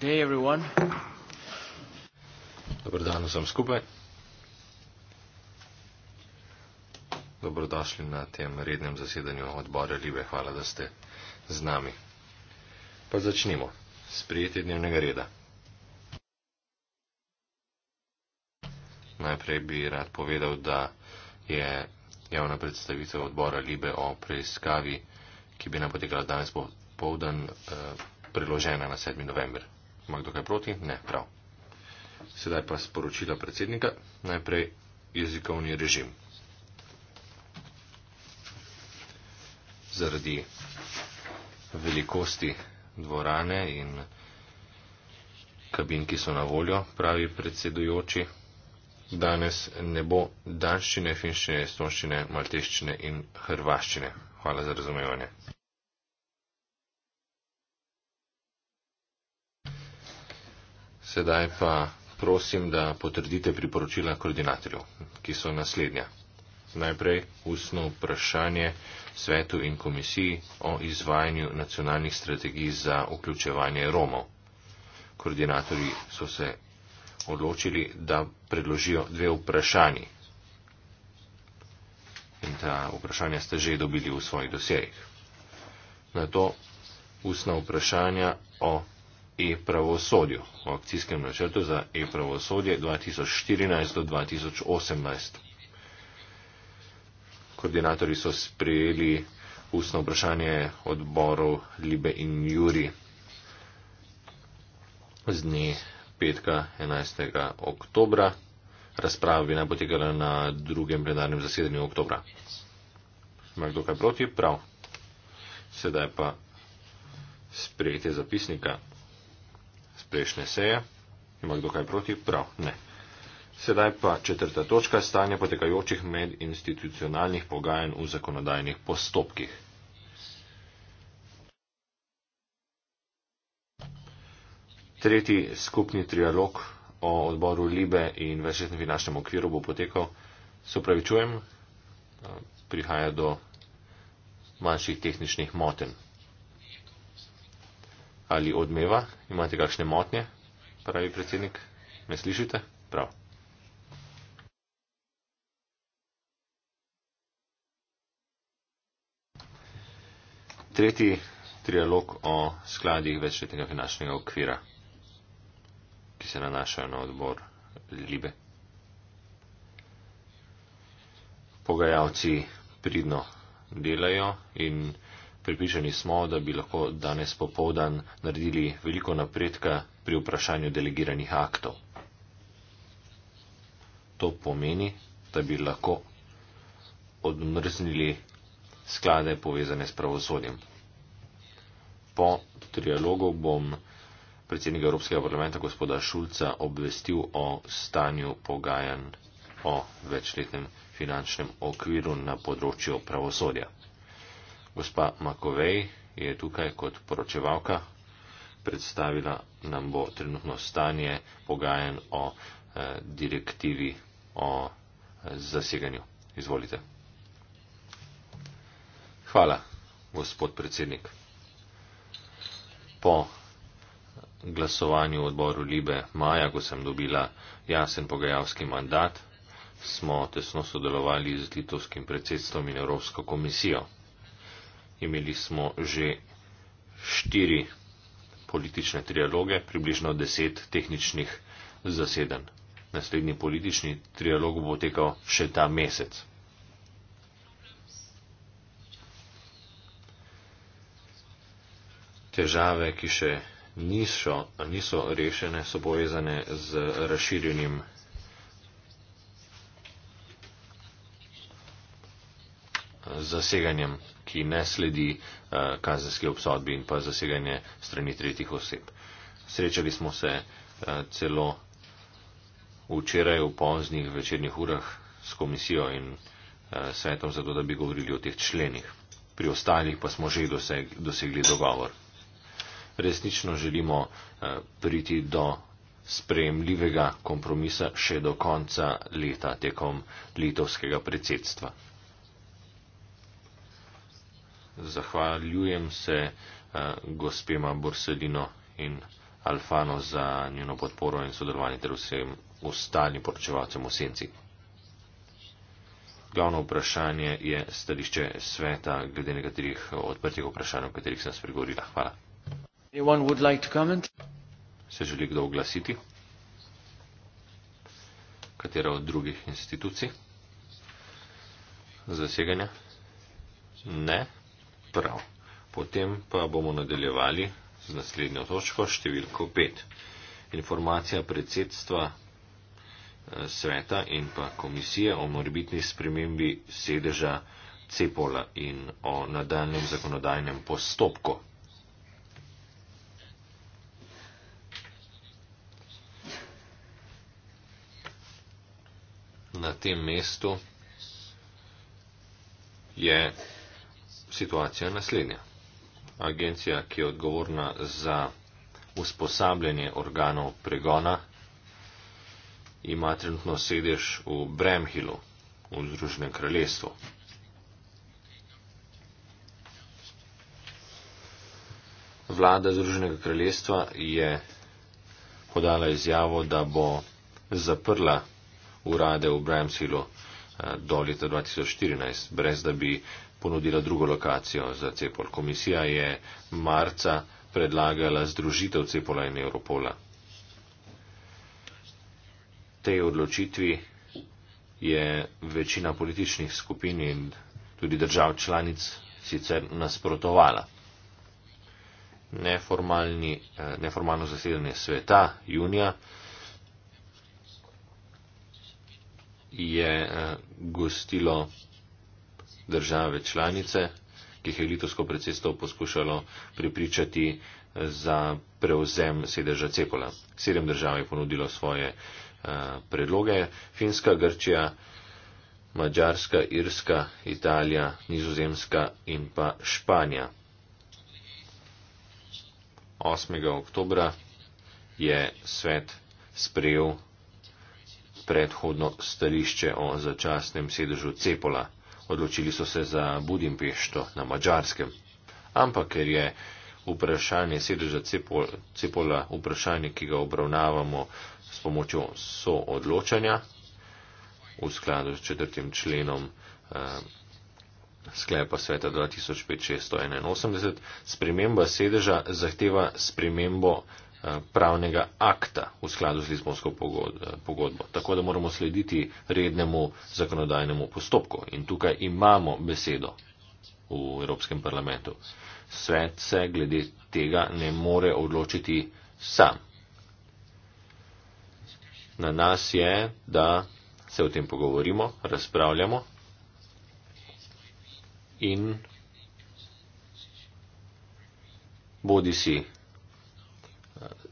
Dobro dan vsem skupaj. Dobrodošli na tem rednem zasedanju odbora Libe. Hvala, da ste z nami. Pa začnimo. Sprijetje dnevnega reda. Najprej bi rad povedal, da je javna predstavitev odbora Libe o preiskavi, ki bi napotekala danes po povdan, eh, priložena na 7. november. Ima kdo kaj proti? Ne, prav. Sedaj pa sporočila predsednika. Najprej jezikovni režim. Zaradi velikosti dvorane in kabin, ki so na voljo, pravi predsedujoči, danes ne bo danščine, finščine, estonščine, malteščine in hrvaščine. Hvala za razumevanje. Sedaj pa prosim, da potrdite priporočila koordinatorjev, ki so naslednja. Najprej ustno vprašanje svetu in komisiji o izvajanju nacionalnih strategij za vključevanje Romov. Koordinatorji so se odločili, da predložijo dve vprašanji. In ta vprašanja ste že dobili v svojih dosjejih. Na to ustna vprašanja o e-pravosodju, v akcijskem načrtu za e-pravosodje 2014 do 2018. Koordinatorji so sprejeli ustno vprašanje odborov Libe in Juri z dne petka 11. oktobra. Razprava bi naj potekala na drugem plenarnem zasedanju oktobra. Ima kdo kaj proti? Prav. Sedaj pa sprejetje zapisnika prejšnje seje. Ima kdo kaj proti? Prav, ne. Sedaj pa četrta točka stanja potekajočih medinstitucionalnih pogajanj v zakonodajnih postopkih. Tretji skupni trialog o odboru Libe in večletnem finančnem okviru bo potekal, se upravičujem, prihaja do manjših tehničnih motenj ali odmeva, imate kakšne motnje, pravi predsednik, me slišite? Prav. Tretji trialog o skladih večletnega finančnega okvira, ki se nanašajo na odbor Libe. Pogajalci pridno delajo in Pripričani smo, da bi lahko danes popovdan naredili veliko napredka pri vprašanju delegiranih aktov. To pomeni, da bi lahko odmrznili sklade povezane s pravosodjem. Po trialogu bom predsednika Evropskega parlamenta gospoda Šulca obvestil o stanju pogajanj o večletnem finančnem okviru na področju pravosodja. Gospa Makovej je tukaj kot poročevalka predstavila nam bo trenutno stanje pogajen o eh, direktivi o eh, zaseganju. Izvolite. Hvala, gospod predsednik. Po glasovanju odboru Libe Maja, ko sem dobila jasen pogajalski mandat, smo tesno sodelovali z litovskim predsedstvom in Evropsko komisijo imeli smo že štiri politične trialoge, približno deset tehničnih zaseden. Naslednji politični trialog bo tekal še ta mesec. Težave, ki še niso, niso rešene, so povezane z razširjenim zaseganjem ki ne sledi uh, kazenski obsodbi in pa zaseganje strani tretjih oseb. Srečali smo se uh, celo včeraj v poznih večernih urah s komisijo in uh, svetom za to, da bi govorili o teh členih. Pri ostalih pa smo že doseg, dosegli dogovor. Resnično želimo uh, priti do sprejemljivega kompromisa še do konca leta tekom litovskega predsedstva zahvaljujem se eh, gospema Borsedino in Alfano za njeno podporo in sodelovanje ter vsem ostalim poročevalcem v senci. Glavno vprašanje je stališče sveta glede nekaterih odprtih vprašanj, o katerih sem spregovorila. Hvala. Like Se želi kdo oglasiti? Katera od drugih institucij? Zaseganja? Ne. Prav. Potem pa bomo nadaljevali z naslednjo točko, številko 5. Informacija predsedstva eh, sveta in pa komisije o morbitni spremembi sedeža Cepola in o nadaljem zakonodajnem postopku. Na tem mestu je situacija naslednja. Agencija, ki je odgovorna za usposabljanje organov pregona, ima trenutno sedež v Bremhilu v Združenem kraljestvu. Vlada Združenega kraljestva je podala izjavo, da bo zaprla urade v Bremhilu eh, do leta 2014, brez da bi ponudila drugo lokacijo za Cepol. Komisija je marca predlagala združitev Cepola in Europola. Tej odločitvi je večina političnih skupin in tudi držav članic sicer nasprotovala. Neformalni, eh, neformalno zasedanje sveta junija je eh, gostilo države članice, ki jih je litovsko predsedstvo poskušalo pripričati za prevzem sedeža Cepola. Sedem držav je ponudilo svoje eh, predloge. Finska, Grčija, Mačarska, Irska, Italija, Nizozemska in pa Španija. 8. oktober je svet sprejel predhodno stališče o začasnem sedežu Cepola. Odločili so se za Budimpešto na Mačarskem. Ampak ker je vprašanje sedeža Cepol, Cepola vprašanje, ki ga obravnavamo s pomočjo soodločanja v skladu s četrtim členom eh, sklepa sveta 2005-681, sprememba sedeža zahteva spremembo Eh, pravnega akta v skladu z Lizbonsko eh, pogodbo. Tako da moramo slediti rednemu zakonodajnemu postopku. In tukaj imamo besedo v Evropskem parlamentu. Svet se glede tega ne more odločiti sam. Na nas je, da se o tem pogovorimo, razpravljamo in bodi si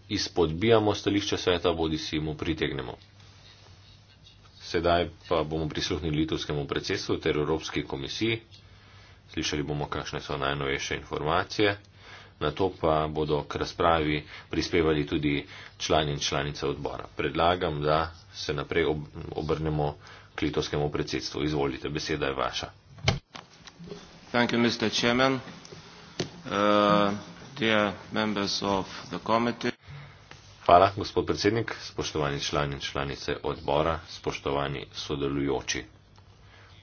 izpodbijamo stališče sveta, bodi si mu pritegnemo. Sedaj pa bomo prisluhnili litovskemu predsedstvu ter Evropski komisiji. Slišali bomo, kakšne so najnovejše informacije. Na to pa bodo k razpravi prispevali tudi člani in članice odbora. Predlagam, da se naprej obrnemo k litovskemu predsedstvu. Izvolite, beseda je vaša. Thank you, Mr. Chairman. Uh, dear members of the committee. Hvala, gospod predsednik, spoštovani člani in članice odbora, spoštovani sodelujoči.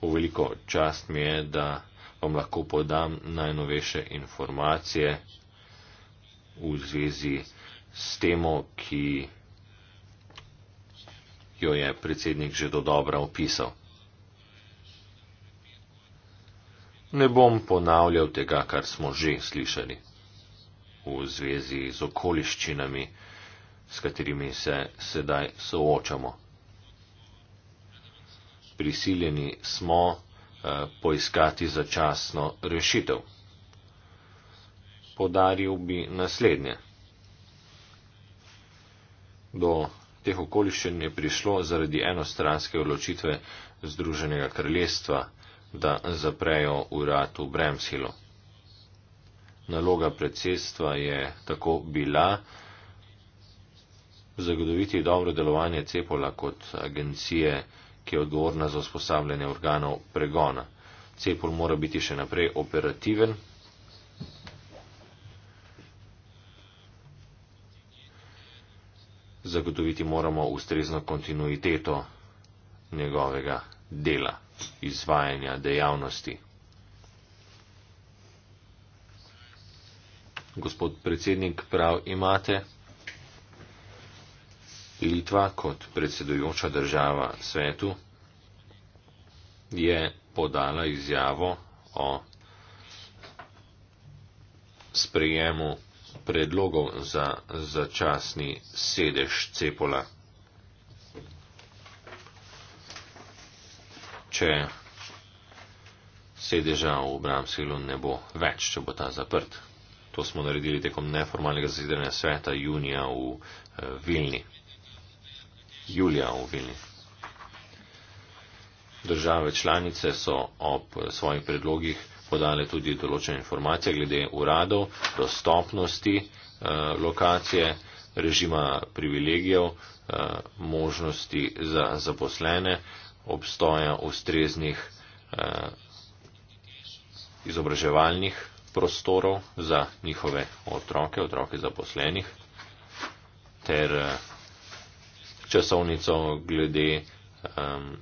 V veliko čast mi je, da vam lahko podam najnovejše informacije v zvezi s temo, ki jo je predsednik že do dobra opisal. Ne bom ponavljal tega, kar smo že slišali v zvezi z okoliščinami, s katerimi se sedaj soočamo. Prisiljeni smo eh, poiskati začasno rešitev. Podaril bi naslednje. Do teh okoliščen je prišlo zaradi enostranske odločitve Združenega kraljestva, da zaprejo urad v Bremshilu. Naloga predsedstva je tako bila, zagotoviti dobro delovanje Cepola kot agencije, ki je odgovorna za usposabljanje organov pregona. Cepol mora biti še naprej operativen. Zagotoviti moramo ustrezno kontinuiteto njegovega dela, izvajanja dejavnosti. Gospod predsednik, prav imate. Litva kot predsedujoča država svetu je podala izjavo o sprejemu predlogov za začasni sedež Cepola. Če sedeža v Bramsilu ne bo več, če bo ta zaprt. To smo naredili tekom neformalnega zasedanja sveta junija v eh, Vilni julija v Vilni. Države članice so ob svojih predlogih podale tudi določene informacije glede uradov, dostopnosti eh, lokacije, režima privilegijev, eh, možnosti za zaposlene, obstoja ustreznih eh, izobraževalnih prostorov za njihove otroke, otroke zaposlenih ter eh, časovnico glede um,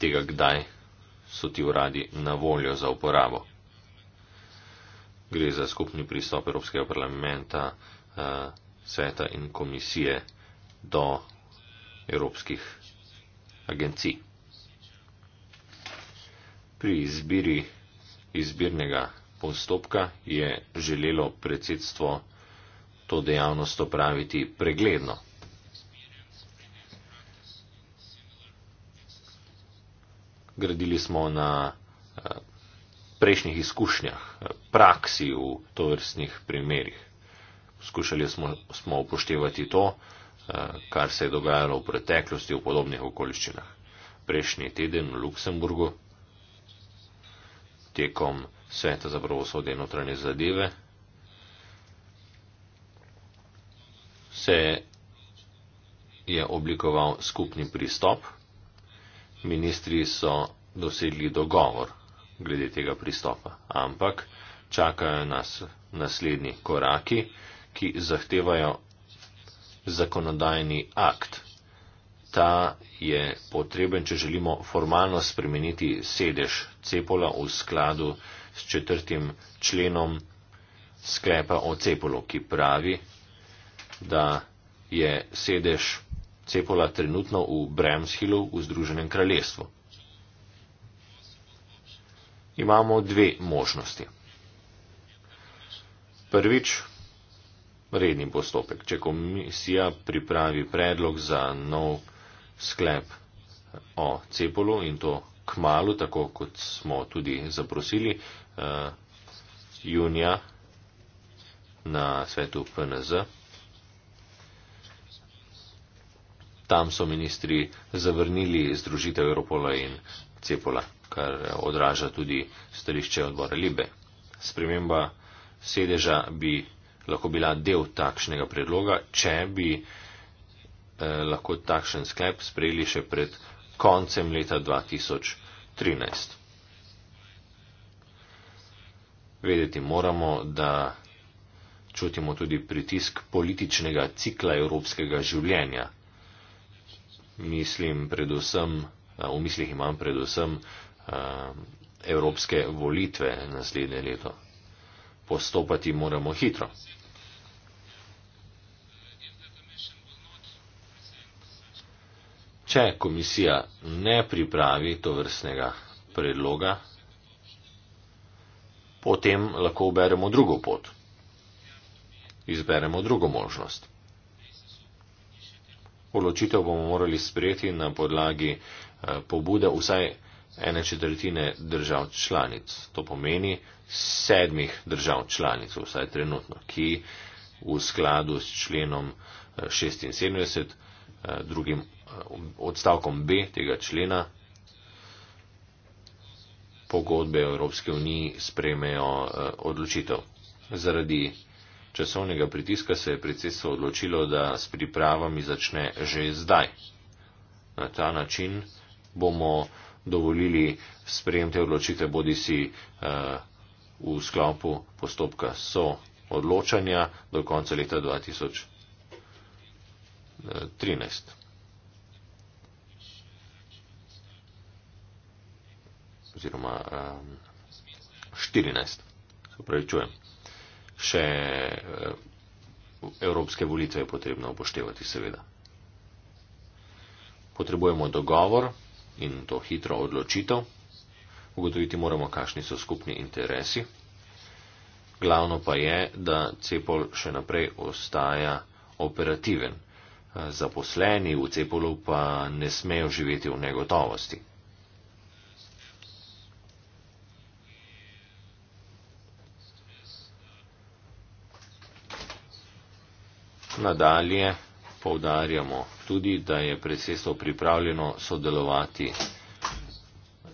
tega, kdaj so ti uradi na voljo za uporabo. Gre za skupni pristop Evropskega parlamenta, uh, sveta in komisije do evropskih agencij. Pri izbiri izbirnega postopka je želelo predsedstvo to dejavnost opraviti pregledno. gradili smo na eh, prejšnjih izkušnjah, eh, praksi v tovrstnih primerjih. Skušali smo, smo upoštevati to, eh, kar se je dogajalo v preteklosti v podobnih okoliščinah. Prejšnji teden v Luksemburgu, tekom Sveta za pravosodje in notranje zadeve, se je oblikoval skupni pristop ministri so dosegli dogovor glede tega pristopa. Ampak čakajo nas naslednji koraki, ki zahtevajo zakonodajni akt. Ta je potreben, če želimo formalno spremeniti sedež cepola v skladu s četrtim členom sklepa o cepolu, ki pravi, da je sedež Cepola trenutno v Bremshillu v Združenem kraljestvu. Imamo dve možnosti. Prvič, redni postopek. Če komisija pripravi predlog za nov sklep o cepolu in to k malu, tako kot smo tudi zaprosili eh, junija na svetu PNZ, tam so ministri zavrnili združitev Europola in Cepola, kar odraža tudi stališče odbora Libe. Sprememba sedeža bi lahko bila del takšnega predloga, če bi eh, lahko takšen sklep sprejeli še pred koncem leta 2013. Vedeti moramo, da čutimo tudi pritisk političnega cikla evropskega življenja mislim predvsem, v mislih imam predvsem evropske volitve naslednje leto. Postopati moramo hitro. Če komisija ne pripravi to vrstnega predloga, potem lahko uberemo drugo pot. Izberemo drugo možnost. Odločitev bomo morali sprejeti na podlagi eh, pobude vsaj ene četrtine držav članic. To pomeni sedmih držav članic, vsaj trenutno, ki v skladu s členom 76, eh, eh, drugim odstavkom B tega člena, pogodbe Evropske unije sprejmejo odločitev. Zaradi časovnega pritiska se je predsedstvo odločilo, da s pripravami začne že zdaj. Na ta način bomo dovolili sprejem te odločitve bodi si uh, eh, v sklopu postopka so odločanja do konca leta 2013. Eh, Oziroma um, eh, 14, se upravičujem še eh, evropske volitve je potrebno upoštevati, seveda. Potrebujemo dogovor in to hitro odločitev. Ugotoviti moramo, kakšni so skupni interesi. Glavno pa je, da Cepol še naprej ostaja operativen. Eh, zaposleni v Cepolu pa ne smejo živeti v negotovosti. nadalje povdarjamo tudi, da je predsedstvo pripravljeno sodelovati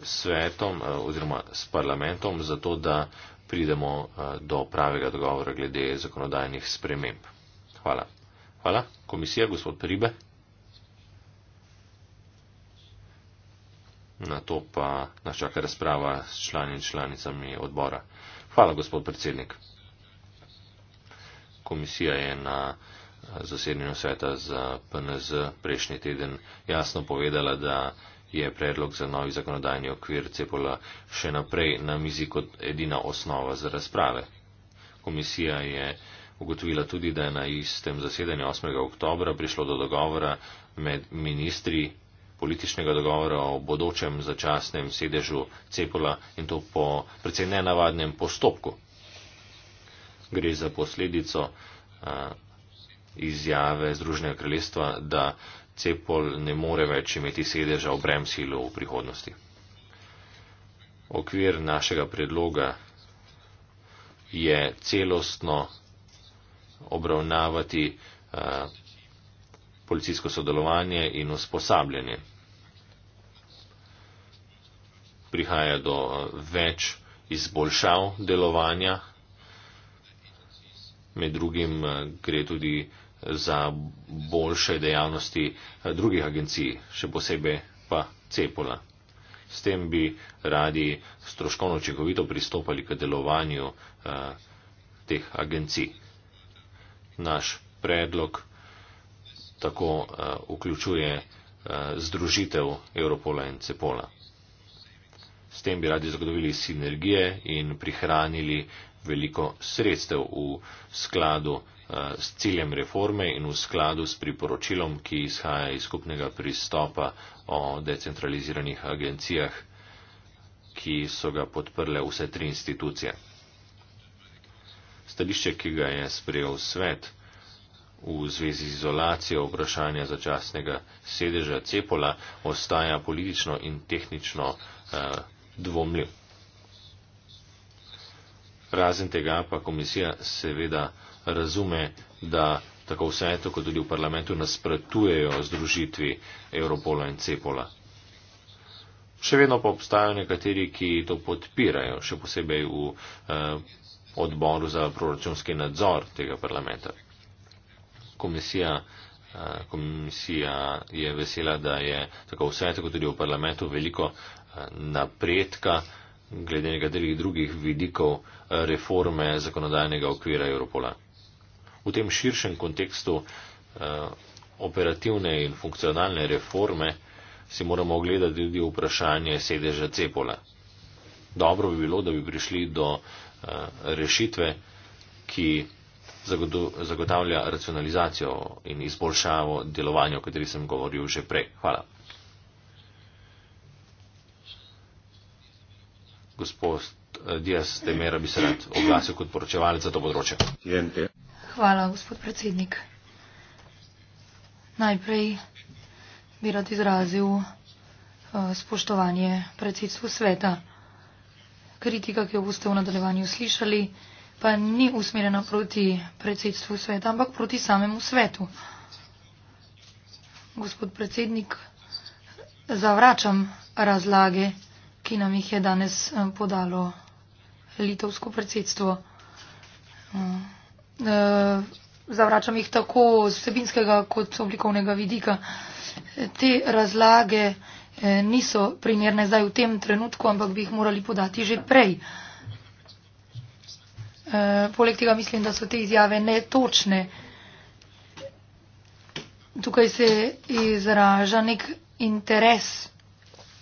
s svetom eh, oziroma s parlamentom, zato da pridemo eh, do pravega dogovora glede zakonodajnih sprememb. Hvala. Hvala. Komisija, gospod Pribe. Na to pa nas čaka razprava s člani in članicami odbora. Hvala, gospod predsednik. Komisija je na zasedanju sveta za PNZ prejšnji teden jasno povedala, da je predlog za novi zakonodajni okvir Cepola še naprej na mizi kot edina osnova za razprave. Komisija je ugotovila tudi, da je na istem zasedanju 8. oktober prišlo do dogovora med ministri političnega dogovora o bodočem začasnem sedežu Cepola in to po precej nenavadnem postopku. Gre za posledico izjave Združenega kraljestva, da Cepol ne more več imeti sedeža v Bremsilu v prihodnosti. Okvir našega predloga je celostno obravnavati uh, policijsko sodelovanje in usposabljanje. Prihaja do eh, več izboljšav delovanja, med drugim eh, gre tudi uh, za boljše dejavnosti eh, drugih agencij, še posebej pa cepola. S tem bi radi stroškovno učinkovito pristopali k delovanju eh, teh agencij. Naš predlog tako eh, vključuje eh, združitev Europola in Cepola. S tem bi radi zagotovili sinergije in prihranili veliko sredstev v skladu eh, s ciljem reforme in v skladu s priporočilom, ki izhaja iz skupnega pristopa o decentraliziranih agencijah, ki so ga podprle vse tri institucije. Stališče, ki ga je sprejel svet v zvezi z izolacijo vprašanja začasnega sedeža Cepola, ostaja politično in tehnično eh, dvomljiv. Razen tega pa komisija seveda razume, da tako v svetu kot tudi v parlamentu nasprotujejo združitvi Europola in Cepola. Še vedno pa obstajajo nekateri, ki to podpirajo, še posebej v eh, odboru za proračunski nadzor tega parlamenta. Komisija, eh, komisija je vesela, da je tako v svetu kot tudi v parlamentu veliko eh, napredka glede nekaterih drugih vidikov eh, reforme zakonodajnega okvira Evropola. V tem širšem kontekstu eh, operativne in funkcionalne reforme si moramo ogledati tudi vprašanje sedeža Cepola. Dobro bi bilo, da bi prišli do eh, rešitve, ki zagotavlja racionalizacijo in izboljšavo delovanja, o kateri sem govoril že prej. Hvala. gospod eh, Dias Temera bi se rad oglasil kot poročevalec za to področje. Hvala, gospod predsednik. Najprej bi rad izrazil eh, spoštovanje predsedstvu sveta. Kritika, ki jo boste v nadaljevanju slišali, pa ni usmerjena proti predsedstvu sveta, ampak proti samemu svetu. Gospod predsednik, zavračam razlage ki nam jih je danes eh, podalo litovsko predsedstvo. Eh, eh, zavračam jih tako z vsebinskega kot oblikovnega vidika. Te razlage niso primerne zdaj v tem trenutku, ampak bi jih morali podati že prej. Poleg tega mislim, da so te izjave netočne. Tukaj se izraža nek interes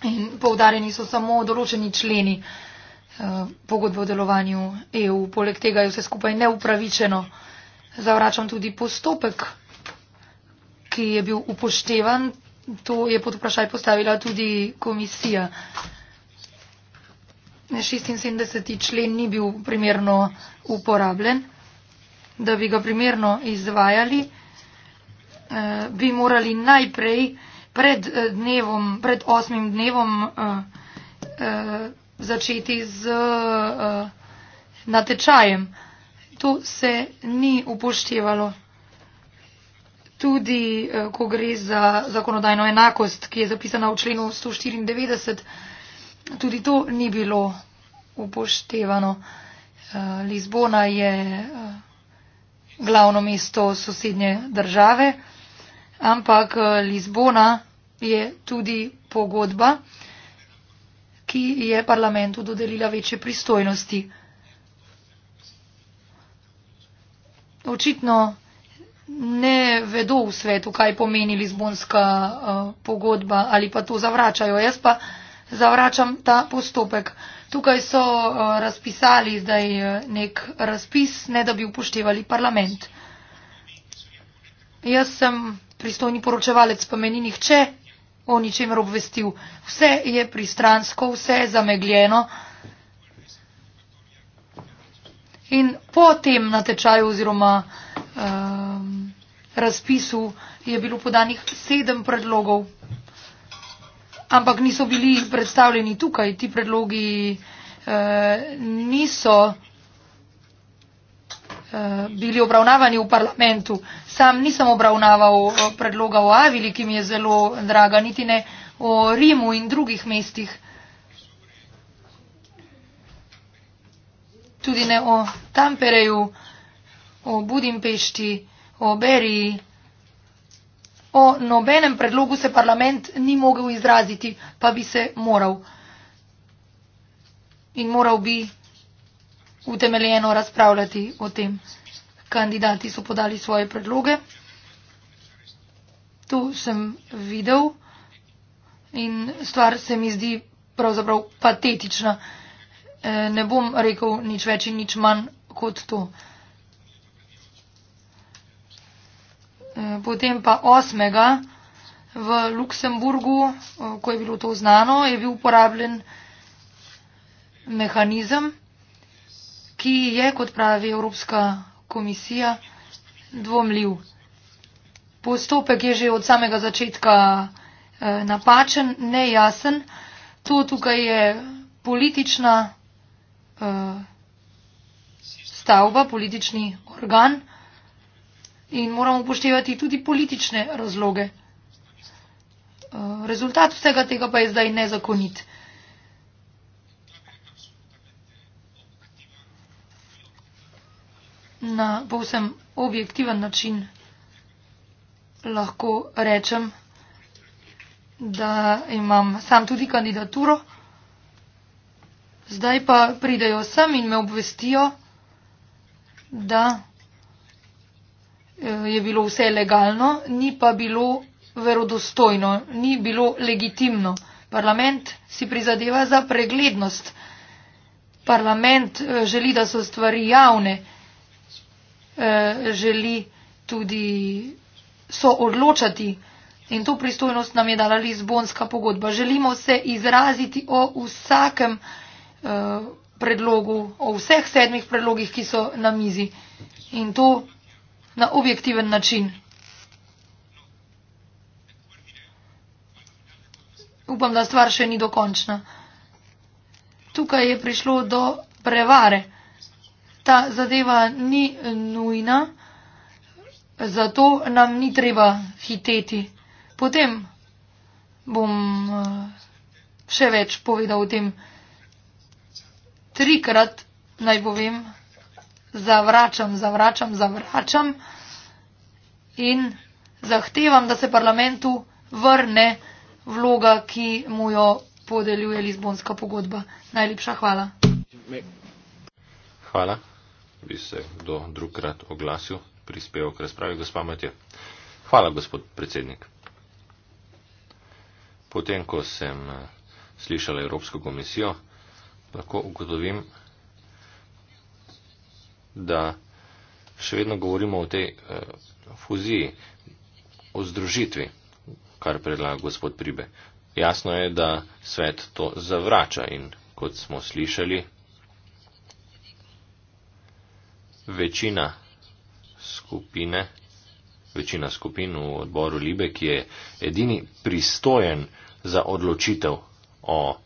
In poudarjeni so samo določeni členi eh, pogodbe o delovanju EU. Poleg tega je vse skupaj neupravičeno. Zavračam tudi postopek, ki je bil upoštevan. To je pod vprašaj postavila tudi komisija. 76. člen ni bil primerno uporabljen. Da bi ga primerno izvajali, eh, bi morali najprej pred eh, dnevom, pred osmim dnevom eh, eh, začeti z natečajem. To se ni upoštevalo. Tudi, ko gre za zakonodajno enakost, ki je zapisana v členu 194, tudi to ni bilo upoštevano. Lizbona je glavno mesto sosednje države, ampak Lizbona je tudi pogodba, ki je parlamentu dodelila večje pristojnosti. Očitno ne vedo v svetu, kaj pomeni Lizbonska uh, pogodba ali pa to zavračajo. Jaz pa zavračam ta postopek. Tukaj so uh, razpisali zdaj eh, nek razpis, ne da bi upoštevali parlament. Jaz sem pristojni poročevalec, pa meni nihče o ničemer obvestil. Vse je pristransko, vse je zamegljeno. In po tem natečaju oziroma um, razpisu je bilo podanih sedem predlogov, ampak niso bili predstavljeni tukaj. Ti predlogi uh, niso Eh, bili obravnavani v parlamentu. Sam nisem obravnaval eh, predloga o Avili, ki mi je zelo draga, niti ne o Rimu in drugih mestih. Tudi ne o Tampereju, o Budimpešti, o Beriji. O nobenem predlogu se parlament ni mogel izraziti, pa bi se moral. In moral bi utemeljeno razpravljati o tem. Kandidati so podali svoje predloge. Tu sem videl in stvar se mi zdi pravzaprav patetična. E, ne bom rekel nič več in nič manj kot to. E, potem pa 8. v Luksemburgu, e, ko je bilo to znano, je bil uporabljen mehanizem ki je, kot pravi Evropska komisija, dvomljiv. Postopek je že od samega začetka eh, napačen, nejasen. To tukaj je politična eh, stavba, politični organ in moramo upoštevati tudi politične razloge. Eh, rezultat vsega tega pa je zdaj nezakonit. na povsem objektiven način lahko rečem, da imam sam tudi kandidaturo. Zdaj pa pridejo sem in me obvestijo, da eh, je bilo vse legalno, ni pa bilo verodostojno, ni bilo legitimno. Parlament si prizadeva za preglednost. Parlament eh, želi, da so stvari javne. Eh, želi tudi so odločati in to pristojnost nam je dala Lizbonska pogodba. Želimo se izraziti o vsakem eh, predlogu, o vseh sedmih predlogih, ki so na mizi in to na objektiven način. Upam, da stvar še ni dokončna. Tukaj je prišlo do prevare ta zadeva ni nujna, zato nam ni treba hiteti. Potem bom eh, še več povedal o tem. Trikrat naj povem, zavračam, zavračam, zavračam in zahtevam, da se parlamentu vrne vloga, ki mu jo podeljuje Lizbonska pogodba. Najlepša hvala. Hvala bi se do drugkrat oglasil, prispeval k razpravi. Gospa Matija. Hvala, gospod predsednik. Potem, ko sem eh, slišala Evropsko komisijo, lahko ugotovim, da še vedno govorimo o tej eh, fuziji, o združitvi, kar predlaga gospod Pribe. Jasno je, da svet to zavrača in kot smo slišali, večina skupine, večina skupin v odboru Libe, ki je edini pristojen za odločitev o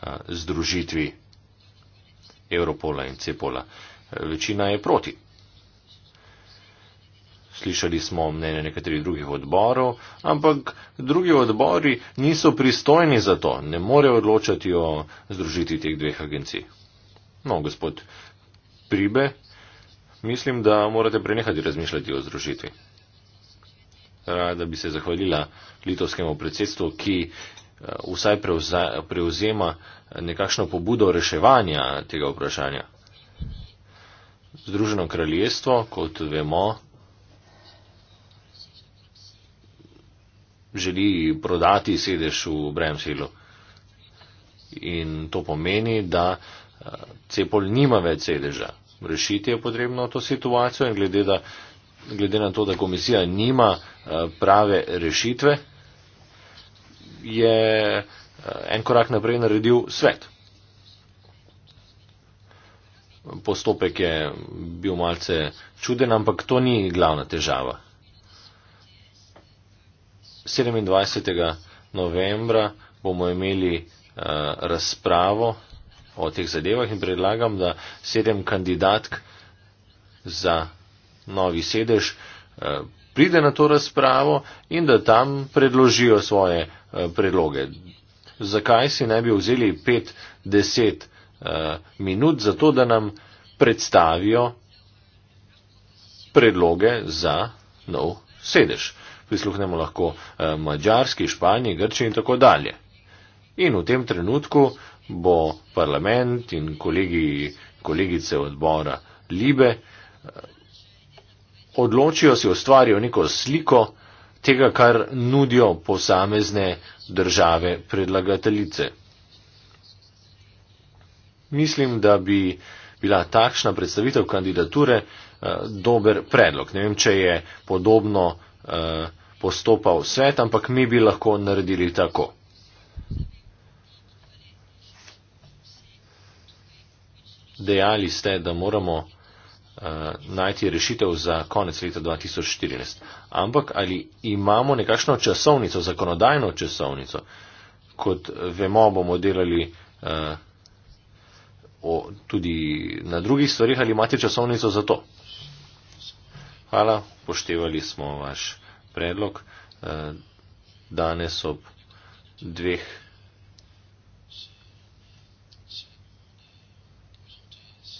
a, eh, združitvi Evropola in Cepola. Večina je proti. Slišali smo mnenje nekaterih drugih odborov, ampak drugi odbori niso pristojni za to, ne morejo odločati o združiti teh dveh agencij. No, gospod Pribe Mislim, da morate prenehati razmišljati o združitvi. Rada bi se zahvalila litovskemu predsedstvu, ki eh, vsaj prevza, prevzema nekakšno pobudo reševanja tega vprašanja. Združeno kraljestvo, kot vemo, želi prodati sedež v Bremsilu. In to pomeni, da eh, Cepol nima več sedeža rešiti je potrebno to situacijo in glede, da, glede na to, da komisija nima eh, prave rešitve, je eh, en korak naprej naredil svet. Postopek je bil malce čuden, ampak to ni glavna težava. 27. novembra bomo imeli uh, razpravo o teh zadevah in predlagam, da sedem kandidatk za novi sedež eh, pride na to razpravo in da tam predložijo svoje eh, predloge. Zakaj si ne bi vzeli pet, deset eh, minut za to, da nam predstavijo predloge za nov sedež. Prisluhnemo lahko Mačarski, Španiji, Grčiji in tako dalje. In v tem trenutku uh, bo parlament in kolegi, kolegice odbora Libe eh, odločijo si ustvarijo neko sliko tega, kar nudijo posamezne države predlagateljice. Mislim, da bi bila takšna predstavitev kandidature eh, dober predlog. Ne vem, če je podobno eh, postopal svet, ampak mi bi lahko naredili tako. dejali ste, da moramo uh, najti rešitev za konec leta 2014. Ampak ali imamo nekakšno časovnico, zakonodajno časovnico? Kot vemo, bomo delali uh, o, tudi na drugih stvarih, ali imate časovnico za to? Hvala, poštevali smo vaš predlog. Uh, danes ob dveh.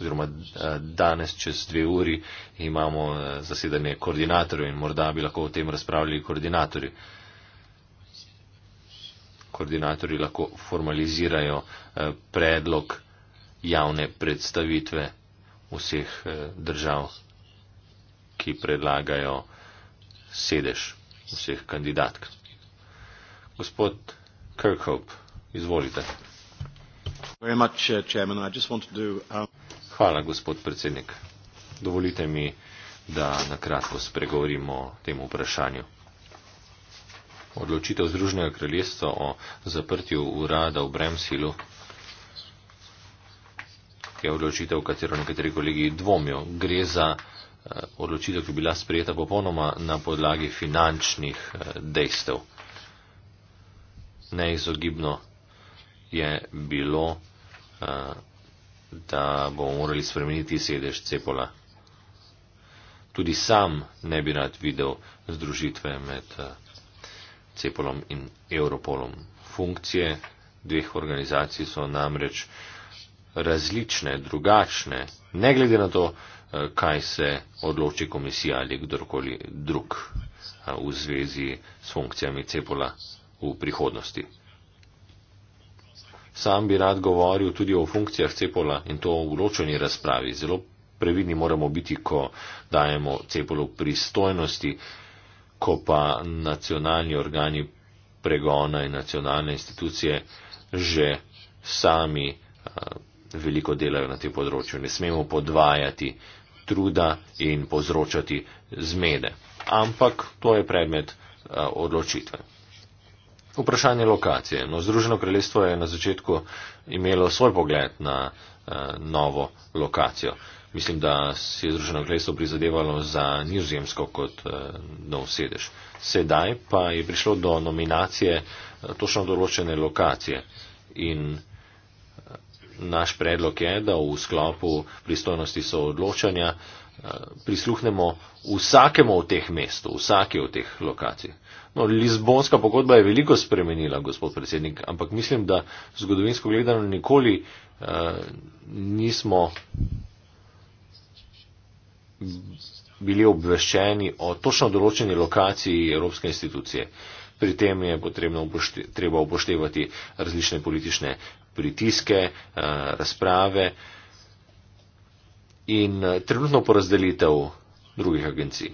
oziroma eh, danes čez dve uri imamo eh, zasedanje koordinatorjev in morda bi lahko o tem razpravljali koordinatorji. Koordinatorji lahko formalizirajo eh, predlog javne predstavitve vseh držav, ki predlagajo sedež vseh kandidatk. Gospod Kirkhope, izvolite. Much, uh, chairman, I just wanted to do, um... Hvala, gospod predsednik. Dovolite mi, da na kratko spregovorimo o tem vprašanju. Odločitev Združenega kraljestva o zaprtju urada v Bremsilu je odločitev, v katero nekateri kolegi dvomijo. Gre za eh, odločitev, ki je bila sprejeta popolnoma na podlagi finančnih eh, dejstev. Neizogibno je bilo eh, da bomo morali spremeniti sedež cepola. Tudi sam ne bi rad videl združitve med eh, cepolom in Europolom. Funkcije dveh organizacij so namreč različne, drugačne, ne glede na to, eh, kaj se odloči komisija ali kdorkoli drug eh, v zvezi s funkcijami cepola v prihodnosti sam bi rad govoril tudi o funkcijah cepola in to v ločeni razpravi. Zelo previdni moramo biti, ko dajemo cepolo pristojnosti, ko pa nacionalni organi pregona in nacionalne institucije že sami eh, veliko delajo na tem področju. Ne smemo podvajati truda in povzročati zmede. Ampak to je predmet eh, odločitve vprašanje lokacije. No, Združeno kraljestvo je na začetku imelo svoj pogled na uh, novo lokacijo. Mislim, da si je Združeno kraljestvo prizadevalo za nizozemsko kot uh, nov sedež. Sedaj pa je prišlo do nominacije uh, točno določene lokacije. In uh, naš predlog je, da v sklopu pristojnosti soodločanja uh, Eh, prisluhnemo vsakemu od teh mest, vsake od teh lokacij. No, Lizbonska pogodba je veliko spremenila, gospod predsednik, ampak mislim, da zgodovinsko gledano nikoli uh, nismo bili obveščeni o točno določeni lokaciji Evropske institucije. Pri tem je potrebno upošte, treba upoštevati različne politične pritiske, uh, razprave. Uh, in eh, trenutno porazdelitev drugih agencij.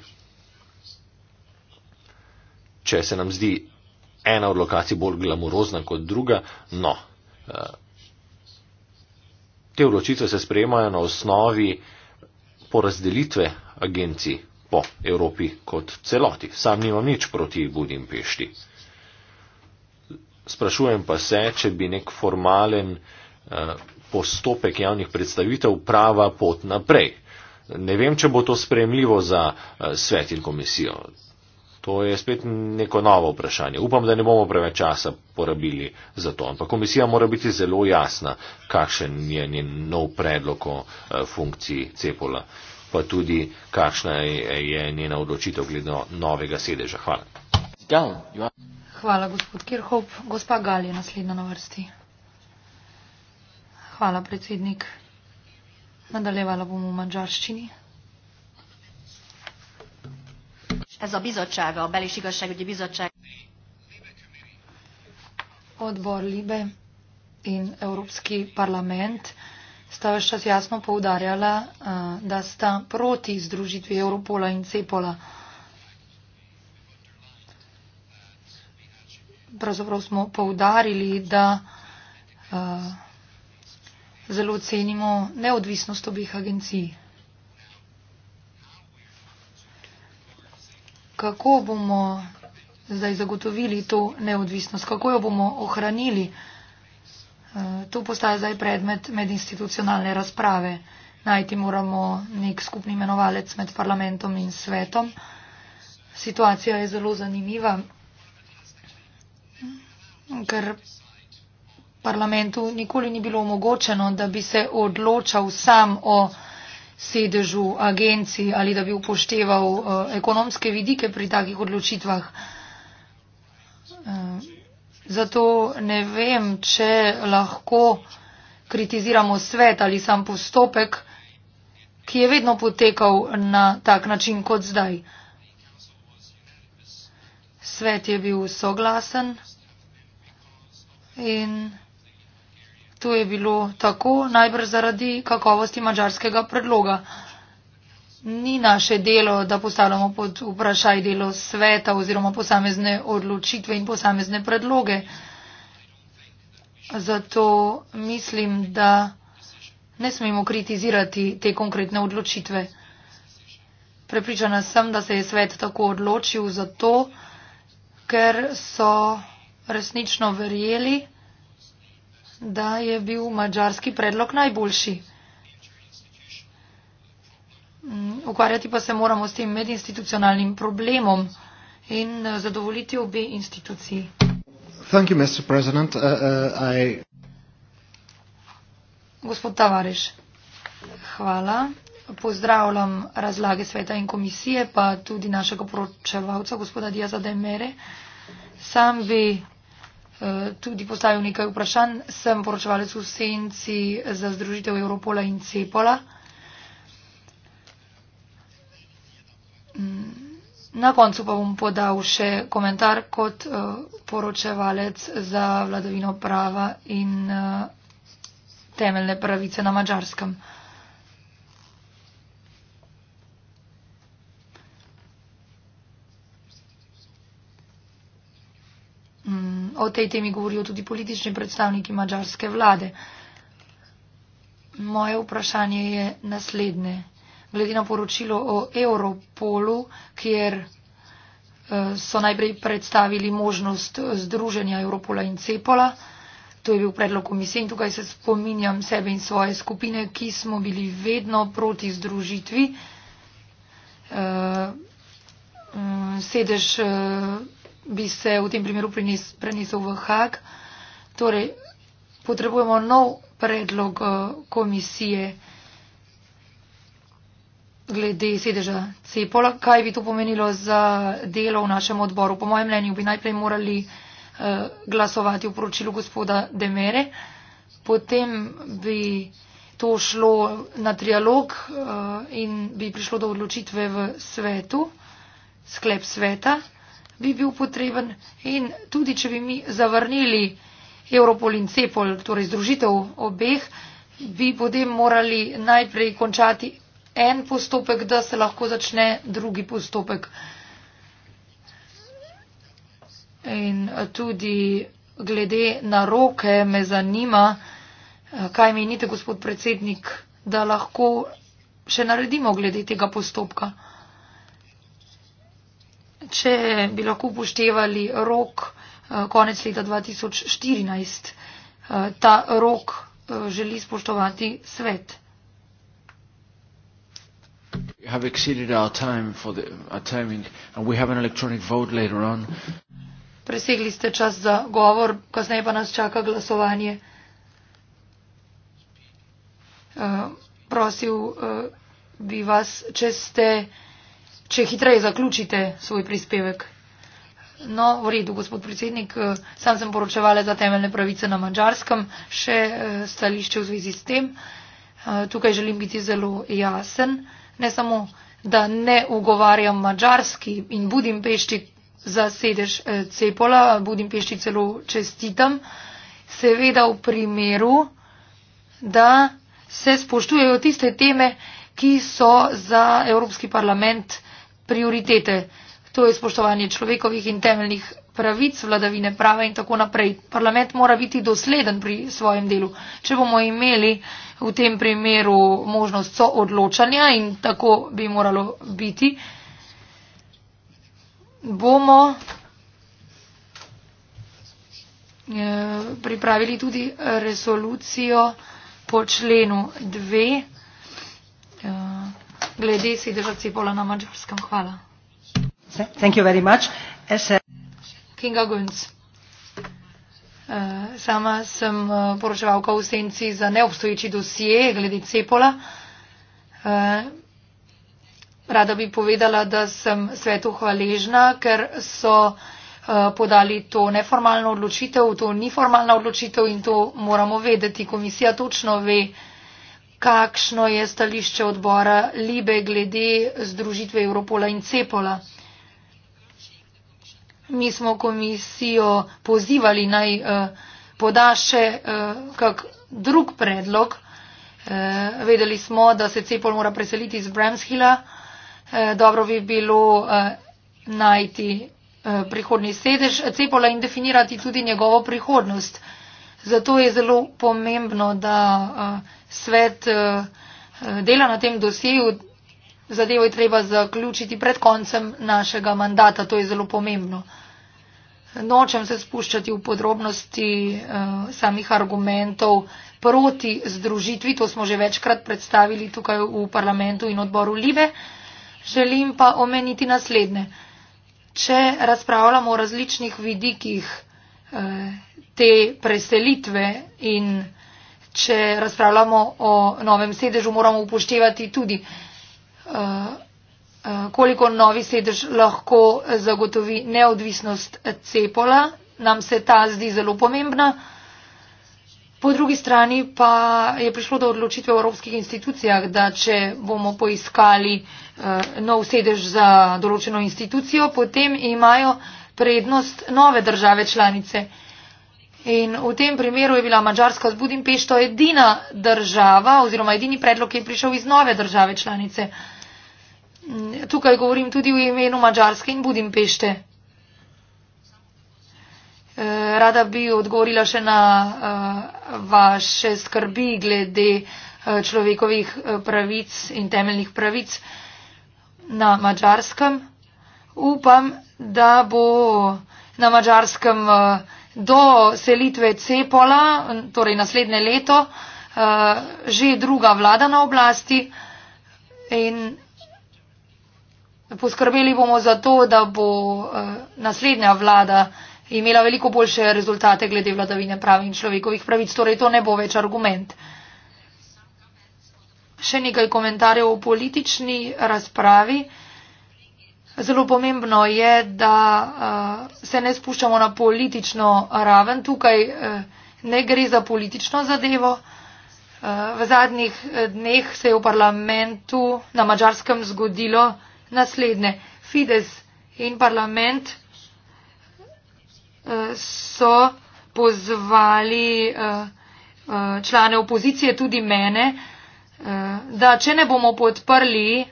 Če se nam zdi ena od lokacij bolj glamurozna kot druga, no. Eh, te odločitve se sprejemajo na osnovi porazdelitve agencij po Evropi kot celoti. Sam nimam nič proti Budimpešti. Sprašujem pa se, če bi nek formalen. Uh, postopek javnih predstavitev prava pot naprej. Ne vem, če bo to sprejemljivo za eh, svet in komisijo. To je spet neko novo vprašanje. Upam, da ne bomo preveč časa porabili za to. Ampak komisija mora biti zelo jasna, kakšen je njen nov predlog o eh, funkciji cepola, pa tudi kakšna je njena odločitev glede novega sedeža. Hvala. Hvala, gospod Kirhop. Gospa Gal je naslednja na vrsti. Hvala, predsednik. Nadaljevala bom v mađarščini. Ez a bizottság, a belis igazságügyi bizottság. Odbor Libe in Európsky parlament sta veščas jasno poudarjala, eh, da sta proti združitvi Europola in Cepola. Pravzaprav smo poudarili, da uh, zelo cenimo neodvisnost obeh agencij. Kako bomo zdaj zagotovili to neodvisnost, kako jo bomo ohranili, eh, to postaja zdaj predmet medinstitucionalne razprave. Najti moramo nek skupni imenovalec med parlamentom in svetom. Situacija je zelo zanimiva, ker parlamentu nikoli ni bilo omogočeno, da bi se odločal sam o sedežu agencij ali da bi upošteval uh, ekonomske vidike pri takih odločitvah. Uh, zato ne vem, če lahko kritiziramo svet ali sam postopek, ki je vedno potekal na tak način kot zdaj. Svet je bil soglasen in. To je bilo tako najbrž zaradi kakovosti mačarskega predloga. Ni naše delo, da postavljamo pod vprašaj delo sveta oziroma posamezne odločitve in posamezne predloge. Zato mislim, da ne smemo kritizirati te konkretne odločitve. Prepričana sem, da se je svet tako odločil zato, ker so resnično verjeli, da je bil mađarski predlog najboljši. Mm, ukvarjati pa se moramo s tem medinstitucionalnim problemom in eh, zadovoljiti obe instituciji. Thank you, Mr. President. Uh, uh, I... Gospod Tavareš, hvala. Pozdravljam razlage sveta in komisije, pa tudi našega poročevalca, gospoda Diaza de Mere. Sam bi tudi postavil nekaj vprašanj. Sem poročevalec v senci za združitev Europola in Cepola. Na koncu pa bom podal še komentar kot eh, poročevalec za vladavino prava in eh, temeljne pravice na mačarskem. Mm. O tej temi govorijo tudi politični predstavniki mađarske vlade. Moje vprašanje je naslednje. Glede na poročilo o Europolu, kjer eh, so najprej predstavili možnost eh, združenja Europola in Cepola, to je bil predlog komisije in tukaj se spominjam sebe in svoje skupine, ki smo bili vedno proti združitvi. Eh, mm, sedež bi se v tem primeru prenesel v Hag. Torej, potrebujemo nov predlog eh, komisije glede sedeža Cepola. Kaj bi to pomenilo za delo v našem odboru? Po mojem mnenju bi najprej morali eh, glasovati v poročilu gospoda Demere, potem bi to šlo na trialog eh, in bi prišlo do odločitve v svetu, sklep sveta, bi bil potreben in tudi, če bi mi zavrnili Europol in Cepol, torej združitev obeh, bi potem morali najprej končati en postopek, da se lahko začne drugi postopek. In tudi glede na roke me zanima, kaj menite, gospod predsednik, da lahko še naredimo glede tega postopka če bi lahko upoštevali rok eh, konec leta 2014. Eh, ta rok eh, želi spoštovati svet. Presegli ste čas za govor, kasneje pa nas čaka glasovanje. Uh, prosil uh, bi vas, če ste uh, če hitreje zaključite svoj prispevek. No, v redu, gospod predsednik, eh, sam sem poročevala za temeljne pravice na mačarskem, še eh, stališče v zvezi s tem. Eh, tukaj želim biti zelo jasen, ne samo, da ne ugovarjam mačarski in Budimpešti za sedež Cepola, Budimpešti celo čestitam, seveda v primeru, da se spoštujejo tiste teme, ki so za Evropski parlament prioritete. To je spoštovanje človekovih in temeljnih pravic, vladavine prava in tako naprej. Parlament mora biti dosleden pri svojem delu. Če bomo imeli v tem primeru možnost soodločanja in tako bi moralo biti, bomo eh, pripravili tudi resolucijo po členu 2 glede sedeža Cipola na Mačarskem. Hvala. Kinga Gunc. Eh, sama sem eh, poročevalka v senci za neobstoječi dosije glede Cepola. Eh, rada bi povedala, da sem svetu hvaležna, ker so podali to neformalno odločitev, to ni formalna odločitev in to moramo vedeti. Komisija točno ve, kakšno je stališče odbora Libe glede združitve Europola in Cepola. Mi smo komisijo pozivali naj eh, poda še eh, kak drug predlog. Eh, vedeli smo, da se Cepol mora preseliti iz Bramshila. Dobro bi bilo najti prihodni sedež Cepola in definirati tudi njegovo prihodnost. Zato je zelo pomembno, da uh, svet eh, eh, dela na tem dosilu, zadevo je treba zaključiti pred koncem našega mandata, to je zelo pomembno. Nočem se spuščati v podrobnosti uh, samih argumentov proti združitvi, to smo že večkrat predstavili tukaj v parlamentu in odboru Live. Želim pa omeniti naslednje. Če razpravljamo o različnih vidikih uh, te preselitve in če razpravljamo o novem sedežu, moramo upoštevati tudi, eh, eh, koliko novi sedež lahko zagotovi neodvisnost cepola. Nam se ta zdi zelo pomembna. Po drugi strani pa je prišlo do odločitve v evropskih institucijah, da če bomo poiskali eh, nov sedež za določeno institucijo, potem imajo prednost nove države članice. In v tem primeru je bila Mačarska z Budimpešto edina država oziroma edini predlog, ki je prišel iz nove države članice. Mm, tukaj govorim tudi v imenu Mačarske in Budimpešte. E, rada bi odgovorila še na e, vaše skrbi glede e, človekovih pravic in temeljnih pravic na mačarskem. Upam, da bo na mačarskem uh, do selitve Cepola, torej naslednje leto, eh, že druga vlada na oblasti in poskrbeli bomo za to, da bo eh, naslednja vlada imela veliko boljše rezultate glede vladavine prav in človekovih pravic. Torej to ne bo več argument. Še nekaj komentarjev o politični razpravi. Zelo pomembno je, da eh, se ne spuščamo na politično raven. Tukaj eh, ne gre za politično zadevo. Eh, v zadnjih dneh se je v parlamentu na mačarskem zgodilo naslednje. Fides in parlament so pozvali člane opozicije, tudi mene, da če ne bomo podprli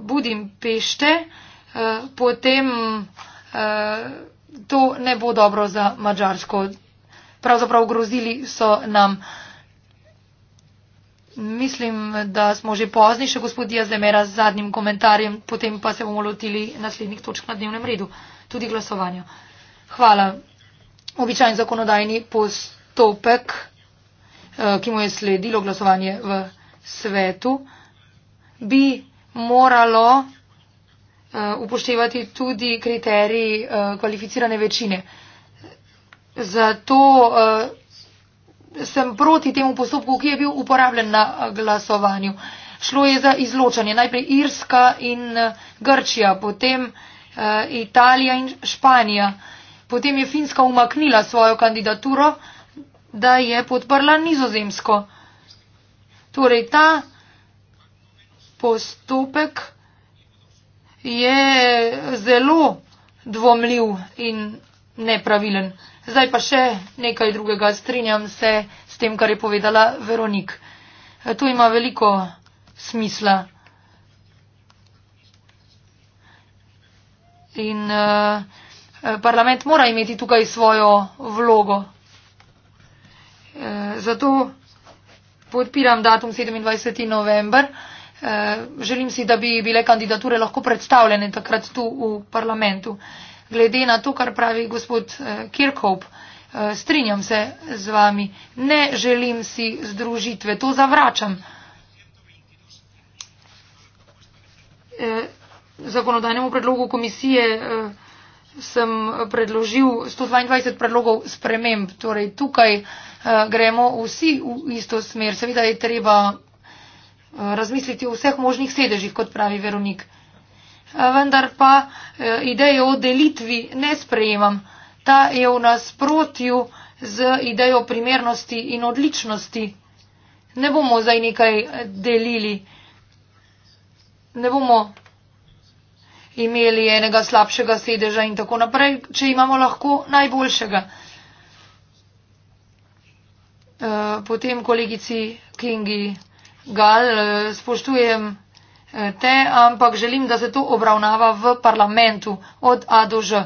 Budimpešte, potem to ne bo dobro za Mačarsko. Pravzaprav grozili so nam. Mislim, da smo že pozni, še gospod Jazemera z zadnjim komentarjem, potem pa se bomo lotili naslednjih točk na dnevnem redu, tudi glasovanja. Hvala. Običajen zakonodajni postopek, eh, ki mu je sledilo glasovanje v svetu, bi moralo eh, upoštevati tudi kriterij eh, kvalificirane večine. Zato eh, sem proti temu postopku, ki je bil uporabljen na glasovanju. Šlo je za izločanje najprej Irska in Grčija, potem Italija in Španija. Potem je Finska umaknila svojo kandidaturo, da je podprla nizozemsko. Torej ta postopek je zelo dvomljiv in nepravilen. Zdaj pa še nekaj drugega. Strinjam se s tem, kar je povedala Veronik. To ima veliko smisla. In uh, parlament mora imeti tukaj svojo vlogo. Uh, zato podpiram datum 27. november. Eh, želim si, da bi bile kandidature lahko predstavljene takrat tu v parlamentu. Glede na to, kar pravi gospod eh, Kirkhope, eh, strinjam se z vami, ne želim si združitve, to zavračam. Zakonodajnemu predlogu komisije sem predložil 122 predlogov sprememb, torej tukaj gremo vsi v isto smer. Seveda je treba Eh, razmisliti o vseh možnih sedežih, kot pravi Veronik. Eh, vendar pa eh, idejo o delitvi ne sprejemam. Ta je v nasprotju z idejo primernosti in odličnosti. Ne bomo zdaj nekaj delili. Ne bomo imeli enega slabšega sedeža in tako naprej, če imamo lahko najboljšega. Potem kolegici Kingi Gal, eh, spoštujem eh, te, ampak želim, da se to obravnava v parlamentu od A do Ž.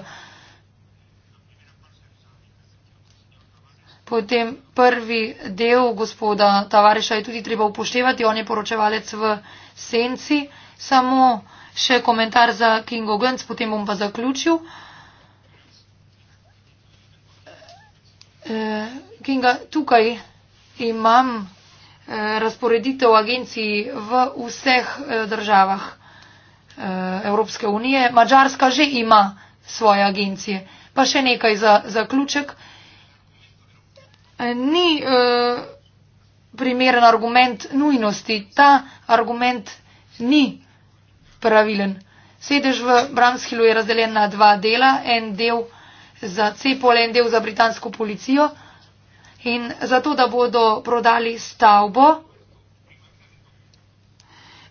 Potem prvi del gospoda Tavareša je tudi treba upoštevati, on je poročevalec v senci. Samo še komentar za Kingo Gunc, potem bom pa zaključil. Eh, Kinga, tukaj imam Eh, razporeditev agencij v vseh eh, državah eh, Evropske unije. Mačarska že ima svoje agencije. Pa še nekaj za zaključek. Ni primeren argument nujnosti. Ta argument ni pravilen. Sedež v Bramshillu je razdeljen na dva dela, en del za Cepol, en del za britansko policijo. In zato, da bodo prodali stavbo,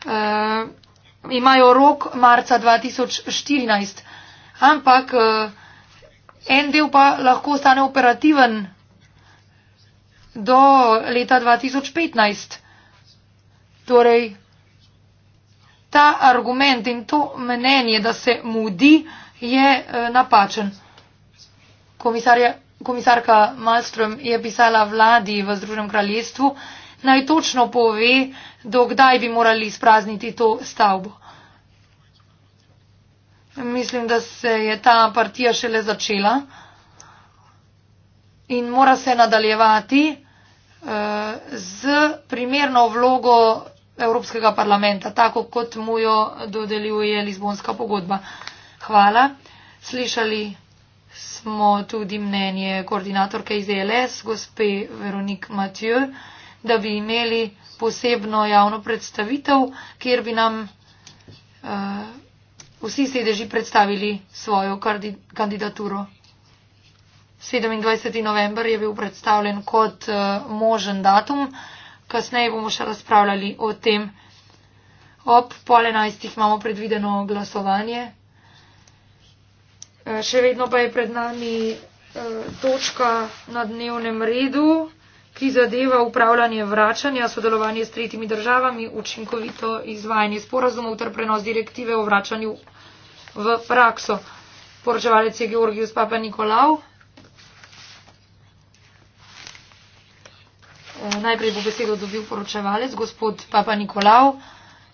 eh, imajo rok marca 2014, ampak eh, en del pa lahko ostane operativen do leta 2015. Torej, ta argument in to mnenje, da se mudi, je eh, napačen. Komisarja komisarka Malmström je pisala vladi v Združenem kraljestvu, naj točno pove, dokdaj bi morali izprazniti to stavbo. Mislim, da se je ta partija šele začela in mora se nadaljevati eh, z primerno vlogo Evropskega parlamenta, tako kot mu jo dodeljuje Lizbonska pogodba. Hvala. Slišali smo tudi mnenje koordinatorke iz ELS, gospe Veronik Mathieu, da bi imeli posebno javno predstavitev, kjer bi nam uh, vsi sedeži predstavili svojo kandidaturo. 27. november je bil predstavljen kot uh, možen datum, kasneje bomo še razpravljali o tem. Ob pol enajstih imamo predvideno glasovanje. Eh, še vedno pa je pred nami eh, točka na dnevnem redu, ki zadeva upravljanje vračanja, sodelovanje s tretjimi državami, učinkovito izvajanje sporazumov ter prenos direktive o vračanju v prakso. Poročevalec je Georgijus Papa Nikolaov. Eh, najprej bo besedo dobil poročevalec, gospod Papa Nikolaov,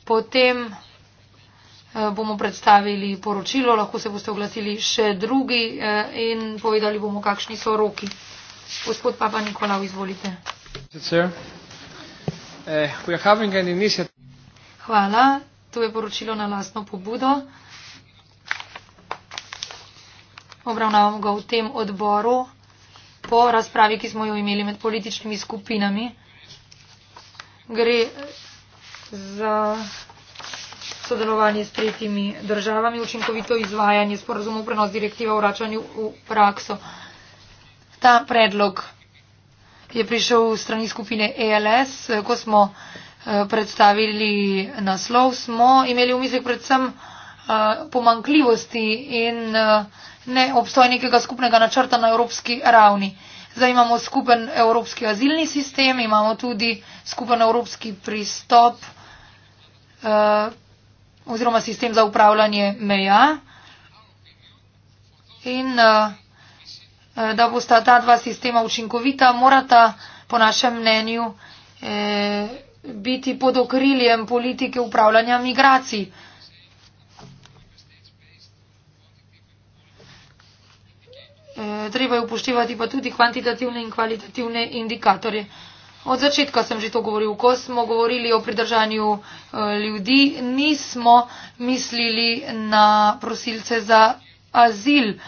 potem Eh, bomo predstavili poročilo, lahko se boste oglasili še drugi eh, in povedali bomo, kakšni so roki. Gospod Papa Nikolav, izvolite. Eh, Hvala. To je poročilo na lastno pobudo. Obravnavamo ga v tem odboru po razpravi, ki smo jo imeli med političnimi skupinami. Gre za sodelovanje s tretjimi državami, učinkovito izvajanje sporazumov prenos direktiva o vračanju v prakso. Ta predlog je prišel v strani skupine ALS, e ko smo eh, predstavili naslov, smo imeli v mislih predvsem eh, pomankljivosti in eh, ne obstoj nekega skupnega načrta na evropski ravni. Zdaj imamo skupen evropski azilni sistem, imamo tudi skupen evropski pristop oziroma sistem za upravljanje meja in eh, eh, da bosta ta dva sistema učinkovita, morata po našem mnenju eh, biti pod okriljem politike upravljanja migracij. Treba je upoštevati pa tudi kvantitativne in kvalitativne indikatorje. Od začetka sem že to govoril, ko smo govorili o pridržanju eh, ljudi, nismo mislili na prosilce za azil.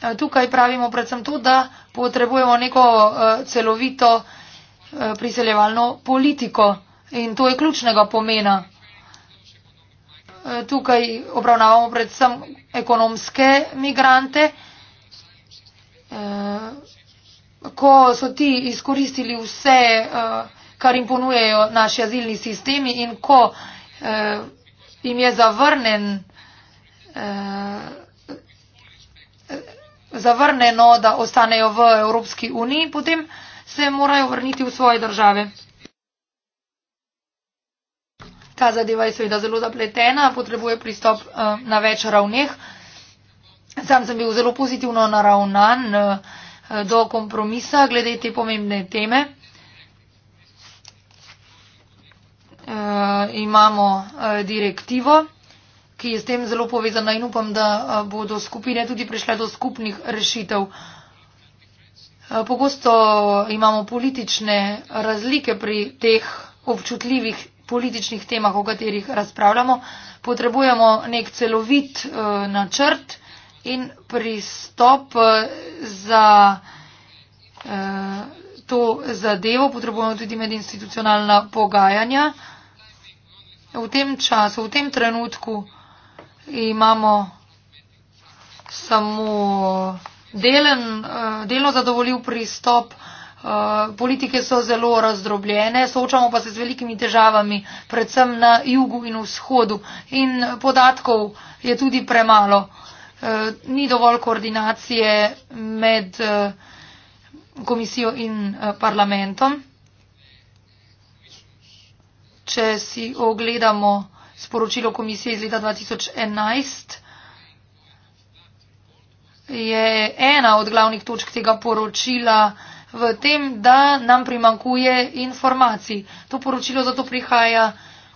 Eh, tukaj pravimo predvsem to, da potrebujemo neko eh, celovito priseljevalno politiko in to je ključnega pomena. Tukaj obravnavamo predvsem ekonomske migrante ko so ti izkoristili vse, eh, kar jim ponujejo naši azilni sistemi in ko eh, jim je zavrnen, eh, zavrneno, da ostanejo v Evropski uniji, potem se morajo vrniti v svoje države. Ta zadeva je seveda zelo zapletena, potrebuje pristop na več ravneh. Sam sem bil zelo pozitivno naravnan do kompromisa glede te pomembne teme. Uh, imamo uh, direktivo, ki je s tem zelo povezana in upam, da uh, bodo skupine tudi prišle do skupnih rešitev. Uh, pogosto imamo politične razlike pri teh občutljivih političnih temah, o katerih razpravljamo. Potrebujemo nek celovit uh, načrt in pristop eh, za eh, to zadevo, potrebujemo tudi medinstitucionalna pogajanja. V tem času, v tem trenutku imamo samo delen, eh, delno zadovoljiv pristop. Politike so zelo razdrobljene, soočamo pa se z velikimi težavami, predvsem na jugu in vzhodu. In podatkov je tudi premalo. Eh, ni dovolj koordinacije med eh, komisijo in eh, parlamentom. Če si ogledamo sporočilo komisije iz leta 2011, je ena od glavnih točk tega poročila v tem, da nam primankuje informacij. To poročilo zato prihaja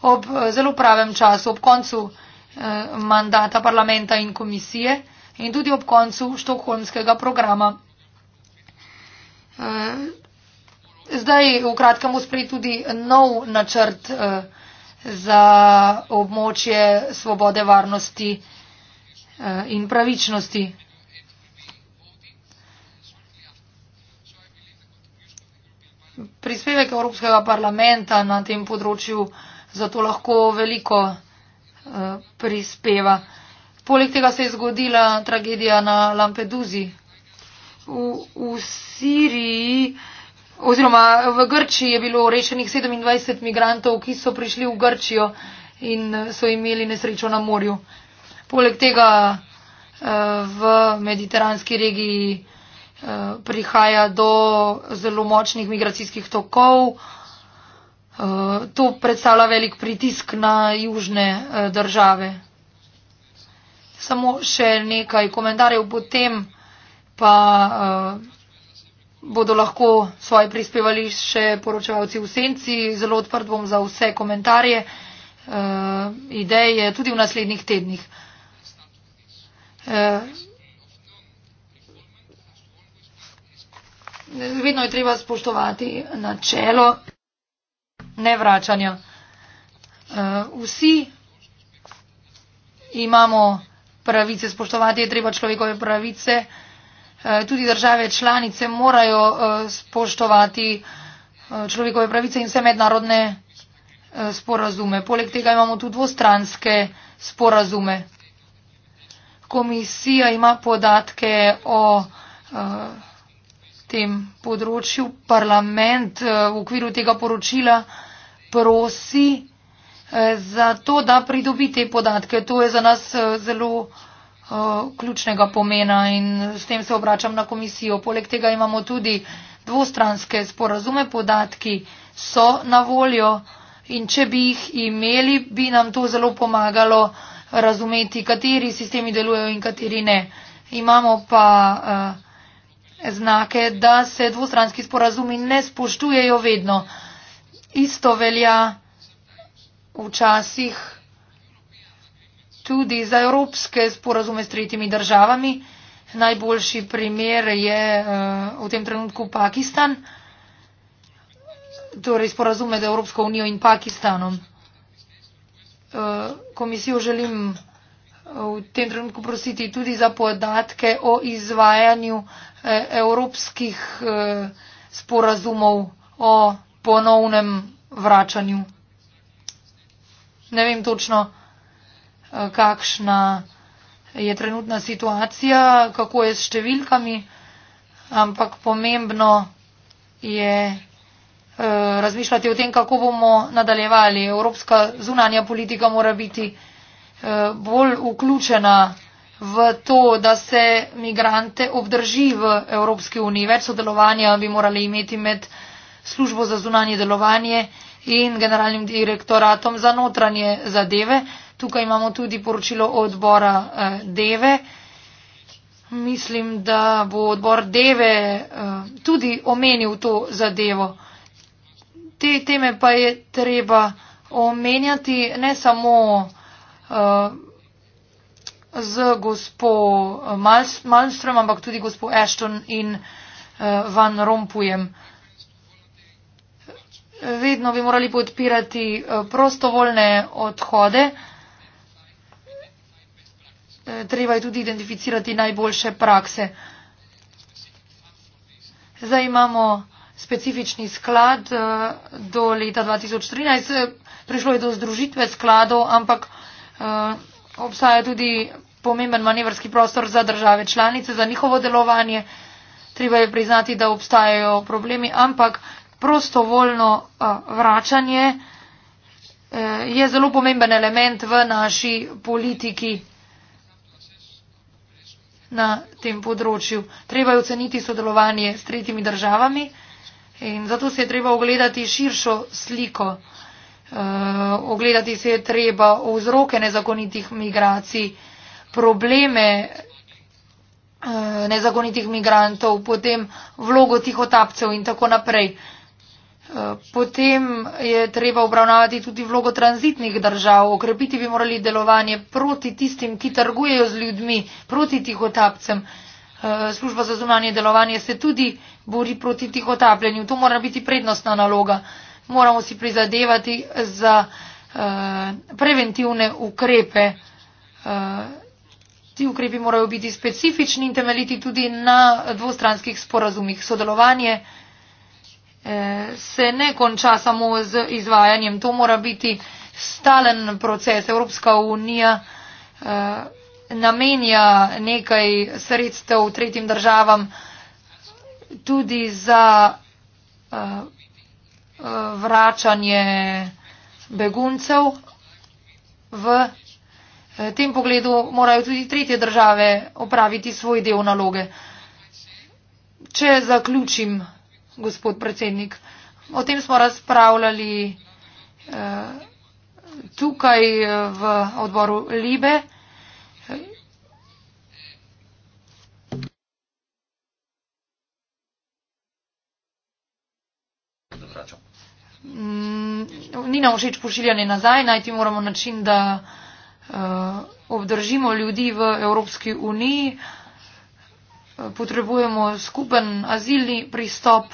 ob zelo pravem času, ob koncu Eh, mandata parlamenta in komisije in tudi ob koncu štokholmskega programa. Eh, zdaj v kratkem bo sprejet tudi nov načrt eh, za območje svobode, varnosti in pravičnosti. Prispevek Evropskega parlamenta na tem področju zato lahko veliko Eh, prispeva. Poleg tega se je zgodila tragedija na Lampeduzi. V, v Siriji oziroma v Grčiji je bilo rešenih 27 migrantov, ki so prišli v Grčijo in eh, so imeli nesrečo na morju. Poleg tega eh, v mediteranski regiji prihaja do zelo močnih migracijskih tokov. Eh, to predstavlja velik pritisk na južne eh, države. Samo še nekaj komentarjev potem, pa eh, bodo lahko svoje prispevali še poročevalci v senci. Zelo odprt bom za vse komentarje, ideje tudi v naslednjih tednih. Vedno je treba spoštovati načelo nevračanja. Eh, vsi imamo pravice spoštovati, je treba človekove pravice, eh, tudi države članice morajo eh, spoštovati človekove pravice in vse mednarodne sporazume. Poleg tega imamo tudi dvostranske sporazume. Komisija ima podatke o tem področju, parlament v okviru tega poročila prosi eh, za to, da pridobi te podatke. To je za nas eh, zelo eh, ključnega pomena in s tem se obračam na komisijo. Poleg tega imamo tudi dvostranske sporazume, podatki so na voljo in če bi jih imeli, bi nam to zelo pomagalo razumeti, kateri sistemi delujejo in kateri ne. Imamo pa uh, znake, da se dvostranski sporazumi ne spoštujejo vedno. Uh, Isto velja včasih tudi za evropske sporazume s tretjimi državami. Najboljši primer je eh, v tem trenutku Pakistan, torej sporazum med Evropsko unijo in Pakistanom. Eh, komisijo želim eh, v tem trenutku prositi tudi za podatke o izvajanju evropskih sporazumov o ponovnem vračanju. Ne vem točno, eh, kakšna je trenutna situacija, kako je s številkami, ampak pomembno je eh, razmišljati o tem, kako bomo nadaljevali. Evropska zunanja politika mora biti eh, bolj vključena v to, da se migrante obdrži v Evropski uniji. Več sodelovanja bi morali imeti med službo za zunanje delovanje in generalnim direktoratom za notranje zadeve. Tukaj imamo tudi poročilo odbora eh, Deve. Mislim, da bo odbor Deve eh, tudi omenil to zadevo. Te teme pa je treba omenjati ne samo eh, z gospo Malmström, ampak tudi gospo Ashton in Van Rompujem vedno bi morali podpirati eh, prostovoljne odhode. Eh, treba je tudi identificirati najboljše prakse. Zdaj imamo specifični sklad eh, do leta 2013. Prišlo je do združitve skladov, ampak obstaja tudi pomemben manevrski prostor za države članice, za njihovo delovanje. Treba je priznati, da obstajajo problemi, ampak prostovoljno vračanje e, je zelo pomemben element v naši politiki na tem področju. Treba je oceniti sodelovanje s tretjimi državami in zato se je treba ogledati širšo sliko. E, ogledati se je treba vzroke nezakonitih migracij, probleme e, nezakonitih migrantov, potem vlogo tih otapcev in tako naprej. Potem je treba obravnavati tudi vlogo tranzitnih držav. Okrepiti bi morali delovanje proti tistim, ki trgujejo z ljudmi, proti tihotapcem. Eh, Služba za zunanje delovanje se tudi bori proti tihotapljenju. To mora biti prednostna naloga. Moramo si prizadevati za eh, preventivne ukrepe. Eh, ti ukrepi morajo biti specifični in temeljiti tudi na dvostranskih sporazumih. Sodelovanje se ne konča samo z izvajanjem. To mora biti stalen proces. Evropska unija eh, namenja nekaj sredstev tretjim državam tudi za eh, eh, vračanje beguncev. V tem pogledu morajo tudi tretje države opraviti svoj del naloge. Če zaključim gospod predsednik. O tem smo razpravljali eh, tukaj eh, v odboru Libe. Mm, ni nam všeč pošiljanje nazaj, najti moramo način, da eh, obdržimo ljudi v Evropski uniji. Eh, potrebujemo skupen azilni pristop.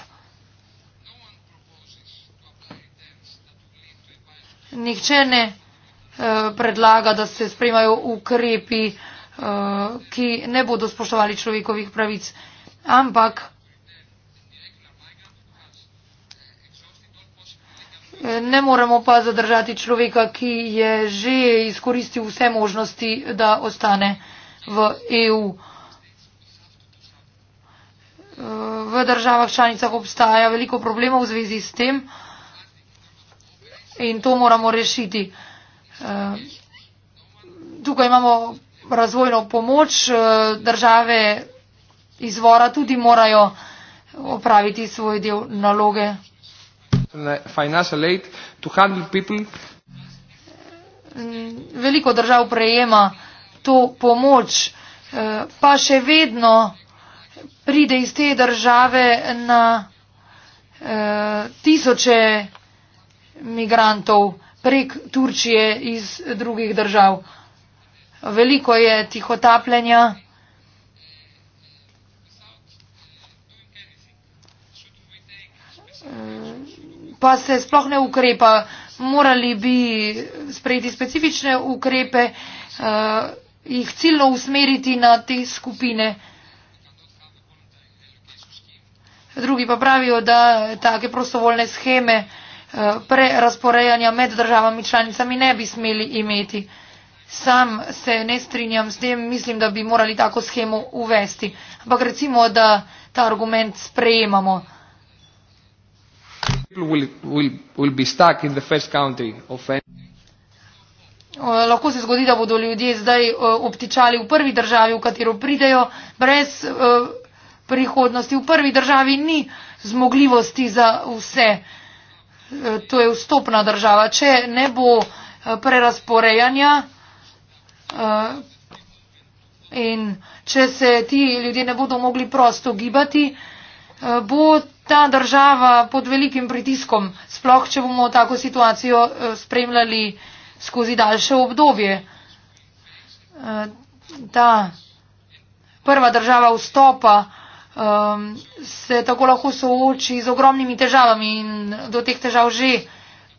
Nihče ne eh, predlaga, da se sprejmajo ukrepi, eh, ki ne bodo spoštovali človekovih pravic, ampak eh, ne moremo pa zadržati človeka, ki je že izkoristil vse možnosti, da ostane v EU. V državah članicah obstaja veliko problemov v zvezi s tem, in to moramo rešiti. Eh, tukaj imamo razvojno pomoč, eh, države izvora tudi morajo opraviti svoj del naloge. Mm, veliko držav prejema to pomoč, eh, pa še vedno pride iz te države na tisoče migrantov prek Turčije iz drugih držav. Veliko je tihotapljenja. Pa se sploh ne ukrepa. Morali bi sprejeti specifične ukrepe, eh, jih ciljno usmeriti na te skupine. Drugi pa pravijo, da take prostovoljne scheme prerasporejanja med državami članicami ne bi smeli imeti. Sam se ne strinjam s tem, mislim, da bi morali tako schemo uvesti. Ampak recimo, da ta argument sprejemamo. Will, will, will any... Lahko se zgodi, da bodo ljudje zdaj obtičali v prvi državi, v katero pridejo, brez prihodnosti. V prvi državi ni zmogljivosti za vse. Eh, to je vstopna država. Če ne bo eh, prerasporejanja eh, in če se ti ljudje ne bodo mogli prosto gibati, bo ta država pod velikim pritiskom, sploh če bomo tako situacijo spremljali skozi daljše obdobje. Ta prva država vstopa um, se tako lahko sooči z ogromnimi težavami in do teh težav že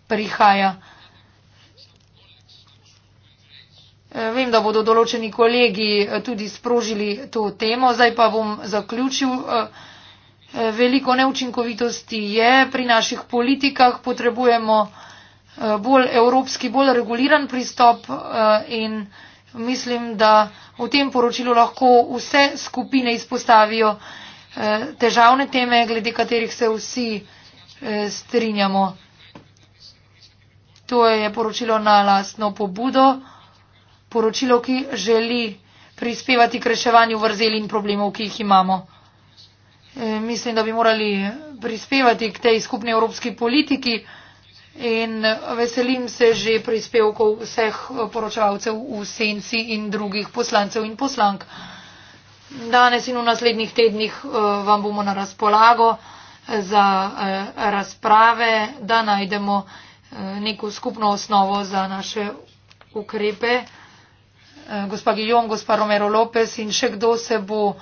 prihaja. Eh, vem, da bodo določeni kolegi eh, tudi sprožili to temo, zdaj pa bom zaključil. Eh, veliko neučinkovitosti je pri naših politikah, potrebujemo bolj evropski, bolj reguliran pristop in mislim, da v tem poročilu lahko vse skupine izpostavijo. Eh, težavne teme, glede katerih se vsi eh, strinjamo. To je poročilo na lastno pobudo, poročilo, ki želi prispevati k reševanju vrzeli in problemov, ki jih imamo. Eh, mislim, da bi morali prispevati k tej skupni evropski politiki in veselim se že prispevkov vseh poročavcev v senci in drugih poslancev in poslank danes in v naslednjih tednih eh, vam bomo na razpolago eh, za eh, razprave, da najdemo neko skupno osnovo za naše ukrepe. Gospa Gijon, gospa Romero Lopez in še kdo se bo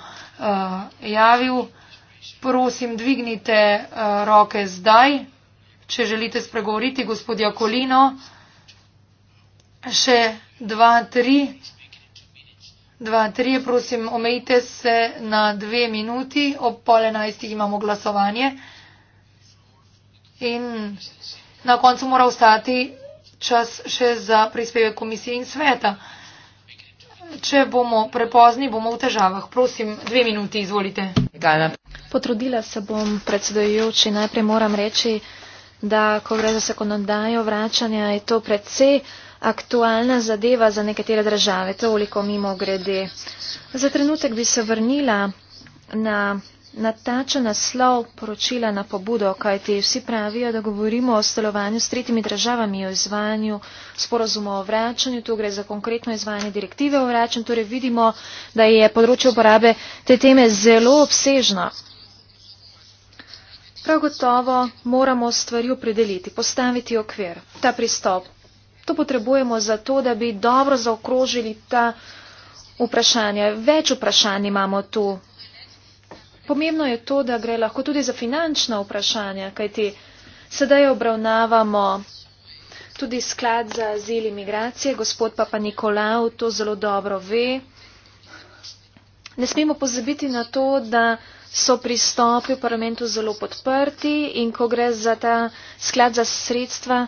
javil, prosim, dvignite roke zdaj, če želite spregovoriti, gospod Jakolino. Še dva, tri dva, tri, prosim, omejite se na dve minuti, ob pol enajstih imamo glasovanje in na koncu mora ostati čas še za prispevek komisije in sveta. Če bomo prepozni, bomo v težavah. Prosim, dve minuti, izvolite. Potrudila se bom predsedujoči. Najprej moram reči, da ko gre za zakonodajo vračanja, je to predvsej aktualna zadeva za nekatere države. Toliko mimo grede. Za trenutek bi se vrnila na natačen naslov poročila na pobudo, kajti vsi pravijo, da govorimo o stelovanju s tretjimi državami, o izvajanju sporozuma o vračanju, tu gre za konkretno izvajanje direktive o vračanju, torej vidimo, da je področje uporabe te teme zelo obsežno. Prav gotovo moramo stvari opredeliti, postaviti okvir. Ta pristop to potrebujemo za to, da bi dobro zaokrožili ta vprašanja. Več vprašanj imamo tu. Pomembno je to, da gre lahko tudi za finančna vprašanja, kajti sedaj obravnavamo tudi sklad za azil imigracije, gospod Papa Nikolau to zelo dobro ve. Ne smemo pozabiti na to, da so pristopi v parlamentu zelo podprti in ko gre za ta sklad za sredstva,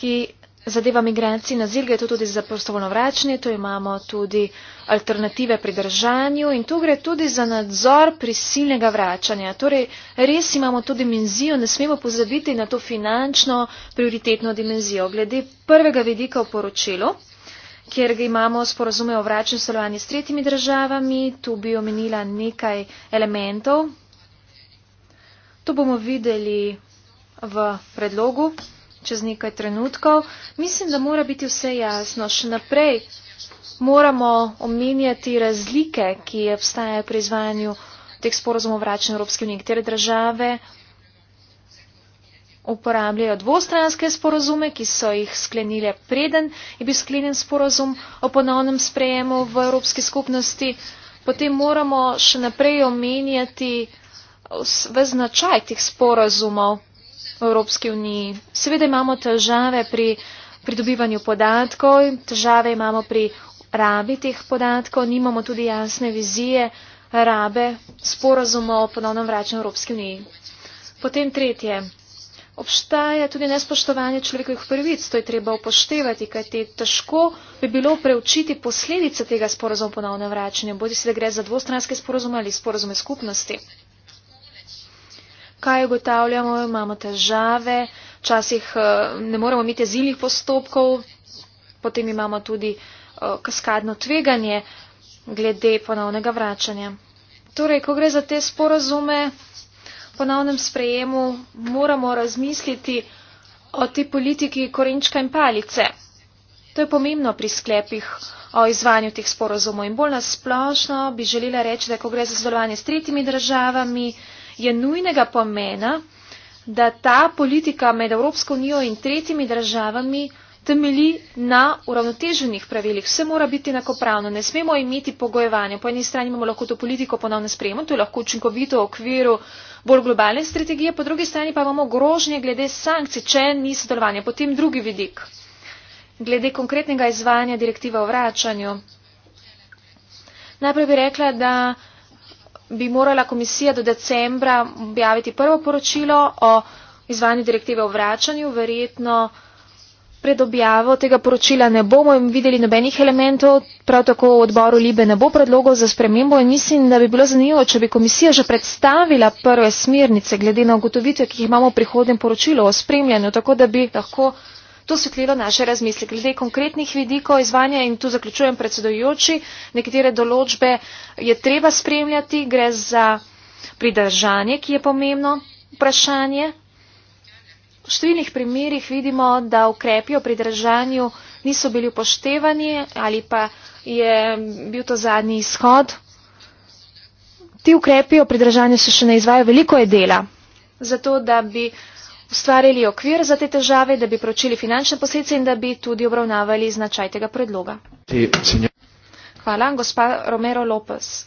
ki zadeva migranci in azil gre tudi za prostovoljno vračanje, tu imamo tudi alternative pri držanju in tu gre tudi za nadzor prisilnega vračanja. Torej, res imamo to dimenzijo, ne smemo pozabiti na to finančno prioritetno dimenzijo. Glede prvega vidika v poročilu, kjer ga imamo sporozume o vračanju sodelovanju s tretjimi državami, tu bi omenila nekaj elementov. To bomo videli v predlogu čez nekaj trenutkov. Mislim, da mora biti vse jasno. Še naprej moramo omenjati razlike, ki obstajajo pri izvajanju teh sporozumov vračanja Evropske unije. Nekatere države uporabljajo dvostranske sporozume, ki so jih sklenile preden je bil sklenjen sporozum o ponovnem sprejemu v Evropski skupnosti. Potem moramo še naprej omenjati v značaj teh sporozumov v Evropski uniji. Seveda imamo težave pri pridobivanju podatkov, težave imamo pri rabi teh podatkov, nimamo tudi jasne vizije rabe sporazuma o ponovnem vračanju v Evropski uniji. Potem tretje. Obstaja tudi nespoštovanje človekovih prvic, to je treba upoštevati, kajti težko bi bilo preučiti posledice tega sporozuma ponovne vračanje, bodi se da gre za dvostranske sporozume ali sporozume skupnosti kaj ugotavljamo, imamo težave, včasih eh, ne moremo imeti zilnih postopkov, potem imamo tudi eh, kaskadno tveganje glede ponovnega vračanja. Torej, ko gre za te sporazume, ponovnem sprejemu moramo razmisliti o tej politiki korenčka in palice. To je pomembno pri sklepih o izvanju teh sporozumov in bolj nasplošno bi želela reči, da ko gre za sodelovanje s tretjimi državami, je nujnega pomena, da ta politika med Evropsko unijo in tretjimi državami temelji na uravnoteženih pravilih. Vse mora biti enakopravno, ne smemo imeti pogojevanja. Po eni strani imamo lahko to politiko ponovno sprejemo, to je lahko učinkovito v okviru bolj globalne strategije, po drugi strani pa imamo grožnje glede sankcij, če ni sodelovanja. Potem drugi vidik, glede konkretnega izvajanja direktive o vračanju. Najprej bi rekla, da bi morala komisija do decembra objaviti prvo poročilo o izvajanju direktive o vračanju. Verjetno pred objavo tega poročila ne bomo videli nobenih elementov, prav tako v odboru Libe ne bo predlogov za spremembo in mislim, da bi bilo zanimivo, če bi komisija že predstavila prve smernice glede na ugotovitve, ki jih imamo v prihodnem poročilu o spremljanju, tako da bi lahko to osvetlilo naše razmisle glede konkretnih vidikov izvanja in tu zaključujem predsedujoči nekatere določbe je treba spremljati gre za pridržanje ki je pomembno vprašanje v številnih primerih vidimo da ukrepi o pridržanju niso bili upoštevani ali pa je bil to zadnji izhod ti ukrepi o pridržanju se še ne izvajajo veliko je dela zato da bi ustvarili okvir za te težave, da bi pročili finančne posledice in da bi tudi obravnavali značaj tega predloga. Hvala. Gospa Romero Lopez.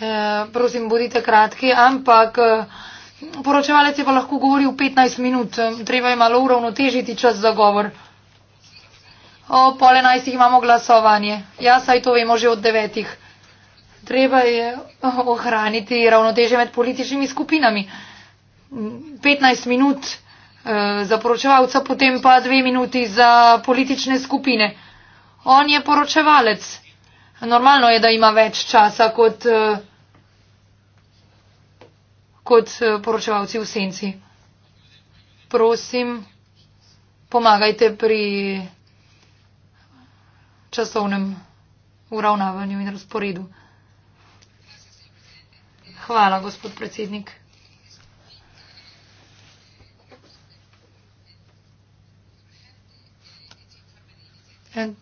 Eh, prosim, bodite kratki, ampak eh, poročevalec je pa lahko govoril 15 minut. Eh, treba je malo uravnotežiti čas za govor. O pol enajstih imamo glasovanje. Ja, saj to vemo že od devetih. Treba je eh, ohraniti ravnoteže med političnimi skupinami. 15 minut eh, za poročevalca, potem pa dve minuti za politične skupine. On je poročevalec. Normalno je, da ima več časa kot, eh, kot poročevalci v senci. Prosim, pomagajte pri časovnem uravnavanju in razporedu. Hvala, gospod predsednik.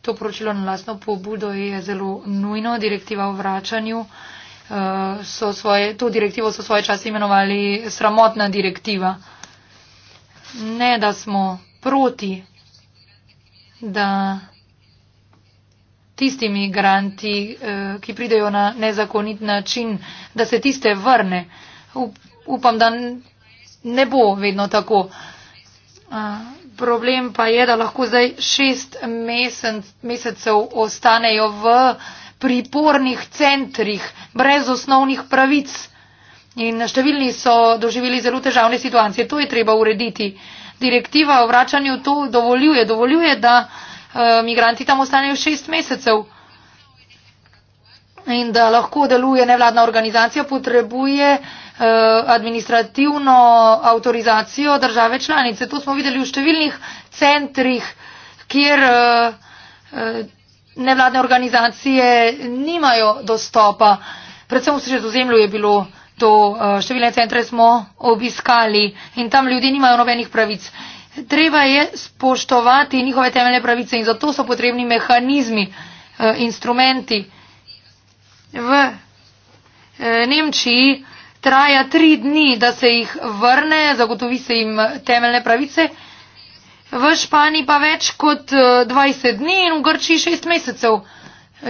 To poročilo na lasno pobudo je zelo nujno, direktiva o vračanju. Eh, svoje, to direktivo so svoje čase imenovali sramotna direktiva. Ne, da smo proti, da tistimi migranti, eh, ki pridejo na nezakonit način, da se tiste vrne. Upam, da ne bo vedno tako. Problem pa je, da lahko zdaj šest mesec, mesecev ostanejo v pripornih centrih brez osnovnih pravic. In številni so doživeli zelo težavne situacije. To je treba urediti. Direktiva o vračanju to dovoljuje. Dovoljuje, da. Eh, migranti tam ostanejo šest mesecev. In da lahko deluje nevladna organizacija, potrebuje eh, administrativno avtorizacijo države članice. To smo videli v številnih centrih, kjer eh, nevladne organizacije nimajo dostopa. Predvsem v sredozemlju je bilo to. Številne centre smo obiskali in tam ljudje nimajo nobenih pravic treba je spoštovati njihove temeljne pravice in zato so potrebni mehanizmi, eh, instrumenti. V eh, Nemčiji traja tri dni, da se jih vrne, zagotovi se jim temeljne pravice, v Španiji pa več kot 20 eh, dni in v Grčiji 6 mesecev.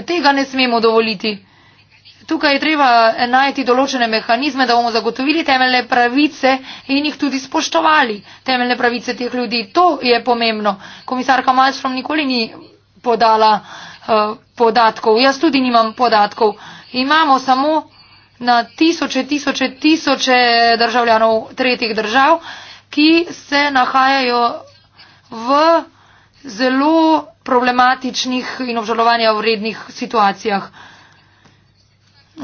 Tega ne smemo dovoliti. Tukaj je treba eh, najti določene mehanizme, da bomo zagotovili temeljne pravice in jih tudi spoštovali. Temeljne pravice teh ljudi, to je pomembno. Komisarka Malstrom nikoli ni podala uh, podatkov. Jaz tudi nimam podatkov. Imamo samo na tisoče, tisoče, tisoče državljanov tretjih držav, ki se nahajajo v zelo problematičnih in obžalovanja vrednih situacijah.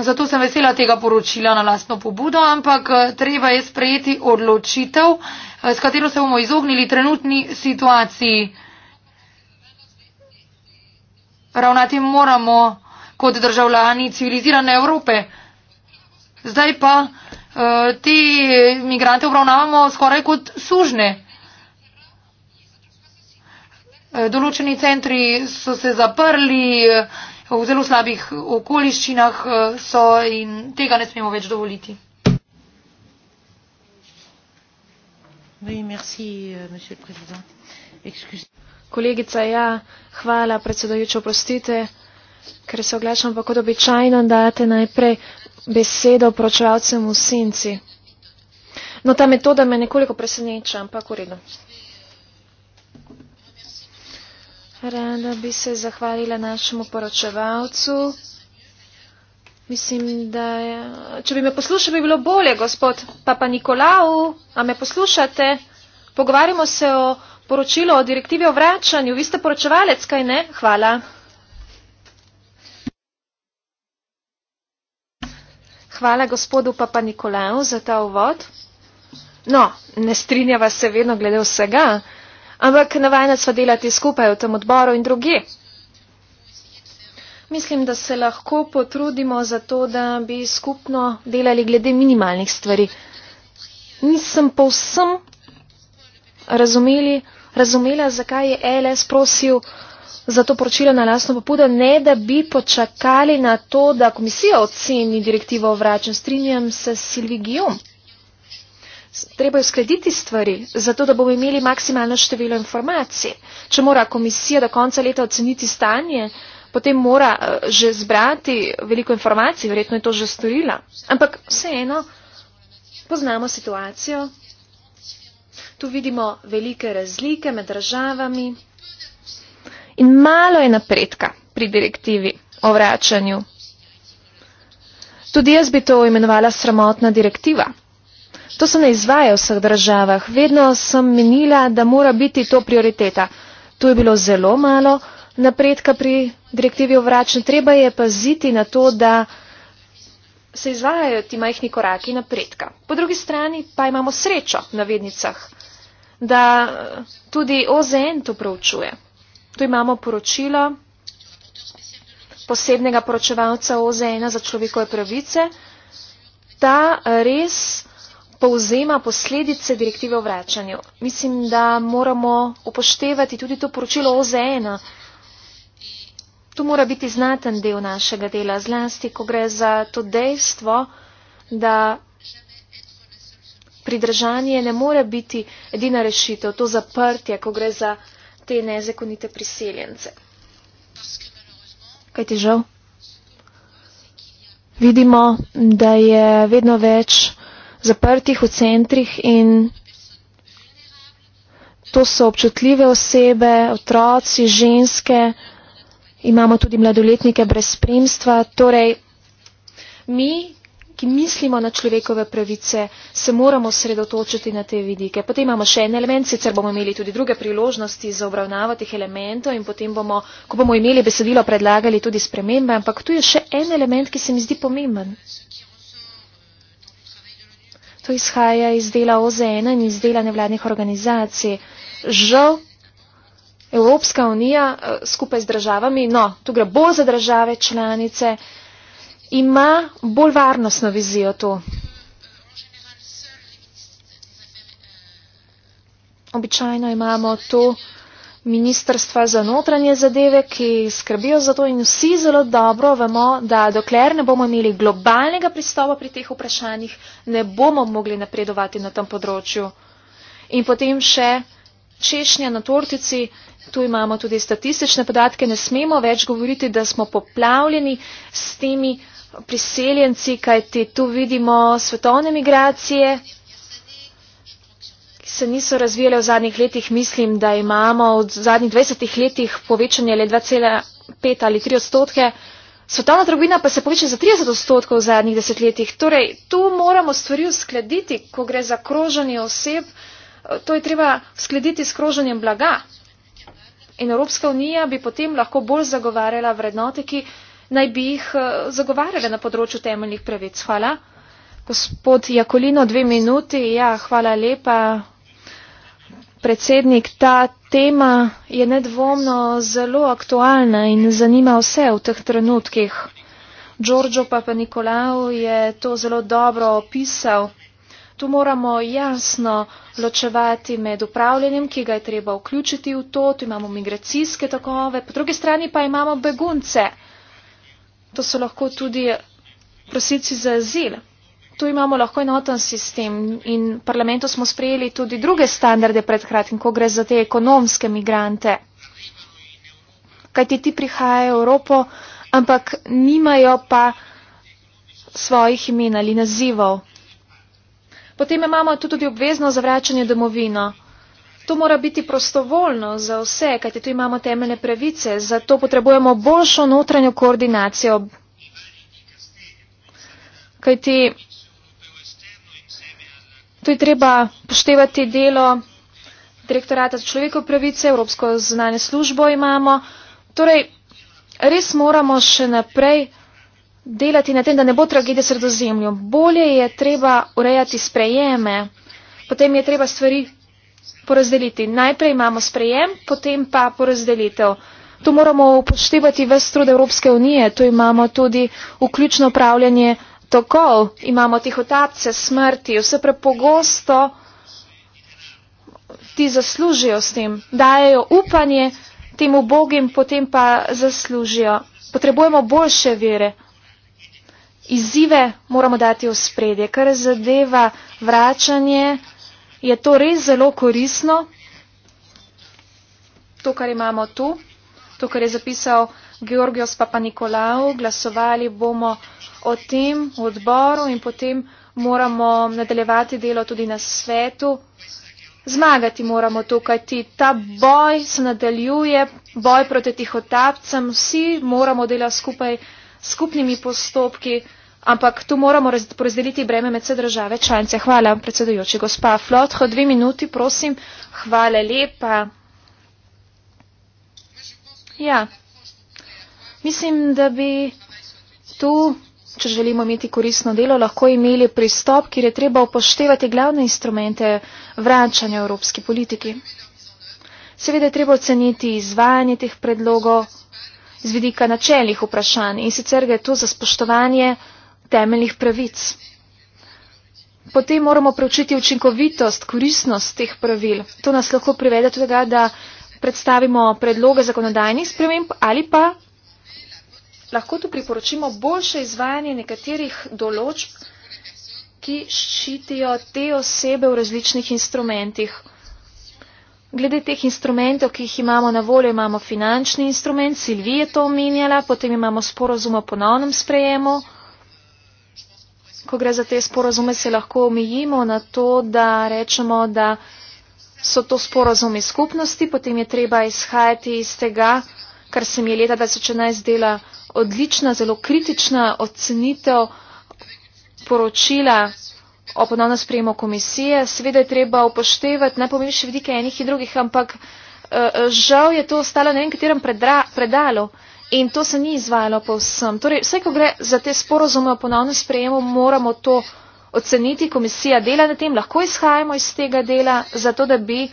Zato sem vesela tega poročila na lastno pobudo, ampak eh, treba je sprejeti odločitev, eh, s katero se bomo izognili trenutni situaciji. Ravnati moramo kot državljani civilizirane Evrope. Zdaj pa eh, te migrante obravnavamo skoraj kot sužne. Določeni centri so se zaprli, v zelo slabih okoliščinah eh, so in tega ne smemo več dovoliti. Oui, merci, euh, Kolegica, ja, hvala, predsedojoča, oprostite, ker se oglašam, pa kot običajno date najprej besedo pročevalcem v senci. No, ta metoda me nekoliko preseneča, ampak v redu. Rada bi se zahvalila našemu poročevalcu. Mislim, da je... Če bi me poslušali, bi bilo bolje, gospod Papa Nikolau. A me poslušate? Pogovarjamo se o poročilu o direktivi o vračanju. Vi ste poročevalec, kaj ne? Hvala. Hvala gospodu Papa Nikolau za ta uvod. No, ne strinjava se vedno glede vsega ampak navajena sva delati skupaj v tem odboru in druge. Mislim, da se lahko potrudimo za to, da bi skupno delali glede minimalnih stvari. Nisem povsem razumeli, razumela, zakaj je LS prosil za to poročilo na lasno popudo, ne da bi počakali na to, da komisija oceni direktivo o vračanju. Strinjam se s Silvi Gijom treba je uskladiti stvari, zato da bomo imeli maksimalno število informacij. Če mora komisija do konca leta oceniti stanje, potem mora eh, že zbrati veliko informacij, verjetno je to že storila. Ampak vseeno, poznamo situacijo. Tu vidimo velike razlike med državami in malo je napredka pri direktivi o vračanju. Tudi jaz bi to imenovala sramotna direktiva. To se ne izvaja v vseh državah. Vedno sem menila, da mora biti to prioriteta. Tu je bilo zelo malo napredka pri direktivi o vračanju. Treba je paziti na to, da se izvajajo ti majhni koraki napredka. Po drugi strani pa imamo srečo na vednicah, da eh, tudi OZN to proučuje. Tu imamo poročilo posebnega poročevalca OZN za človekove pravice. Ta eh, res povzema posledice direktive o vračanju. Mislim, da moramo upoštevati tudi to poročilo OZN. To mora biti znaten del našega dela, zlasti, ko gre za to dejstvo, da pridržanje ne more biti edina rešitev, to zaprtje, ko gre za te nezakonite priseljence. Kaj ti žal? Vidimo, da je vedno več zaprtih v centrih in to so občutljive osebe, otroci, ženske, imamo tudi mladoletnike brez spremstva. Torej, mi, ki mislimo na človekove pravice, se moramo sredotočiti na te vidike. Potem imamo še en element, sicer bomo imeli tudi druge priložnosti za obravnavo teh elementov in potem bomo, ko bomo imeli besedilo, predlagali tudi spremembe, ampak tu je še en element, ki se mi zdi pomemben. To izhaja iz dela OZN in iz dela nevladnih organizacij. Žal Evropska unija eh, skupaj z državami, no, tu gre bolj za države članice, ima bolj varnostno vizijo tu. Običajno imamo tu Ministrstva za notranje zadeve, ki skrbijo za to in vsi zelo dobro vemo, da dokler ne bomo imeli globalnega pristopa pri teh vprašanjih, ne bomo mogli napredovati na tem področju. In potem še češnja na tortici, tu imamo tudi statistične podatke, ne smemo več govoriti, da smo poplavljeni s temi priseljenci, kajti tu vidimo svetovne migracije se niso razvijale v zadnjih letih. Mislim, da imamo v zadnjih 20 letih povečanje le 2,5 ali 3 odstotke. Svetovna trgovina pa se poveča za 30 odstotkov v zadnjih desetletjih. Torej, tu moramo stvari uskladiti, ko gre za kroženje oseb. To je treba uskladiti s kroženjem blaga. In Evropska unija bi potem lahko bolj zagovarjala vrednote, ki naj bi jih eh, zagovarjala na področju temeljnih pravic. Hvala. Gospod Jakolino, dve minuti. Ja, hvala lepa predsednik, ta tema je nedvomno zelo aktualna in zanima vse v teh trenutkih. Giorgio Papanikolaou je to zelo dobro opisal. Tu moramo jasno ločevati med upravljanjem, ki ga je treba vključiti v to, tu imamo migracijske takove, po drugi strani pa imamo begunce. To so lahko tudi prosilci za azil. Tu imamo lahko enoten sistem in v parlamentu smo sprejeli tudi druge standarde predkratkim, ko gre za te ekonomske migrante. Kaj ti ti prihajajo v Evropo, ampak nimajo pa svojih imen ali nazivov. Potem imamo tudi obvezno zavračanje domovino. To mora biti prostovoljno za vse, kajte tu imamo temeljne pravice, zato potrebujemo boljšo notranjo koordinacijo. Kajte To je treba poštevati delo direktorata za človekove pravice, Evropsko zunanje službo imamo. Torej, res moramo še naprej delati na tem, da ne bo tragedije sredozemlju. Bolje je treba urejati sprejeme, potem je treba stvari porazdeliti. Najprej imamo sprejem, potem pa porazdelitev. To moramo upoštevati v strud Evropske unije, to imamo tudi vključno upravljanje tako imamo tihotapce smrti, vse prepogosto ti zaslužijo s tem, dajo upanje tem ubogim, potem pa zaslužijo. Potrebujemo boljše vere. Izzive moramo dati v spredje, kar zadeva vračanje, je to res zelo korisno. To, kar imamo tu, to, kar je zapisal Georgios Papa Nikolaou, glasovali bomo o tem v odboru in potem moramo nadaljevati delo tudi na svetu. Zmagati moramo to, kajti ta boj se nadaljuje, boj proti tihotapcem, vsi moramo delati skupaj s skupnimi postopki, ampak tu moramo porazdeliti breme med vse države članice. Hvala, predsedujoči. Gospa Flot, ho dve minuti, prosim. Hvala lepa. Ja. Mislim, da bi tu če želimo imeti koristno delo, lahko imeli pristop, kjer je treba upoštevati glavne instrumente vračanja evropski politiki. Seveda je treba oceniti izvajanje teh predlogov z vidika načeljnih vprašanj in sicer ga je to za spoštovanje temeljnih pravic. Potem moramo preučiti učinkovitost, koristnost teh pravil. To nas lahko privede tudi, da predstavimo predloge zakonodajnih sprememb ali pa lahko tu priporočimo boljše izvajanje nekaterih določb, ki ščitijo te osebe v različnih instrumentih. Glede teh instrumentov, ki jih imamo na voljo, imamo finančni instrument, Silvi je to omenjala, potem imamo sporozum o ponovnem sprejemu. Ko gre za te sporozume, se lahko omejimo na to, da rečemo, da so to sporozumi skupnosti, potem je treba izhajati iz tega, kar se mi je leta 2011 dela odlična, zelo kritična ocenitev poročila o ponovnem sprejemu komisije. Sveda je treba upoštevati najpomembnejše vidike enih in drugih, ampak eh, eh, žal je to ostalo na nekaterem predalu in to se ni izvajalo povsem. Torej, vse, ko gre za te sporozume o ponovnem sprejemu, moramo to oceniti. Komisija dela na tem, lahko izhajamo iz tega dela, zato da bi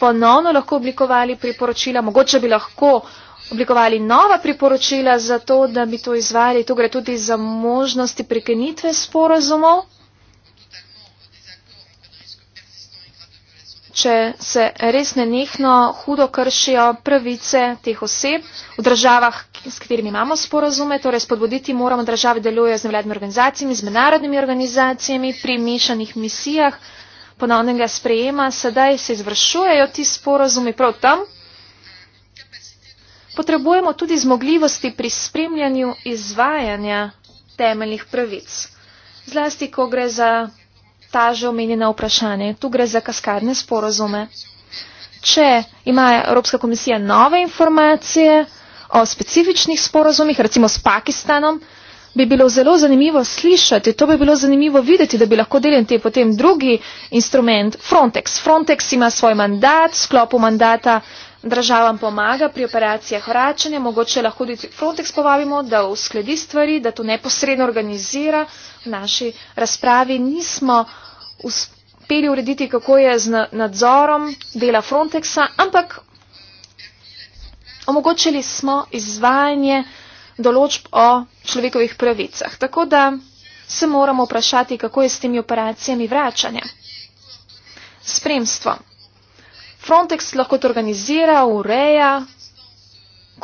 ponovno lahko oblikovali priporočila. Mogoče bi lahko oblikovali nova priporočila za to, da bi to izvajali. To gre tudi za možnosti prekenitve sporazumov. Če se res ne nekno hudo kršijo pravice teh oseb v državah, s katerimi imamo sporazume, torej spodbuditi moramo države delujejo z nevladnimi organizacijami, z mednarodnimi organizacijami, pri mešanih misijah ponovnega sprejema, sedaj se izvršujejo ti sporazumi prav tam, potrebujemo tudi zmogljivosti pri spremljanju izvajanja temeljnih pravic. Zlasti, ko gre za ta že omenjena vprašanja. Tu gre za kaskadne sporozume. Če ima Evropska komisija nove informacije o specifičnih sporozumih, recimo s Pakistanom, bi bilo zelo zanimivo slišati, to bi bilo zanimivo videti, da bi lahko delen te potem drugi instrument Frontex. Frontex ima svoj mandat, sklopu mandata državam pomaga pri operacijah vračanja, mogoče lahko tudi Frontex povabimo, da uskladi stvari, da to neposredno organizira. V naši razpravi nismo uspeli urediti, kako je z nadzorom dela Frontexa, ampak omogočili smo izvajanje določb o človekovih pravicah. Tako da se moramo vprašati, kako je s temi operacijami vračanja. Spremstvo. Frontex lahko to organizira, ureja,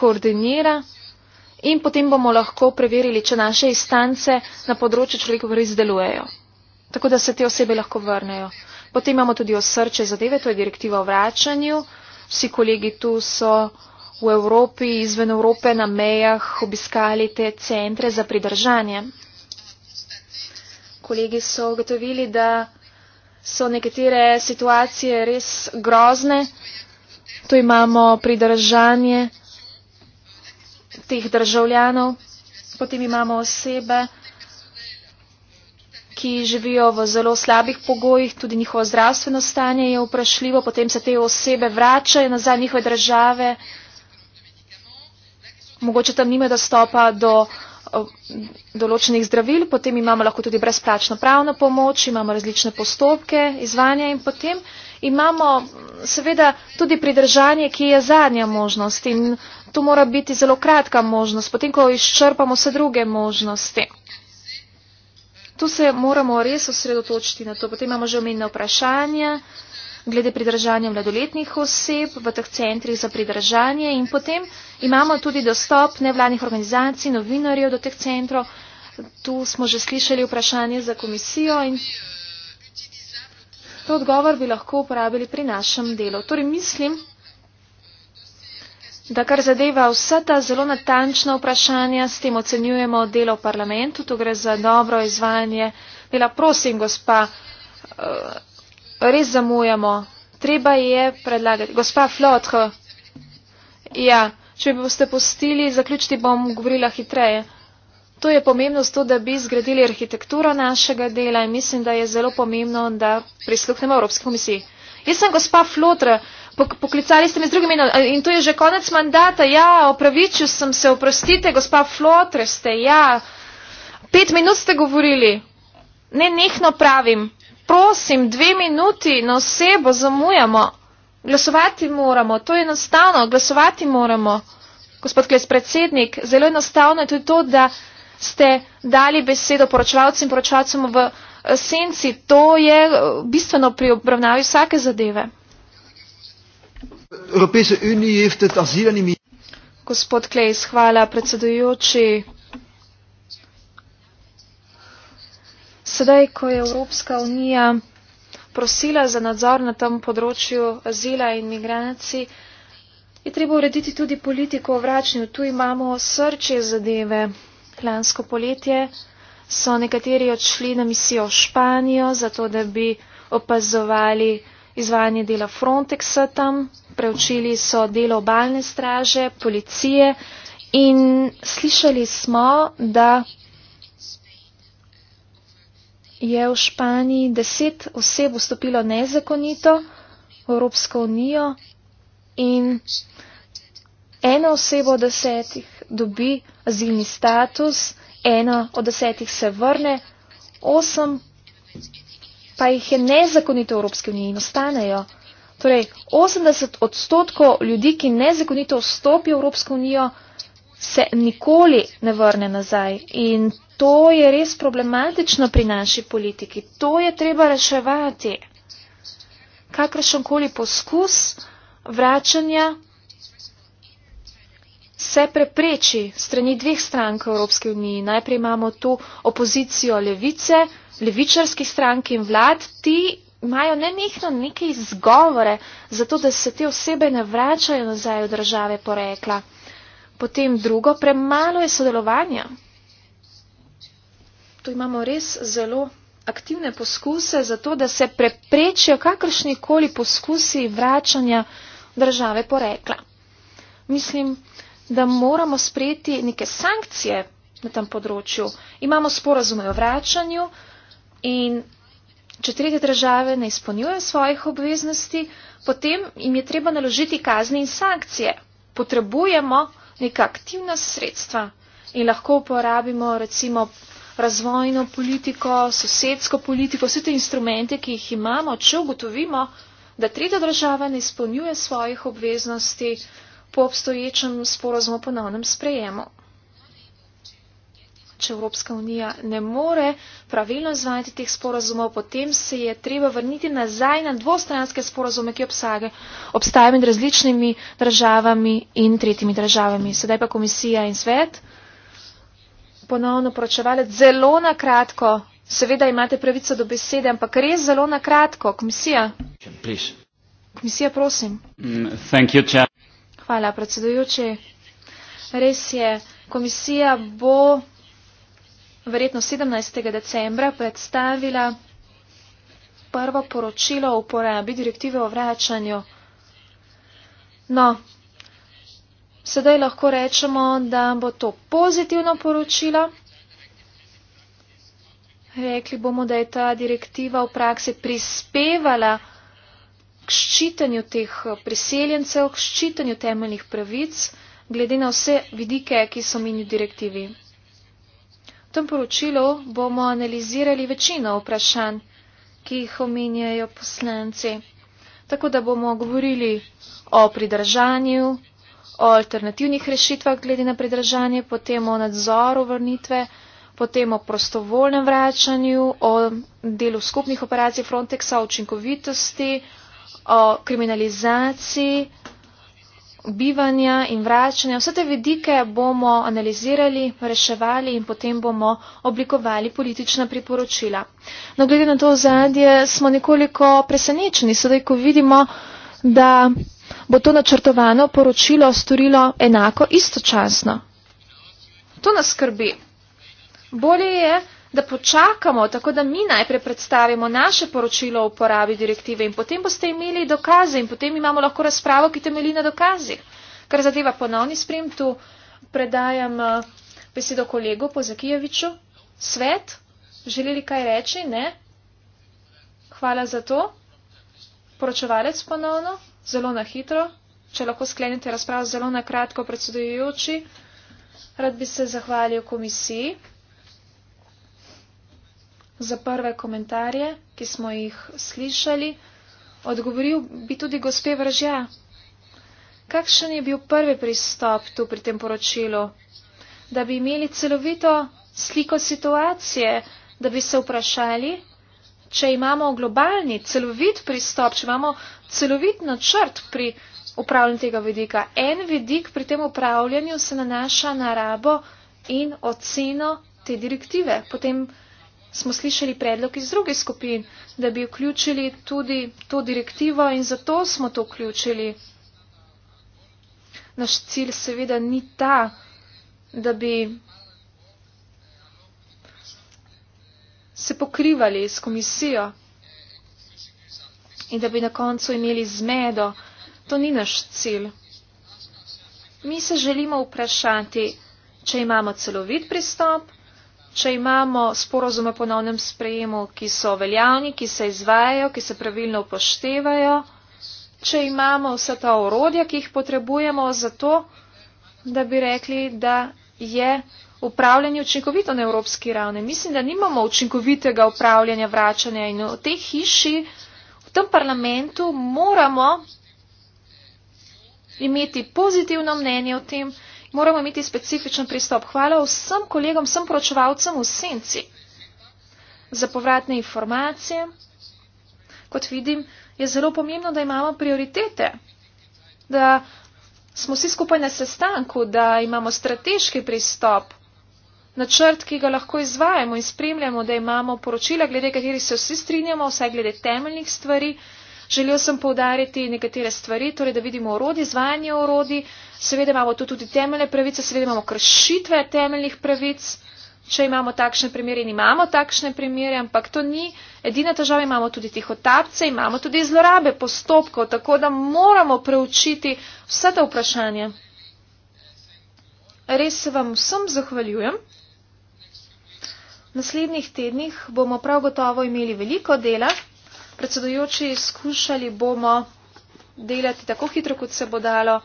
koordinira in potem bomo lahko preverili, če naše istance na področju človekov res delujejo. Tako da se te osebe lahko vrnejo. Potem imamo tudi osrče zadeve, to je direktiva o vračanju. Vsi kolegi tu so v Evropi, izven Evrope, na mejah obiskali te centre za pridržanje. Kolegi so ugotovili, da so nekatere situacije res grozne. Tu imamo pridržanje teh državljanov, potem imamo osebe, ki živijo v zelo slabih pogojih, tudi njihovo zdravstveno stanje je vprašljivo, potem se te osebe vračajo nazaj njihove države, mogoče tam nima dostopa do določenih zdravil, potem imamo lahko tudi brezplačno pravno pomoč, imamo različne postopke, izvanja in potem imamo mm, seveda tudi pridržanje, ki je zadnja možnost in to mora biti zelo kratka možnost, potem ko izčrpamo vse druge možnosti. Tu se moramo res osredotočiti na to, potem imamo že omenjene vprašanja glede pridržanja mladoletnih oseb v teh centrih za pridržanje in potem imamo tudi dostop nevladnih organizacij, novinarjev do teh centrov. Tu smo že slišali vprašanje za komisijo in to odgovor bi lahko uporabili pri našem delu. Torej mislim, da kar zadeva vsa ta zelo natančna vprašanja, s tem ocenjujemo delo v parlamentu, tu gre za dobro izvajanje dela. Prosim, gospa. Uh, res zamujamo. Treba je predlagati. Gospa Flotho, ja, če bi boste postili, zaključiti bom govorila hitreje. To je pomembno zato, da bi zgradili arhitekturo našega dela in mislim, da je zelo pomembno, da prisluhnemo Evropski komisiji. Jaz sem gospa Flotra, poklicali ste me z drugim imenom eh, in to je že konec mandata. Ja, opravičil sem se, oprostite, gospa Flotra ste, ja. Pet minut ste govorili. Ne, nehno pravim prosim, dve minuti na osebo zamujamo. Glasovati moramo, to je enostavno, glasovati moramo. Gospod Kles, predsednik, zelo enostavno je tudi to, da ste dali besedo poročevalcem in poročevalcem v eh, senci. To je eh, bistveno pri obravnavi vsake zadeve. Gospod Kles, hvala predsedujoči. Sedaj, ko je Evropska unija prosila za nadzor na tem področju azila in migracij, je treba urediti tudi politiko o vračanju. Tu imamo srče zadeve. Lansko poletje so nekateri odšli na misijo v Španijo, zato da bi opazovali izvajanje dela Frontexa tam, preučili so delo obalne straže, policije in slišali smo, da je v Španiji deset oseb vstopilo nezakonito v Evropsko unijo in eno osebo od desetih dobi azilni status, eno od desetih se vrne, osem pa jih je nezakonito v Evropski uniji in ostanejo. Torej, 80 odstotkov ljudi, ki nezakonito vstopijo v Evropsko unijo, se nikoli ne vrne nazaj. In to je res problematično pri naši politiki. To je treba reševati. Kakršenkoli poskus vračanja se prepreči strani dveh strank v Evropske unije. Najprej imamo tu opozicijo levice, levičarskih strank in vlad. Ti imajo nenehno neke izgovore za to, da se te osebe ne vračajo nazaj v države porekla. Potem drugo, premalo je sodelovanja. Tu imamo res zelo aktivne poskuse za to, da se preprečijo kakršnikoli poskusi vračanja države porekla. Mislim, da moramo sprejeti neke sankcije na tem področju. Imamo sporazume o vračanju in če tretje države ne izpolnjujejo svojih obveznosti, potem jim je treba naložiti kazni in sankcije. Potrebujemo neka aktivna sredstva in lahko uporabimo recimo razvojno politiko, sosedsko politiko, vse te instrumente, ki jih imamo, če ugotovimo, da tretja država ne izpolnjuje svojih obveznosti po obstoječem sporozumu ponovnem sprejemu če Evropska unija ne more pravilno izvajati teh sporazumov, potem se je treba vrniti nazaj na dvostranske sporazume, ki obstajajo med različnimi državami in tretjimi državami. Sedaj pa komisija in svet ponovno poročevali zelo na kratko. Seveda imate pravico do besede, ampak res zelo na kratko. Komisija. Komisija, prosim. Mm, Hvala, predsedujoči. Res je, komisija bo verjetno 17. decembra predstavila prvo poročilo o uporabi direktive o vračanju. No, sedaj lahko rečemo, da bo to pozitivno poročilo. Rekli bomo, da je ta direktiva v praksi prispevala k ščitanju teh priseljencev, k ščitanju temeljnih pravic, glede na vse vidike, ki so minili direktivi tem poročilu bomo analizirali večino vprašanj, ki jih omenjajo poslanci. Tako da bomo govorili o pridržanju, o alternativnih rešitvah glede na pridržanje, potem o nadzoru vrnitve, potem o prostovoljnem vračanju, o delu skupnih operacij Frontexa, o učinkovitosti, o kriminalizaciji, bivanja in vračanja, vse te vidike bomo analizirali, reševali in potem bomo oblikovali politična priporočila. No, glede na to zadje smo nekoliko presenečeni, sedaj ko vidimo, da bo to načrtovano poročilo storilo enako istočasno. To nas skrbi. Bolje je, da počakamo, tako da mi najprej predstavimo naše poročilo o uporabi direktive in potem boste imeli dokaze in potem imamo lahko razpravo, ki temelji na dokazih. Kar zadeva ponovni sprem, tu predajam eh, besedo kolegu po Zakijeviču. Svet, želeli kaj reči? Ne? Hvala za to. Poročevalec ponovno, zelo na hitro. Če lahko sklenite razpravo zelo na kratko, predsedujoči, rad bi se zahvalil komisiji za prve komentarje, ki smo jih slišali, odgovoril bi tudi gospe Vržja. Kakšen je bil prvi pristop tu pri tem poročilu? Da bi imeli celovito sliko situacije, da bi se vprašali, če imamo globalni, celovit pristop, če imamo celovit načrt pri upravljanju tega vidika. En vidik pri tem upravljanju se nanaša na rabo in oceno te direktive. Potem smo slišali predlog iz drugih skupin, da bi vključili tudi to direktivo in zato smo to vključili. Naš cilj seveda ni ta, da bi se pokrivali s komisijo in da bi na koncu imeli zmedo. To ni naš cilj. Mi se želimo vprašati, če imamo celovit pristop če imamo sporozume po novnem sprejemu, ki so veljavni, ki se izvajajo, ki se pravilno upoštevajo, če imamo vse ta orodja, ki jih potrebujemo za to, da bi rekli, da je upravljanje učinkovito na evropski ravni. Mislim, da nimamo učinkovitega upravljanja vračanja in v tej hiši, v tem parlamentu moramo imeti pozitivno mnenje o tem, moramo imeti specifičen pristop. Hvala vsem kolegom, vsem poročevalcem v senci za povratne informacije. Kot vidim, je zelo pomembno, da imamo prioritete, da smo vsi skupaj na sestanku, da imamo strateški pristop, načrt, ki ga lahko izvajamo in spremljamo, da imamo poročila, glede katerih se vsi strinjamo, vsaj glede temeljnih stvari. Želel sem povdariti nekatere stvari, torej da vidimo orodje, izvajanje orodij, seveda imamo tu tudi temeljne pravice, seveda imamo kršitve temeljnih pravic, če imamo takšne primere in imamo takšne primere, ampak to ni edina težava, imamo tudi tihotapce, imamo tudi zlorabe postopkov, tako da moramo preučiti vse ta vprašanja. Res se vam vsem zahvaljujem. V naslednjih tednih bomo prav gotovo imeli veliko dela. Predsedujoči, skušali bomo delati tako hitro, kot se bo dalo,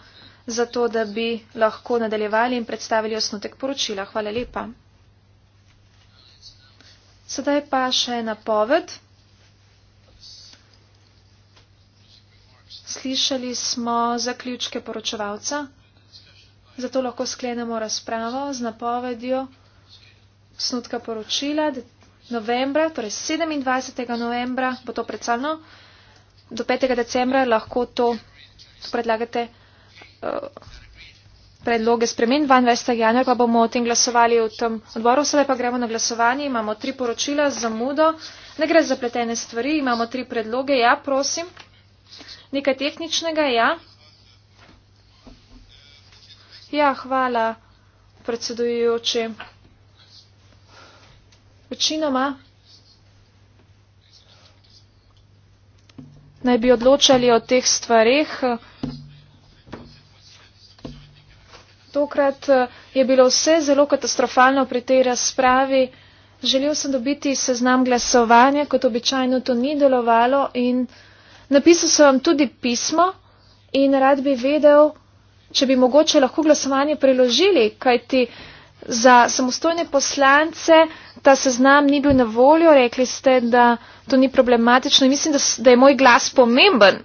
zato da bi lahko nadaljevali in predstavili osnutek poročila. Hvala lepa. Sedaj pa še ena poved. Slišali smo zaključke poročevalca, zato lahko sklenemo razpravo z napovedjo snutka poročila, novembra, torej 27. novembra bo to predstavljeno, do 5. decembra lahko to predlagate uh, predloge spremen, 22. januar pa bomo o tem glasovali v tem odboru, sedaj pa gremo na glasovanje, imamo tri poročila za mudo, ne gre za pletene stvari, imamo tri predloge, ja, prosim, nekaj tehničnega, ja. Ja, hvala, predsedujoči večinoma naj bi odločali o teh stvarih. Tokrat eh, je bilo vse zelo katastrofalno pri tej razpravi. Želel sem dobiti seznam glasovanja, kot običajno to ni delovalo in napisal sem vam tudi pismo in rad bi vedel, če bi mogoče lahko glasovanje preložili, kajti za samostojne poslance ta seznam ni bil na voljo, rekli ste, da to ni problematično in mislim, da, da je moj glas pomemben.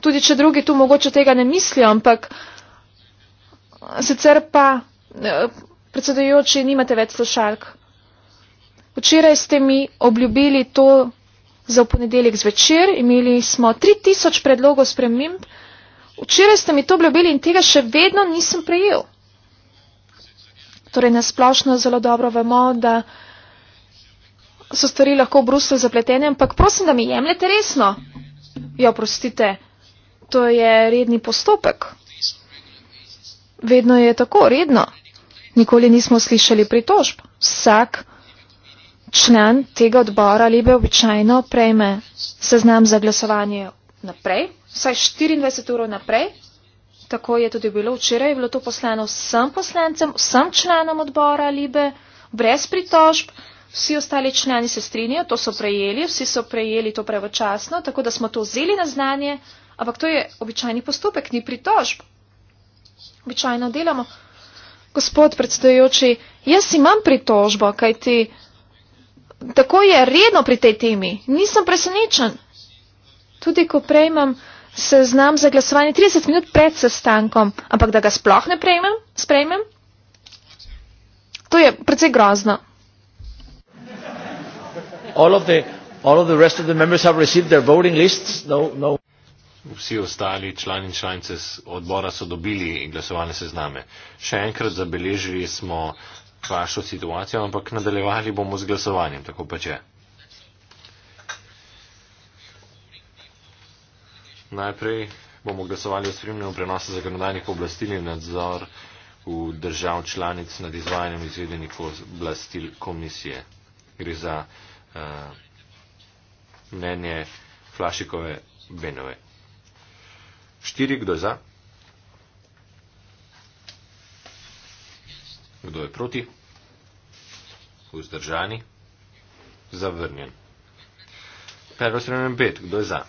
Tudi če drugi tu mogoče tega ne mislijo, ampak eh, sicer pa, eh, predsedujoči, nimate več slušalk. Včeraj ste mi obljubili to za ponedeljek zvečer, imeli smo 3000 predlogov spremimb. Včeraj ste mi to obljubili in tega še vedno nisem prejel. Torej, nasplošno zelo dobro vemo, da so stvari lahko v Bruslju zapletene, ampak prosim, da mi jemljete resno. Ja, prostite, to je redni postopek. Vedno je tako, redno. Nikoli nismo slišali pritožb. Vsak član tega odbora lebe običajno prejme seznam za glasovanje naprej, vsaj 24 ur naprej, Tako je tudi bilo včeraj, je bilo to posleno vsem poslancem, vsem članom odbora Libe, brez pritožb. Vsi ostali člani se strinjajo, to so prejeli, vsi so prejeli to prevočasno, tako da smo to vzeli na znanje, ampak to je običajni postopek, ni pritožb. Običajno delamo. Gospod predstavujoči, jaz imam pritožbo, kaj ti tako je redno pri tej temi. Nisem presenečen. Tudi ko prejmem seznam za glasovanje 30 minut pred sestankom, ampak da ga sploh ne prejmem, sprejmem, to je precej grozno. No, no. Vsi ostali člani in članice odbora so dobili glasovane sezname. Še enkrat zabeležili smo vašo situacijo, ampak nadaljevali bomo z glasovanjem, tako pa če. Najprej bomo glasovali o spremljenju prenosa zakonodajnih oblastil in nadzor v držav članic nad izvajanjem izvedenih oblastil komisije. Gre za uh, mnenje Flašikove Benove. Štiri, kdo je za? Kdo je proti? Vzdržani? Zavrnjen. Predlog spremljen bet, kdo je za?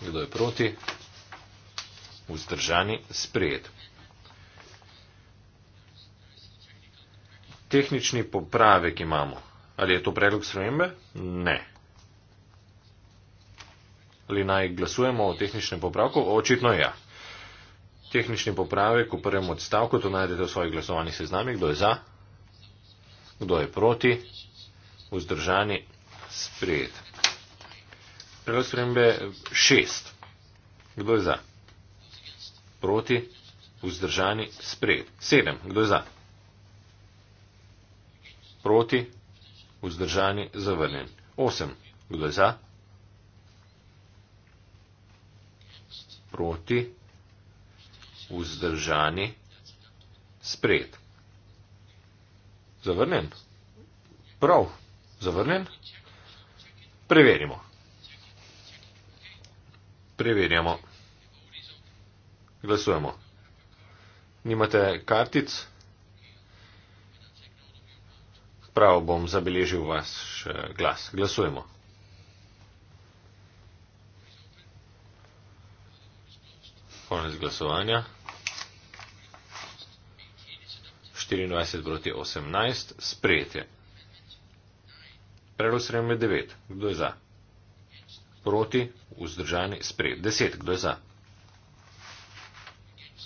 Kdo je proti? Vzdržani sprejet. Tehnični popravek imamo. Ali je to predlog spremembe? Ne. Ali naj glasujemo o tehničnem popravku? Očitno ja. Tehnični popravek v prvem odstavku, to najdete v svojih glasovanjih seznamih. Kdo je za? Kdo je proti? Vzdržani sprejet. Prva sprememba je šest. Kdo je za? Proti, vzdržani, sprejet. Sedem. Kdo je za? Proti, vzdržani, zavrnjen. Osem. Kdo je za? Proti, vzdržani, sprejet. Zavrnjen? Prav, zavrnjen? Preverimo. Preverjamo. Glasujemo. Nimate kartic? Prav bom zabeležil vaš eh, glas. Glasujemo. Konec glasovanja. 24 proti 18. Sprejetje. Prerosrejme 9. Kdo je za? Proti, vzdržani, sprejet. Deset, kdo je za?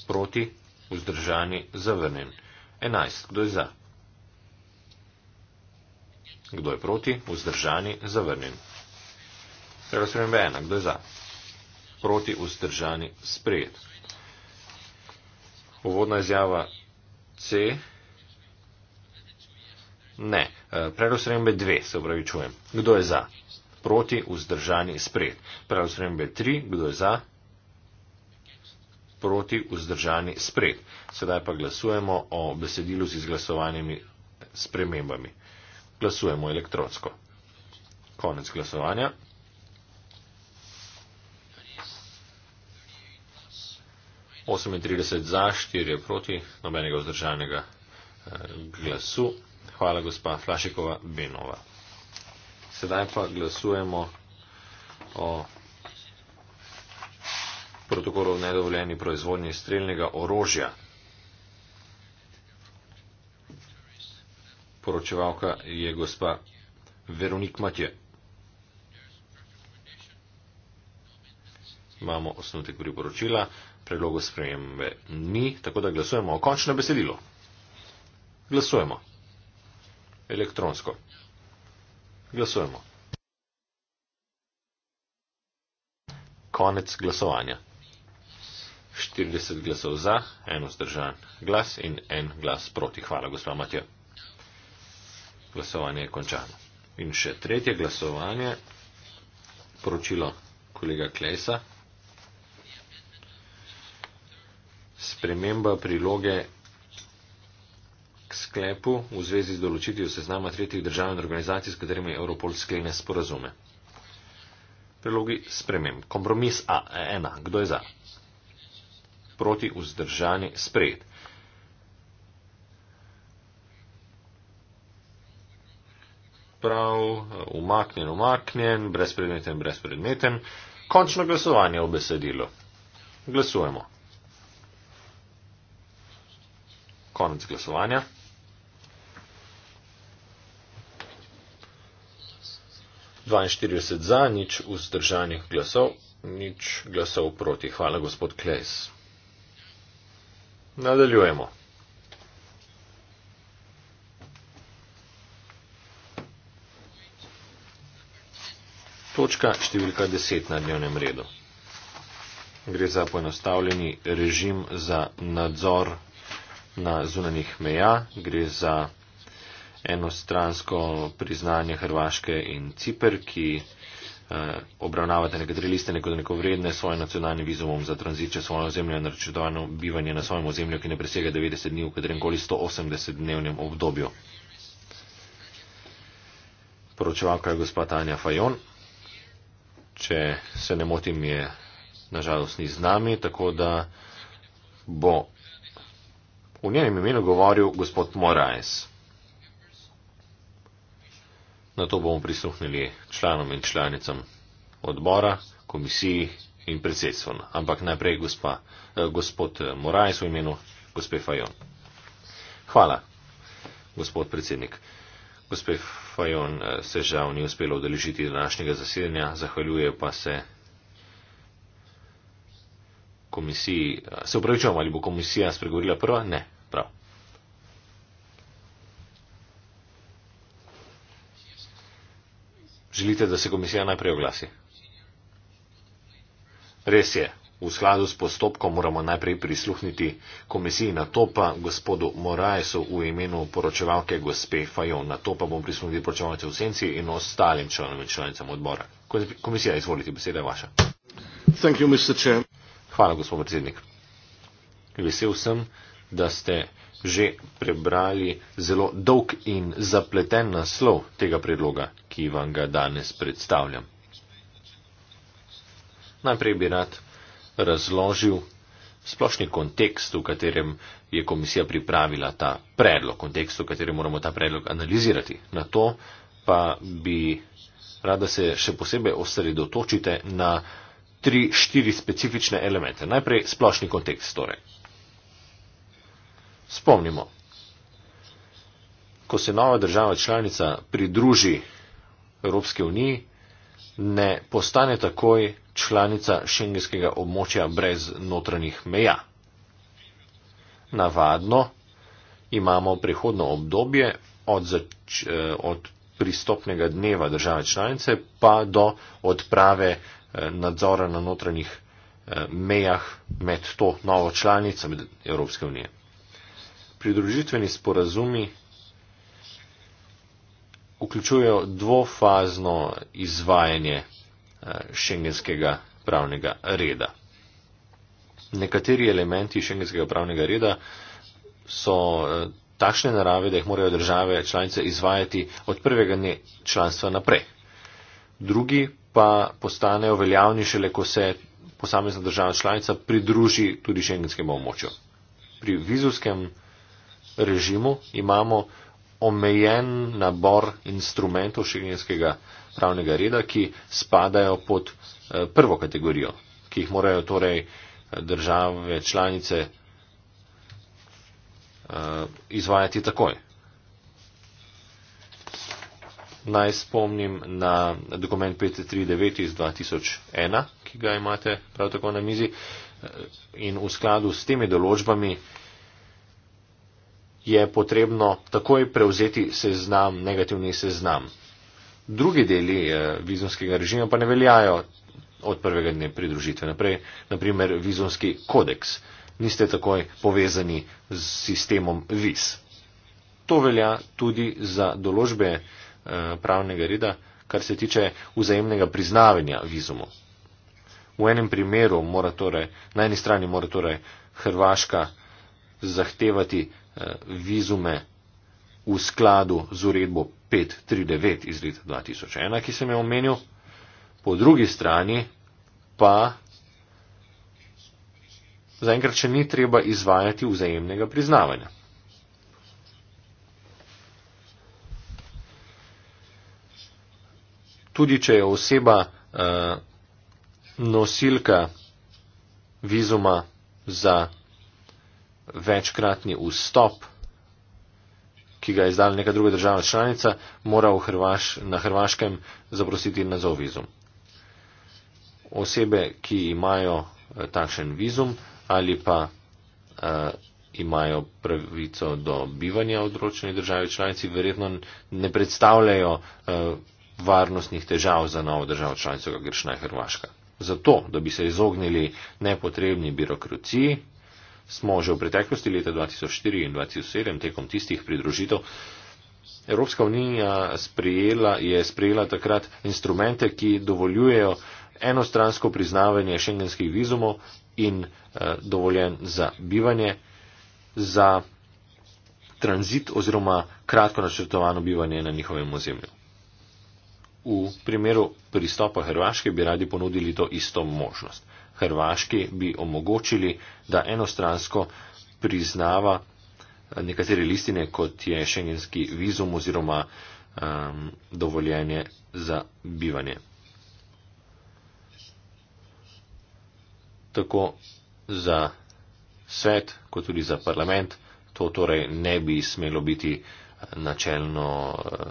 Proti, vzdržani, zavrnjen. Enajst, kdo je za? Kdo je proti, vzdržani, zavrnjen. Preglasujem ena, kdo je za? Proti, vzdržani, sprejet. Uvodna izjava C. Ne, eh, preglasujem B2, se upravičujem. Kdo je za? proti vzdržani spred. Prav spremembe 3, kdo je za? Proti vzdržani spred. Sedaj pa glasujemo o besedilu z izglasovanimi spremembami. Glasujemo elektronsko. Konec glasovanja. Osemintrideset za, štirje proti, nobenega vzdržanega eh, glasu. Hvala gospa Flašikova Benova. Sedaj pa glasujemo o protokolu nedovoljeni proizvodnji streljnega orožja. Poročevalka je gospa Veronik Matje. Imamo osnutek priporočila, predlogo spremembe ni, tako da glasujemo o končno besedilo. Glasujemo elektronsko. Glasujemo. Konec glasovanja. 40 glasov za, en vzdržan glas in en glas proti. Hvala, gospod Matija. Glasovanje je končano. In še tretje glasovanje, poročilo kolega Klejsa. Sprememba priloge k sklepu v zvezi z določitvijo seznama tretjih držav in organizacij, s katerimi Europol sklene sporazume. Prelogi spremem. Kompromis A1. Kdo je za? Proti vzdržani sprejet. Prav, umaknjen, umaknjen, brezpredmeten, brezpredmeten. Končno glasovanje v besedilo. Glasujemo. Konec glasovanja. 42 za, nič vzdržanih glasov, nič glasov proti. Hvala, gospod Klejs. Nadaljujemo. Točka številka 10 na dnevnem redu. Gre za poenostavljeni režim za nadzor na zunanih meja, gre za enostransko priznanje Hrvaške in Cipr, ki eh, obravnavate nekatere liste nekot neko vredne svojim nacionalnim vizumom za tranzit čez svojo ozemljo in računovano bivanje na svojem ozemlju, ki ne presega 90 dni v katerem koli 180 dnevnem obdobju. Poročevalka je gospa Tanja Fajon. Če se ne motim, je nažalost ni z nami, tako da bo v njenem imenu govoril gospod Moraes. Na to bomo prisluhnili članom in članicam odbora, komisiji in predsedstvom. Ampak najprej gospa, eh, gospod Moraj, v imenu gospe Fajon. Hvala, gospod predsednik. Gospe Fajon eh, se žal ni uspelo odeležiti današnjega zasedanja, zahvaljuje pa se komisiji. Eh, se upravičujem, ali bo komisija spregovorila prva? Ne. Želite, da se komisija najprej oglasi? Res je, v skladu s postopkom moramo najprej prisluhniti komisiji, na to pa gospodu Morajesu v imenu poročevalke gospe Fajon, na to pa bom prisluhnil poročevalce v senci in ostalim članom in članicam odbora. Komisija, izvolite, beseda je vaša. You, Hvala, gospod predsednik. Vesel sem, da ste že prebrali zelo dolg in zapleten naslov tega predloga, ki vam ga danes predstavljam. Najprej bi rad razložil splošni kontekst, v katerem je komisija pripravila ta predlog, kontekst, v katerem moramo ta predlog analizirati. Na to pa bi rada se še posebej osredotočite na tri, štiri specifične elemente. Najprej splošni kontekst, torej. Spomnimo, ko se nova država članica pridruži Evropske unije, ne postane takoj članica šengenskega območja brez notranjih meja. Navadno imamo prehodno obdobje od, zač, eh, od pristopnega dneva države članice pa do odprave eh, nadzora na notranjih eh, mejah med to novo članico Evropske unije pridružitveni sporazumi vključujejo dvofazno izvajanje eh, šengenskega pravnega reda. Nekateri elementi šengenskega pravnega reda so eh, takšne narave, da jih morajo države članice izvajati od prvega dne članstva naprej. Drugi pa postanejo veljavni šele, ko se posamezna država članica pridruži tudi šengenskemu območju. Pri vizovskem režimu imamo omejen nabor instrumentov šengenskega pravnega reda, ki spadajo pod eh, prvo kategorijo, ki jih morajo torej eh, države članice eh, izvajati takoj. Naj spomnim na dokument 539 iz 2001, ki ga imate prav tako na mizi in v skladu s temi določbami je potrebno takoj prevzeti seznam, negativni seznam. Drugi deli eh, vizumskega režima pa ne veljajo od prvega dne pridružitve naprej, naprimer vizumski kodeks. Niste takoj povezani z sistemom viz. To velja tudi za določbe eh, pravnega reda, kar se tiče vzajemnega priznavanja vizumu. V enem primeru mora torej, na eni strani mora torej Hrvaška zahtevati Eh, vizume v skladu z uredbo 539 iz leta 2001, ki sem jo omenil, po drugi strani pa zaenkrat še ni treba izvajati vzajemnega priznavanja. Tudi, če je oseba eh, nosilka vizuma za večkratni vstop, ki ga je izdala neka druga država članica, mora Hrvaš, na Hrvaškem zaprositi nazov vizum. Osebe, ki imajo eh, takšen vizum ali pa uh, imajo pravico do bivanja v odročeni državi članici, verjetno ne predstavljajo uh, varnostnih težav za novo državo članico, kakršna je Hrvaška. Zato, da bi se izognili nepotrebni birokraciji, smo že v preteklosti leta 2004 in 2007 tekom tistih pridružitev. Evropska unija sprejela, je sprejela takrat instrumente, ki dovoljujejo enostransko priznavanje šengenskih vizumov in eh, dovoljen za bivanje, za tranzit oziroma kratko načrtovano bivanje na njihovem ozemlju. V primeru pristopa Hrvaške bi radi ponudili to isto možnost. Hrvaški bi omogočili, da enostransko priznava nekatere listine, kot je šengenski vizum oziroma um, dovoljenje za bivanje. Tako za svet, kot tudi za parlament, to torej ne bi smelo biti eh, načelno eh,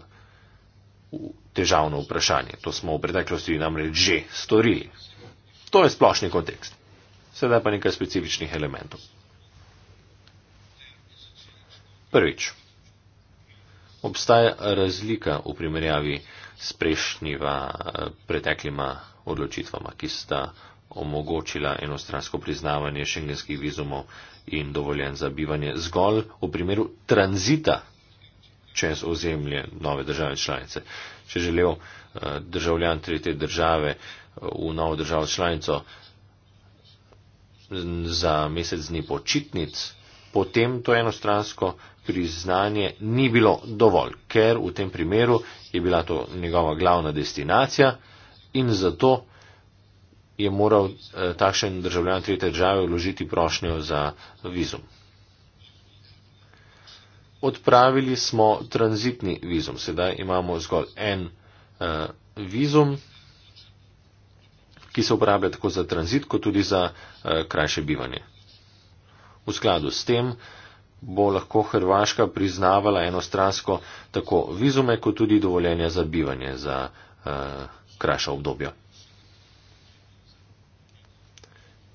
težavno vprašanje. To smo v preteklosti namreč že storili. To je splošni kontekst. Sedaj pa nekaj specifičnih elementov. Prvič. Obstaja razlika v primerjavi s prejšnjima preteklima odločitvama, ki sta omogočila enostransko priznavanje šengenskih vizumov in dovoljen za bivanje zgolj v primeru tranzita čez ozemlje nove države članice. Če želel eh, državljan tretje države v novo državo članico za mesec dni počitnic, potem to enostransko priznanje ni bilo dovolj, ker v tem primeru je bila to njegova glavna destinacija in zato je moral eh, takšen državljan tretje države vložiti prošnjo za vizum. Odpravili smo tranzitni vizum, sedaj imamo zgolj en uh, vizum ki se uporablja tako za tranzit, kot tudi za eh, krajše bivanje. V skladu s tem bo lahko Hrvaška priznavala enostransko tako vizume, kot tudi dovoljenja za bivanje za eh, krajša obdobja.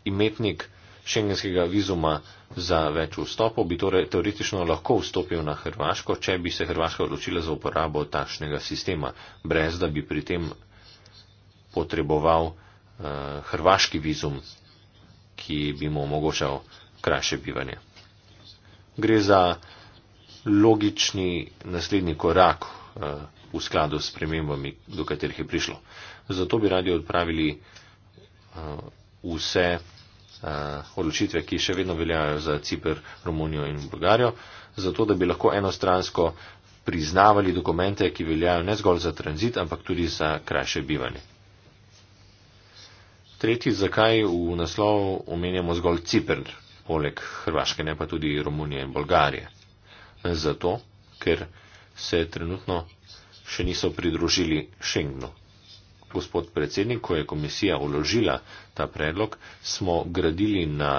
Imetnik šengenskega vizuma za več vstopov bi torej teoretično lahko vstopil na Hrvaško, če bi se Hrvaška odločila za uporabo takšnega sistema, brez da bi pri tem potreboval uh, hrvaški vizum, ki bi mu omogočal krajše bivanje. Gre za logični naslednji korak uh, v skladu s premembami, do katerih je prišlo. Zato bi radi odpravili uh, vse uh, odločitve, ki še vedno veljajo za Cipr, Romunijo in Bulgarijo, zato da bi lahko enostransko priznavali dokumente, ki veljajo ne zgolj za tranzit, ampak tudi za krajše bivanje. Tretji, zakaj v naslovu omenjamo zgolj Cipr, poleg Hrvaške, ne pa tudi Romunije in Bolgarije? Zato, ker se trenutno še niso pridružili Schengnu. Gospod predsednik, ko je komisija uložila ta predlog, smo gradili na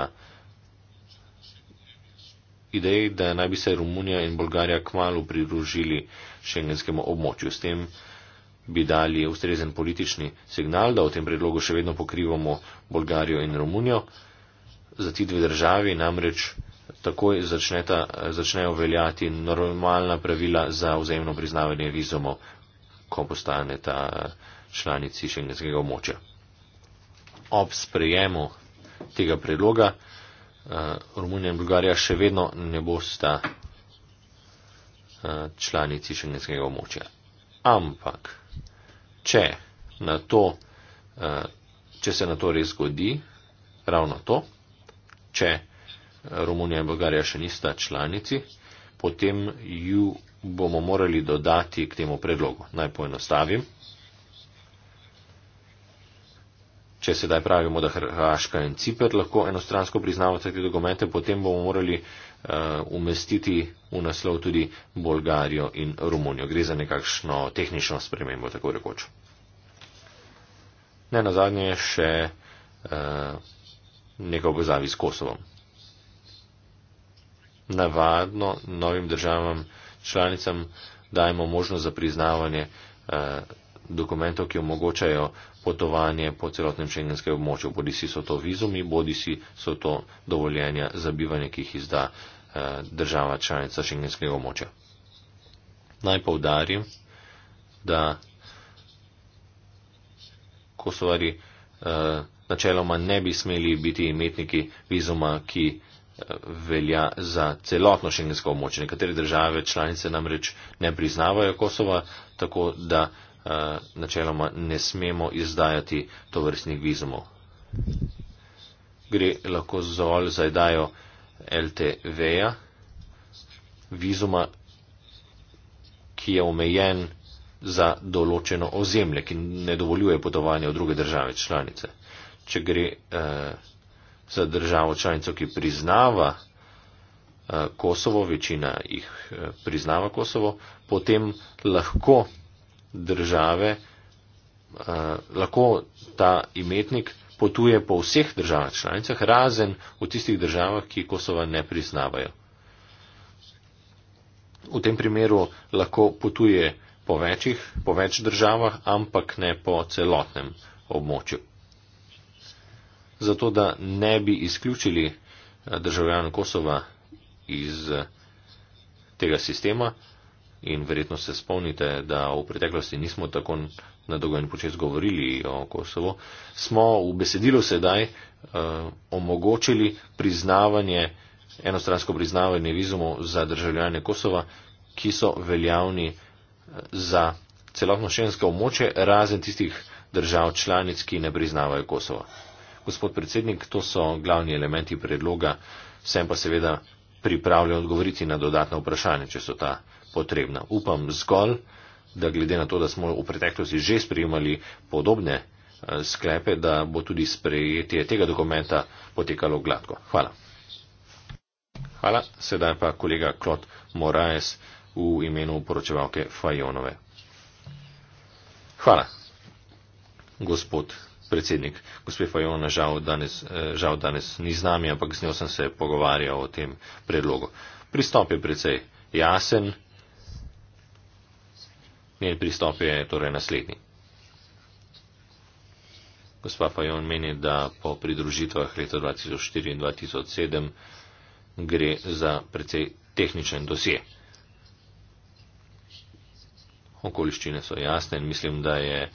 ideji, da naj bi se Romunija in Bolgarija kmalo pridružili šengenskemu območju. S tem bi dali ustrezen politični signal, da v tem predlogu še vedno pokrivamo Bolgarijo in Romunijo. Za ti dve državi namreč takoj začneta, začnejo veljati normalna pravila za vzajemno priznavanje vizumo, ko postane ta članici šengenskega območja. Ob sprejemu tega predloga eh, Romunija in Bolgarija še vedno ne bosta eh, članici šengenskega območja. Ampak če, na to, eh, če se na to res zgodi, ravno to, če eh, Romunija in Bolgarija še nista članici, potem ju bomo morali dodati k temu predlogu. Naj poenostavim. Če sedaj pravimo, da Hrvaška in Cipr lahko enostransko priznavate te dokumente, potem bomo morali uh, uh, umestiti v naslov tudi Bolgarijo in Romunijo. Gre za nekakšno tehnično spremembo, tako rekoč. Ne na zadnje še uh, nekaj obozavi s Kosovom. Navadno novim državam članicam dajemo možnost za priznavanje uh, dokumentov, ki omogočajo potovanje po celotnem šengenskem območju. Bodi si so to vizumi, bodi si so to dovoljenja za bivanje, ki jih izda uh, država članica šengenskega območja. Naj povdarim, da Kosovari eh, načeloma ne bi smeli biti imetniki vizuma, ki eh, velja za celotno šengensko območje. Nekatere države članice namreč ne priznavajo Kosova, tako da eh, načeloma ne smemo izdajati to vrstnih vizumov. Gre lahko zgolj za izdajo LTV-ja, vizuma, ki je omejen za določeno ozemlje, ki ne dovoljuje potovanja v druge države članice. Če gre eh, za državo članico, ki priznava eh, Kosovo, večina jih eh, priznava Kosovo, potem lahko države, eh, lahko ta imetnik eh, potuje po vseh državah članicah, razen v tistih državah, ki Kosova ne priznavajo. V tem primeru lahko potuje po večjih, po več državah, ampak ne po celotnem območju. Zato, da ne bi izključili eh, državljan Kosova iz eh, tega sistema in verjetno se spomnite, da v preteklosti nismo tako na dolgo in počez govorili o Kosovo, smo v besedilu sedaj uh, omogočili priznavanje, enostransko priznavanje vizumov za državljane Kosova, ki so veljavni eh, za celotno šengensko območje, razen tistih držav članic, ki ne priznavajo Kosova. Gospod predsednik, to so glavni elementi predloga, sem pa seveda pripravljen odgovoriti na dodatna vprašanja, če so ta potrebna. Upam zgolj, da glede na to, da smo v preteklosti že sprejemali podobne eh, sklepe, da bo tudi sprejetje tega dokumenta potekalo gladko. Hvala. Hvala. Sedaj pa kolega Klot Moraes v imenu poročevalke Fajonove. Hvala, gospod predsednik. Gospod Fajon, žal danes, eh, žal danes ni z nami, ampak z njo sem se pogovarjal o tem predlogu. Pristop je precej jasen. Njen pristop je torej naslednji. Gospa Fajon meni, da po pridružitvah leta 2004 in 2007 gre za precej tehničen dosje. Okoliščine so jasne in mislim, da je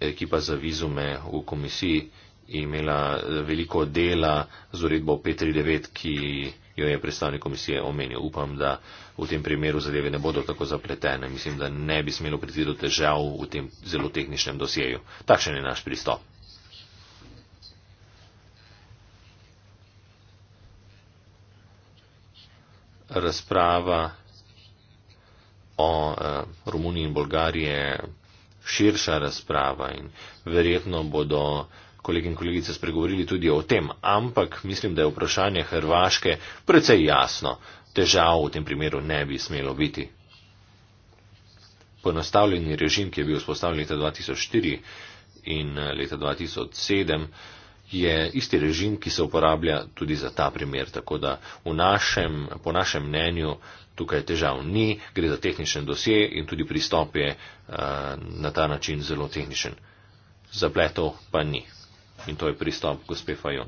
ekipa za vizume v komisiji imela veliko dela z uredbo 539, ki jo je predstavnik komisije omenil. Upam, da v tem primeru zadeve ne bodo tako zapletene. Mislim, da ne bi smelo priti do težav v tem zelo tehničnem dosjeju. Takšen je naš pristop. Razprava o eh, Romuniji in Bolgariji je širša razprava in verjetno bodo eh, kolegi in kolegice spregovorili tudi o tem, ampak mislim, da je vprašanje Hrvaške precej jasno. Težav v tem primeru ne bi smelo biti. Ponastavljeni režim, ki je bil vzpostavljen leta 2004 in eh, leta 2007, je isti režim, ki se uporablja tudi za ta primer, tako da našem, po našem mnenju tukaj težav ni, gre za tehnične dosje in tudi pristop je uh, na ta način zelo tehničen. Zapletov pa ni in to je pristop gospe Fajon.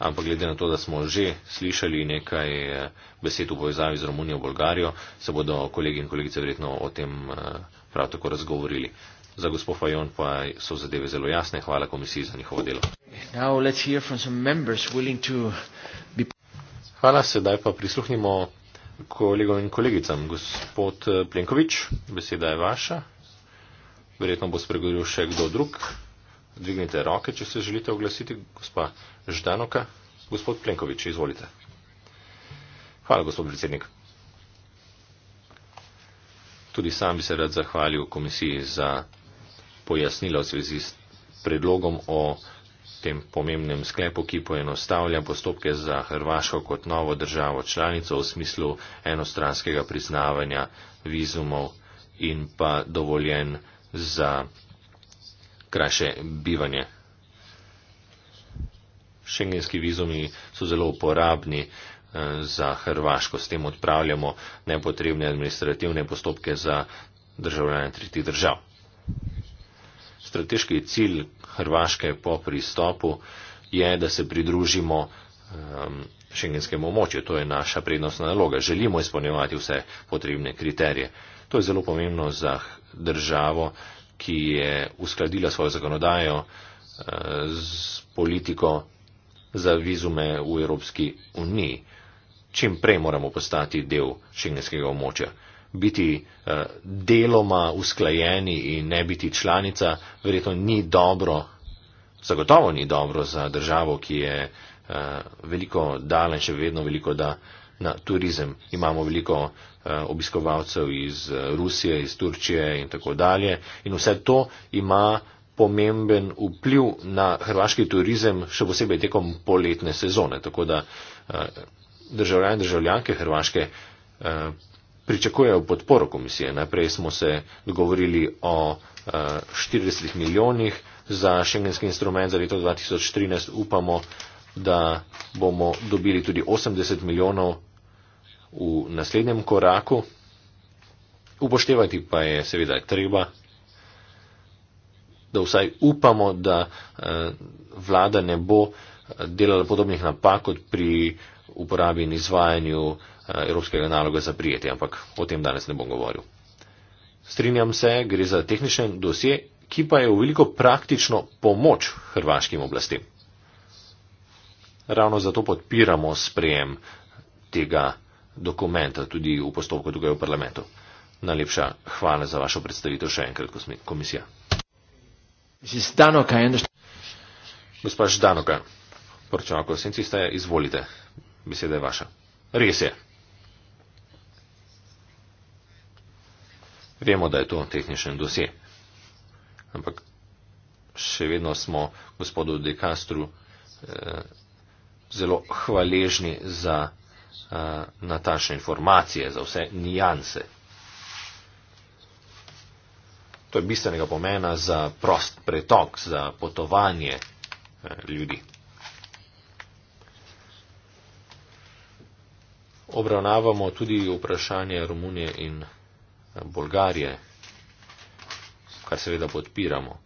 Ampak glede na to, da smo že slišali nekaj eh, besed v povezavi z Romunijo in Bolgarijo, se bodo kolegi in kolegice verjetno o tem eh, prav tako razgovorili. Za gospod Fajon pa so zadeve zelo jasne. Hvala komisiji za njihovo delo. Hvala, sedaj pa prisluhnimo kolegom in kolegicam. Gospod eh, Plenkovič, beseda je vaša. Verjetno bo spregovoril še kdo drug. Dvignite roke, če se želite oglasiti, gospa Ždanoka. Gospod Plenković, izvolite. Hvala, gospod predsednik. Tudi sam bi se rad zahvalil komisiji za pojasnila v zvezi s predlogom o tem pomembnem sklepu, ki poenostavlja postopke za Hrvaško kot novo državo članico v smislu enostranskega priznavanja vizumov in pa dovoljen za krajše bivanje. Šengenski vizumi so zelo uporabni eh, za Hrvaško. S tem odpravljamo nepotrebne administrativne postopke za državljane tretjih držav. Strateški cilj Hrvaške po pristopu je, da se pridružimo ehm, šengenskemu območju. To je naša prednostna naloga. Želimo izpolnjevati vse potrebne kriterije. To je zelo pomembno za državo, ki je uskladila svojo zakonodajo eh, z politiko za vizume v Evropski uniji. Čim prej moramo postati del šengenskega območja. Biti eh, deloma usklajeni in ne biti članica verjetno ni dobro, zagotovo ni dobro za državo, ki je eh, veliko dalen, še vedno veliko da na turizem. Imamo veliko eh, obiskovalcev iz eh, Rusije, iz Turčije in tako dalje. In vse to ima pomemben vpliv na hrvaški turizem, še posebej tekom poletne sezone. Tako da eh, državljani in državljanke Hrvaške pričakujejo podporo komisije. Najprej smo se dogovorili o 40 milijonih za šengenski instrument za leto 2013. Upamo, da bomo dobili tudi 80 milijonov v naslednjem koraku. Upoštevati pa je seveda treba, da vsaj upamo, da eh, vlada ne bo eh, delala podobnih napak kot pri uporabi in izvajanju eh, Evropskega naloga za prijetje, ampak o tem danes ne bom govoril. Strinjam se, gre za tehničen dosje, ki pa je v veliko praktično pomoč hrvaškim oblastem. Ravno zato podpiramo sprejem tega dokumenta tudi v postopku tukaj v parlamentu. Najlepša hvala za vašo predstavitev še enkrat, komisija. Ždanoka, Gospa Ždanoka, poročavko, senci ste, izvolite, beseda je vaša. Res je. Vemo, da je to tehničen dosje, ampak še vedno smo gospodu De Castru eh, zelo hvaležni za natančne informacije, za vse nijanse. To je bistvenega pomena za prost pretok, za potovanje e, ljudi. Obravnavamo tudi vprašanje Romunije in Bolgarije, kar seveda podpiramo.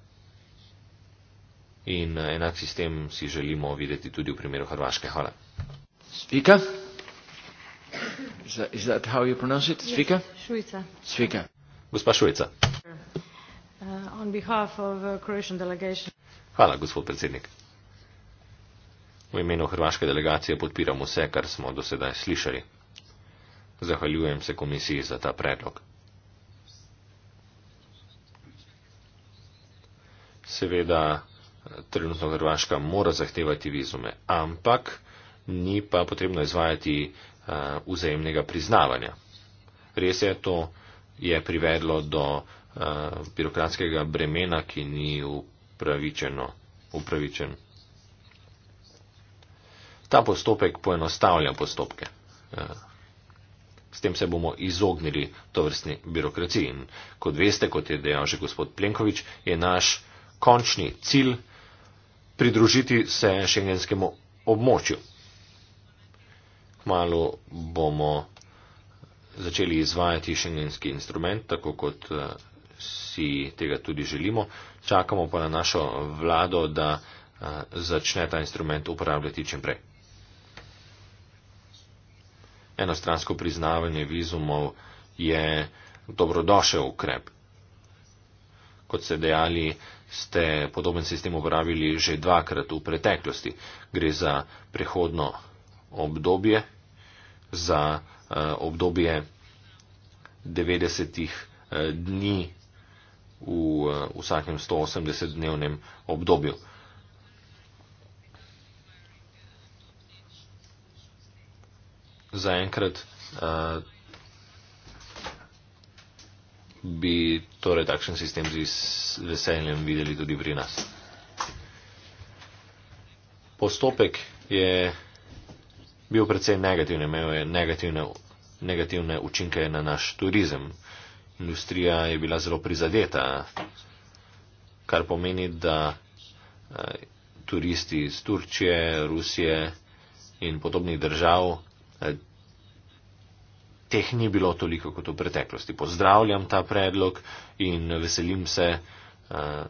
In e, enak sistem si želimo videti tudi v primeru Hrvaške. Hvala. Spika is that how you pronounce it, Zvika? Yes, Zvika. Gospa Šujca. Uh, uh, Hvala, gospod predsednik. V imenu hrvaške delegacije podpiram vse, kar smo do sedaj slišali. Zahvaljujem se komisiji za ta predlog. Seveda, trenutno Hrvaška mora zahtevati vizume, ampak ni pa potrebno izvajati Eh, vzajemnega priznavanja. Res je, to je privedlo do eh, birokratskega bremena, ki ni upravičen. Ta postopek poenostavlja postopke. Eh, s tem se bomo izognili to vrstni birokraciji. In kot veste, kot je dejal že gospod Plenkovič, je naš končni cilj pridružiti se šengenskemu območju. Kmalo bomo začeli izvajati šengenski instrument, tako kot eh, si tega tudi želimo. Čakamo pa na našo vlado, da eh, začne ta instrument uporabljati čim prej. Enostransko priznavanje vizumov je dobrodošel ukrep. Kot ste dejali, ste podoben sistem uporabili že dvakrat v preteklosti. Gre za prehodno obdobje, za eh, obdobje 90 eh, dni v eh, vsakem 180-dnevnem obdobju. Zaenkrat bi torej takšen sistem z veseljem videli tudi pri nas. Postopek je bil predvsej negativen, imel je negativne, negativne učinke na naš turizem. Industrija je bila zelo prizadeta, kar pomeni, da eh, turisti iz Turčije, Rusije in podobnih držav, eh, teh ni bilo toliko kot v preteklosti. Pozdravljam ta predlog in veselim se eh,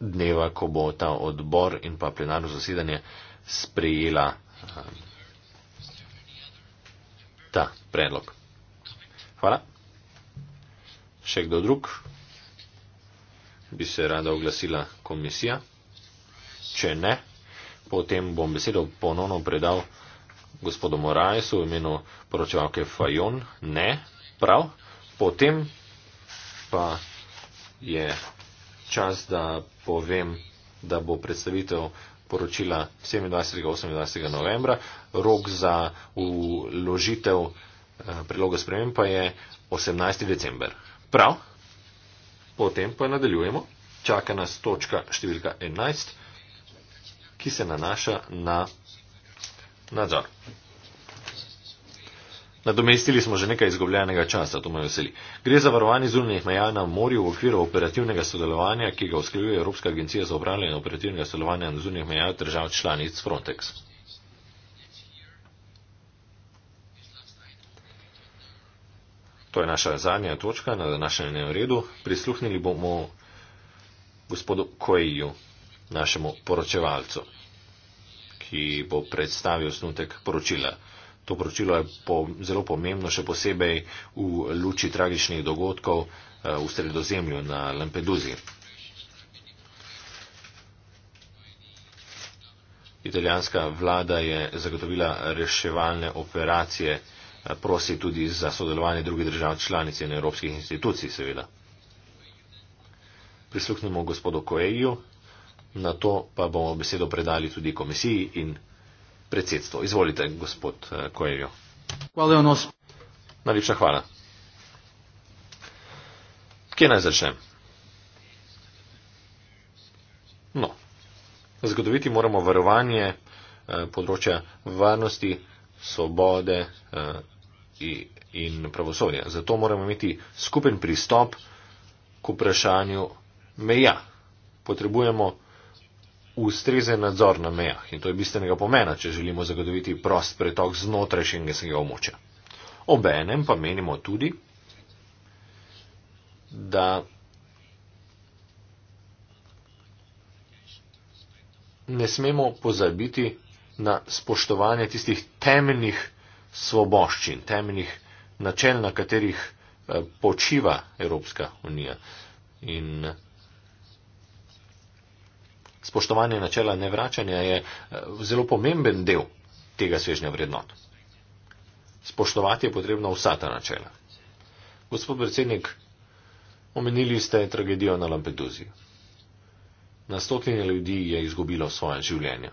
dneva, ko bo ta odbor in pa plenarno zasedanje sprejela ta predlog. Hvala. Še kdo drug? Bi se rada oglasila komisija? Če ne, potem bom besedo ponovno predal gospodu Morajesu v imenu poročevalke Fajon. Ne, prav. Potem pa je čas, da povem, da bo predstavitev poročila 27. in 28. novembra. Rok za uložitev eh, priloga sprememb pa je 18. december. Prav, potem pa nadaljujemo. Čaka nas točka številka 11, ki se nanaša na nadzor. Nadomestili smo že nekaj izgubljenega časa, to me veseli. Gre za varovanje zunanjih meja na morju v okviru operativnega sodelovanja, ki ga usklajuje Evropska agencija za upravljanje operativnega sodelovanja na zunanjih mejah držav članic Frontex. To je naša zadnja točka na današnjem redu. Prisluhnili bomo gospodu Koeju, našemu poročevalcu, ki bo predstavil snutek poročila. To poročilo je po, zelo pomembno, še posebej v luči tragičnih dogodkov eh, v sredozemlju na Lampeduzi. Italijanska vlada je zagotovila reševalne operacije, eh, prosi tudi za sodelovanje drugih držav članic in evropskih institucij, seveda. Prisluhnimo gospodu Koeju, na to pa bomo besedo predali tudi komisiji in predsedstvo. Izvolite, gospod eh, Koerjo. Hvala, Leonos. Najlepša hvala. Kje naj začnem? No, zagotoviti moramo varovanje eh, področja varnosti, svobode eh, in pravosodja. Zato moramo imeti skupen pristop k vprašanju meja. Potrebujemo ustrezen nadzor na mejah in to je bistvenega pomena, če želimo zagotoviti prost pretok znotraj šengenskega območja. Obenem pa menimo tudi, da ne smemo pozabiti na spoštovanje tistih temeljnih svoboščin, temeljnih načel, na katerih eh, počiva Evropska unija. In Spoštovanje načela nevračanja je eh, zelo pomemben del tega svežnja vrednot. Spoštovati je potrebno vsa ta načela. Gospod predsednik, omenili ste tragedijo na Lampeduzi. Na stotine ljudi je izgubilo svoje življenje.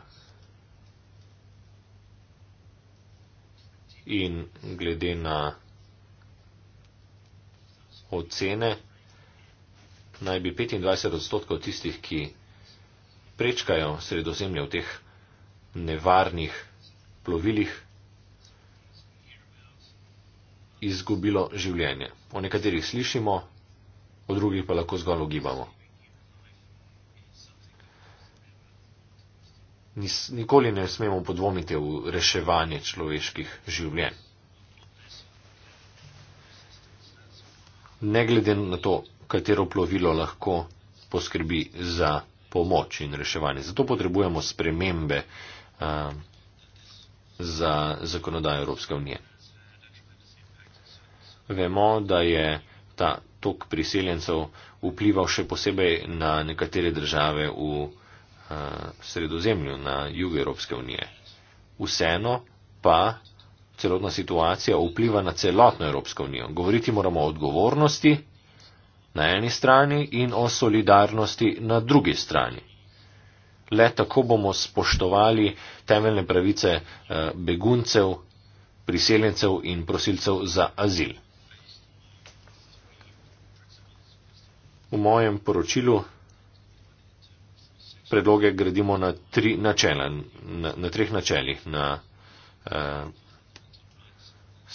In glede na ocene, naj bi 25 odstotkov tistih, ki prečkajo sredozemlje v teh nevarnih plovilih, izgubilo življenje. O nekaterih slišimo, o drugih pa lahko zgolj ugibamo. Nikoli ne smemo podvomiti v reševanje človeških življenj. Ne glede na to, katero plovilo lahko poskrbi za pomoč in reševanje. Zato potrebujemo spremembe eh, za zakonodajo Evropske unije. Vemo, da je ta tok priseljencev vplival še posebej na nekatere države v eh, sredozemlju, na jug Evropske unije. Vseeno pa celotna situacija vpliva na celotno Evropsko unijo. Govoriti moramo o odgovornosti na eni strani in o solidarnosti na drugi strani. Le tako bomo spoštovali temeljne pravice eh, beguncev, priseljencev in prosilcev za azil. V mojem poročilu predloge gradimo na, tri načela, na, na treh načeljih. Na eh,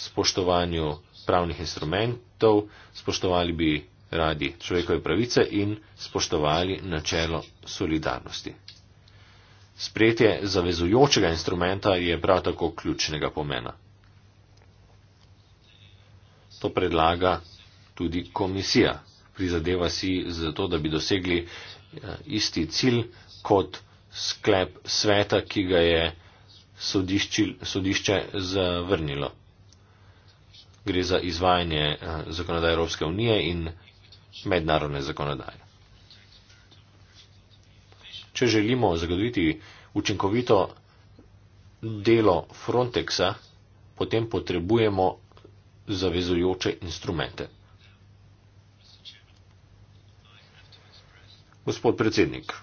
spoštovanju pravnih instrumentov, spoštovali bi radi človekove pravice in spoštovali načelo solidarnosti. Sprejetje zavezujočega instrumenta je prav tako ključnega pomena. To predlaga tudi komisija. Prizadeva si za to, da bi dosegli eh, isti cilj kot sklep sveta, ki ga je sodišče zavrnilo. Gre za izvajanje eh, zakonodaje Evropske unije in mednarodne zakonodaje. Če želimo zagotoviti učinkovito delo Frontexa, potem potrebujemo zavezujoče instrumente. Gospod predsednik,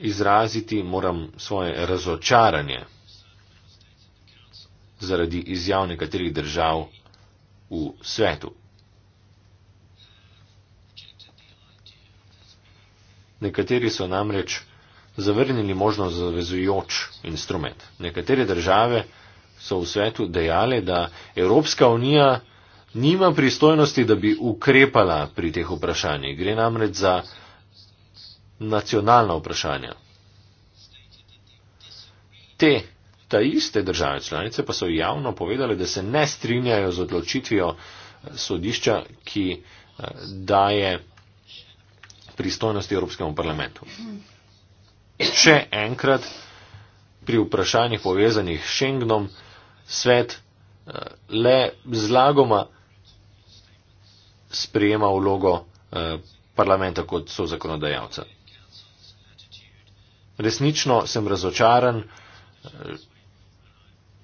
izraziti moram svoje razočaranje zaradi izjav nekaterih držav v svetu. Nekateri so namreč zavrnili možnost zavezujoč instrument. Nekatere države so v svetu dejale, da Evropska unija nima pristojnosti, da bi ukrepala pri teh vprašanjih. Gre namreč za nacionalna vprašanja. Te, ta iste države članice pa so javno povedali, da se ne strinjajo z odločitvijo sodišča, ki eh, daje pristojnosti Evropskemu parlamentu. Še enkrat, pri vprašanjih povezanih s Schengenom, svet eh, le zlagoma sprejema vlogo eh, parlamenta kot so zakonodajalca. Resnično sem razočaran, eh,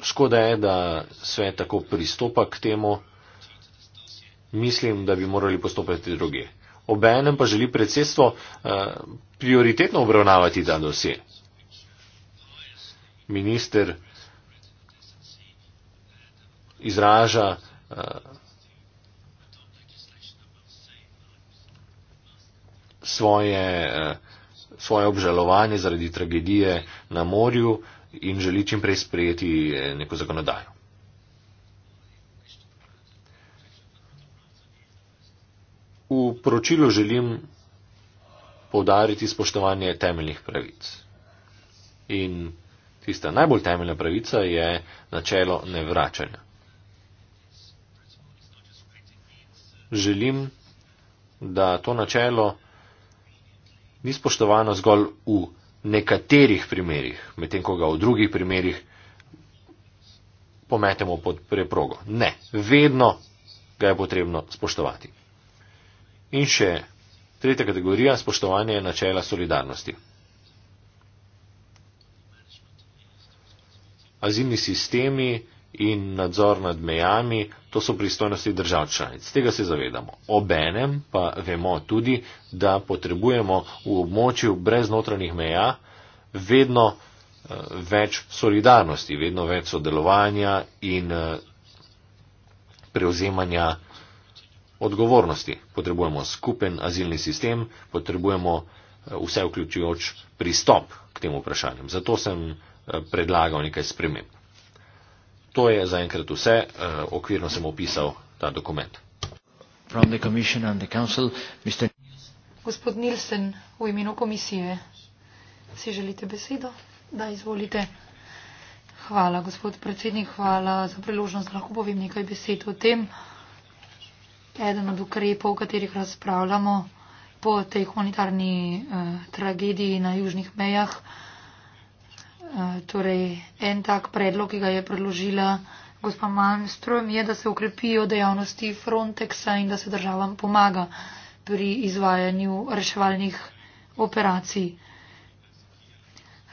škoda je, da svet tako pristopa k temu, mislim, da bi morali postopati drugeje obenem pa želi predsedstvo eh, prioritetno obravnavati ta dosje. Minister eh, izraža eh, svoje, svoje obžalovanje zaradi tragedije na morju in želi čim prej sprejeti neko zakonodajo. V poročilu želim povdariti spoštovanje temeljnih pravic. In tista najbolj temeljna pravica je načelo nevračanja. Želim, da to načelo ni spoštovano zgolj v nekaterih primerjih, medtem ko ga v drugih primerjih pometemo pod preprogo. Ne, vedno ga je potrebno spoštovati. In še tretja kategorija, spoštovanje načela solidarnosti. Azilni sistemi in nadzor nad mejami, to so pristojnosti držav članic. Tega se zavedamo. Obenem pa vemo tudi, da potrebujemo v območju brez notranjih meja vedno eh, več solidarnosti, vedno več sodelovanja in eh, prevzemanja odgovornosti. Potrebujemo skupen azilni sistem, potrebujemo eh, vse vključujoč pristop k tem vprašanjem. Zato sem eh, predlagal nekaj sprememb. To je zaenkrat vse, eh, okvirno sem opisal ta dokument. Council, Mr... Gospod Nilsen, v imenu komisije, si želite besedo? Da, izvolite. Hvala, gospod predsednik, hvala za priložnost, da lahko povem nekaj besed o tem. Uh, eden od ukrepov, o katerih razpravljamo po tej humanitarni uh, tragediji na južnih mejah. Eh, torej, en tak predlog, ki ga je predložila gospa Malmström, je, da se ukrepijo dejavnosti Frontexa in da se državam pomaga pri izvajanju reševalnih operacij.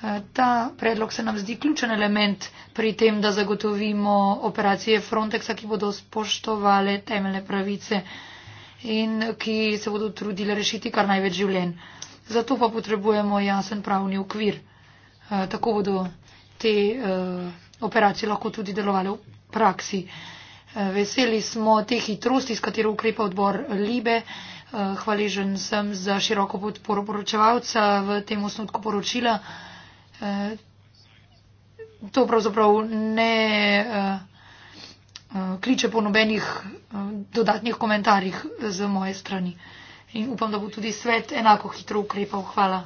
Eh, ta predlog se nam zdi ključen element pri tem, da zagotovimo operacije Frontexa, ki bodo spoštovale temeljne pravice in ki se bodo trudile rešiti kar največ življenj. Zato pa potrebujemo jasen pravni okvir. Eh, tako bodo te eh, operacije lahko tudi delovale v praksi. Veseli smo te hitrosti, s katero ukrepa odbor Libe. Hvaležen sem za široko podporo poročevalca v tem osnutku poročila. Eh, to pravzaprav ne eh, eh, kliče po nobenih dodatnih komentarjih z moje strani. In upam, da bo tudi svet enako hitro ukrepal. Hvala.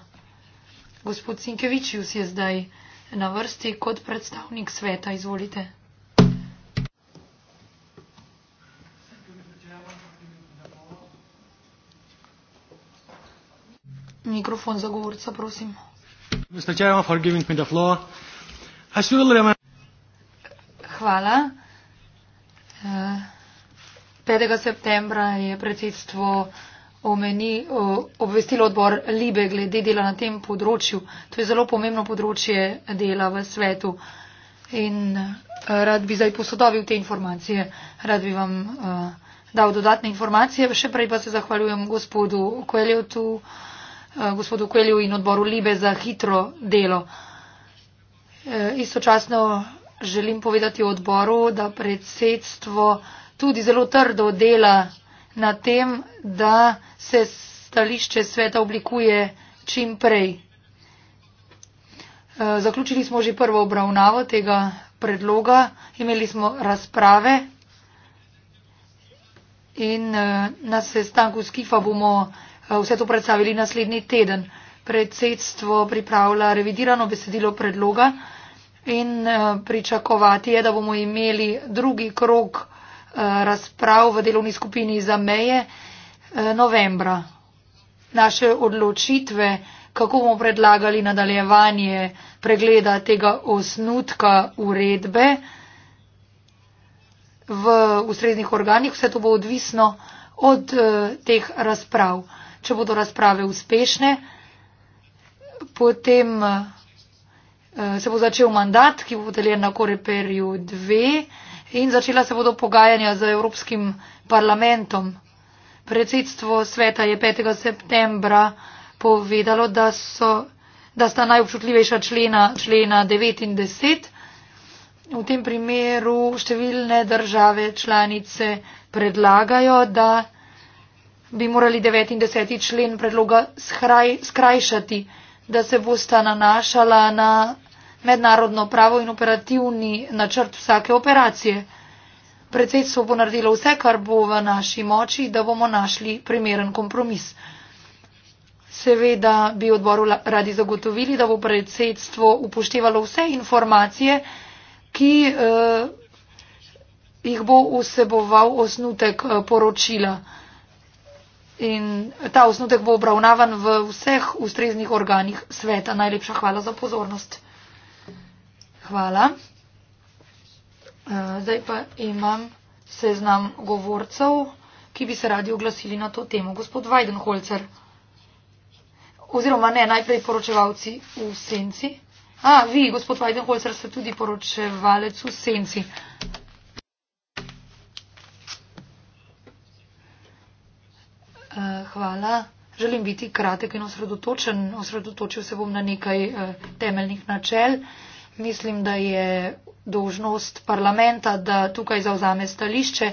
Gospod Sinkevičius je zdaj na vrsti kot predstavnik sveta. Izvolite. Mikrofon za govorca, prosim. Mr. Chairman, for giving me the floor. I still remember... Hvala. Uh, eh, 5. septembra je predsedstvo omeni, uh, obvestilo odbor Libe glede dela na tem področju. To je zelo pomembno področje dela v svetu in uh, rad bi zdaj posodobil te informacije. Rad bi vam uh, dal dodatne informacije. Še prej pa se zahvaljujem gospodu Koeljotu. Uh, Eh, gospodu Kvelju in odboru Libe za hitro delo. Eh, istočasno želim povedati odboru, da predsedstvo tudi zelo trdo dela na tem, da se stališče sveta oblikuje čim prej. Eh, zaključili smo že prvo obravnavo tega predloga, imeli smo razprave in na sestanku Skifa bomo vse to predstavili naslednji teden. Predsedstvo pripravlja revidirano besedilo predloga in eh, pričakovati je, da bomo imeli drugi krok eh, razprav v delovni skupini za meje eh, novembra. Naše odločitve, kako bomo predlagali nadaljevanje pregleda tega osnutka uredbe v ustreznih organih, vse to bo odvisno od teh razprav če bodo razprave uspešne, potem eh, se bo začel mandat, ki bo deljen na koreperju 2 in začela se bodo pogajanja z Evropskim parlamentom. Predsedstvo sveta je 5. septembra povedalo, da, so, da sta najobčutljivejša člena, člena 9 in 10. V tem primeru številne države članice predlagajo, da bi morali 99. člen predloga skraj, skrajšati, da se bosta nanašala na mednarodno pravo in operativni načrt vsake operacije. Predsedstvo bo naredilo vse, kar bo v naši moči, da bomo našli primeren kompromis. Seveda bi odboru radi zagotovili, da bo predsedstvo upoštevalo vse informacije, ki eh, jih bo vseboval osnutek eh, poročila in ta osnutek bo obravnavan v vseh ustreznih organih sveta. Najlepša hvala za pozornost. Hvala. Eh, zdaj pa imam seznam govorcev, ki bi se radi oglasili na to temo. Gospod Weidenholzer. Oziroma ne, najprej poročevalci v senci. A, vi, gospod Weidenholzer, ste tudi poročevalec v senci. Eh, hvala. Želim biti kratek in osredotočen. Osredotočil se bom na nekaj eh, temeljnih načel. Mislim, da je dožnost parlamenta, da tukaj zauzame stališče.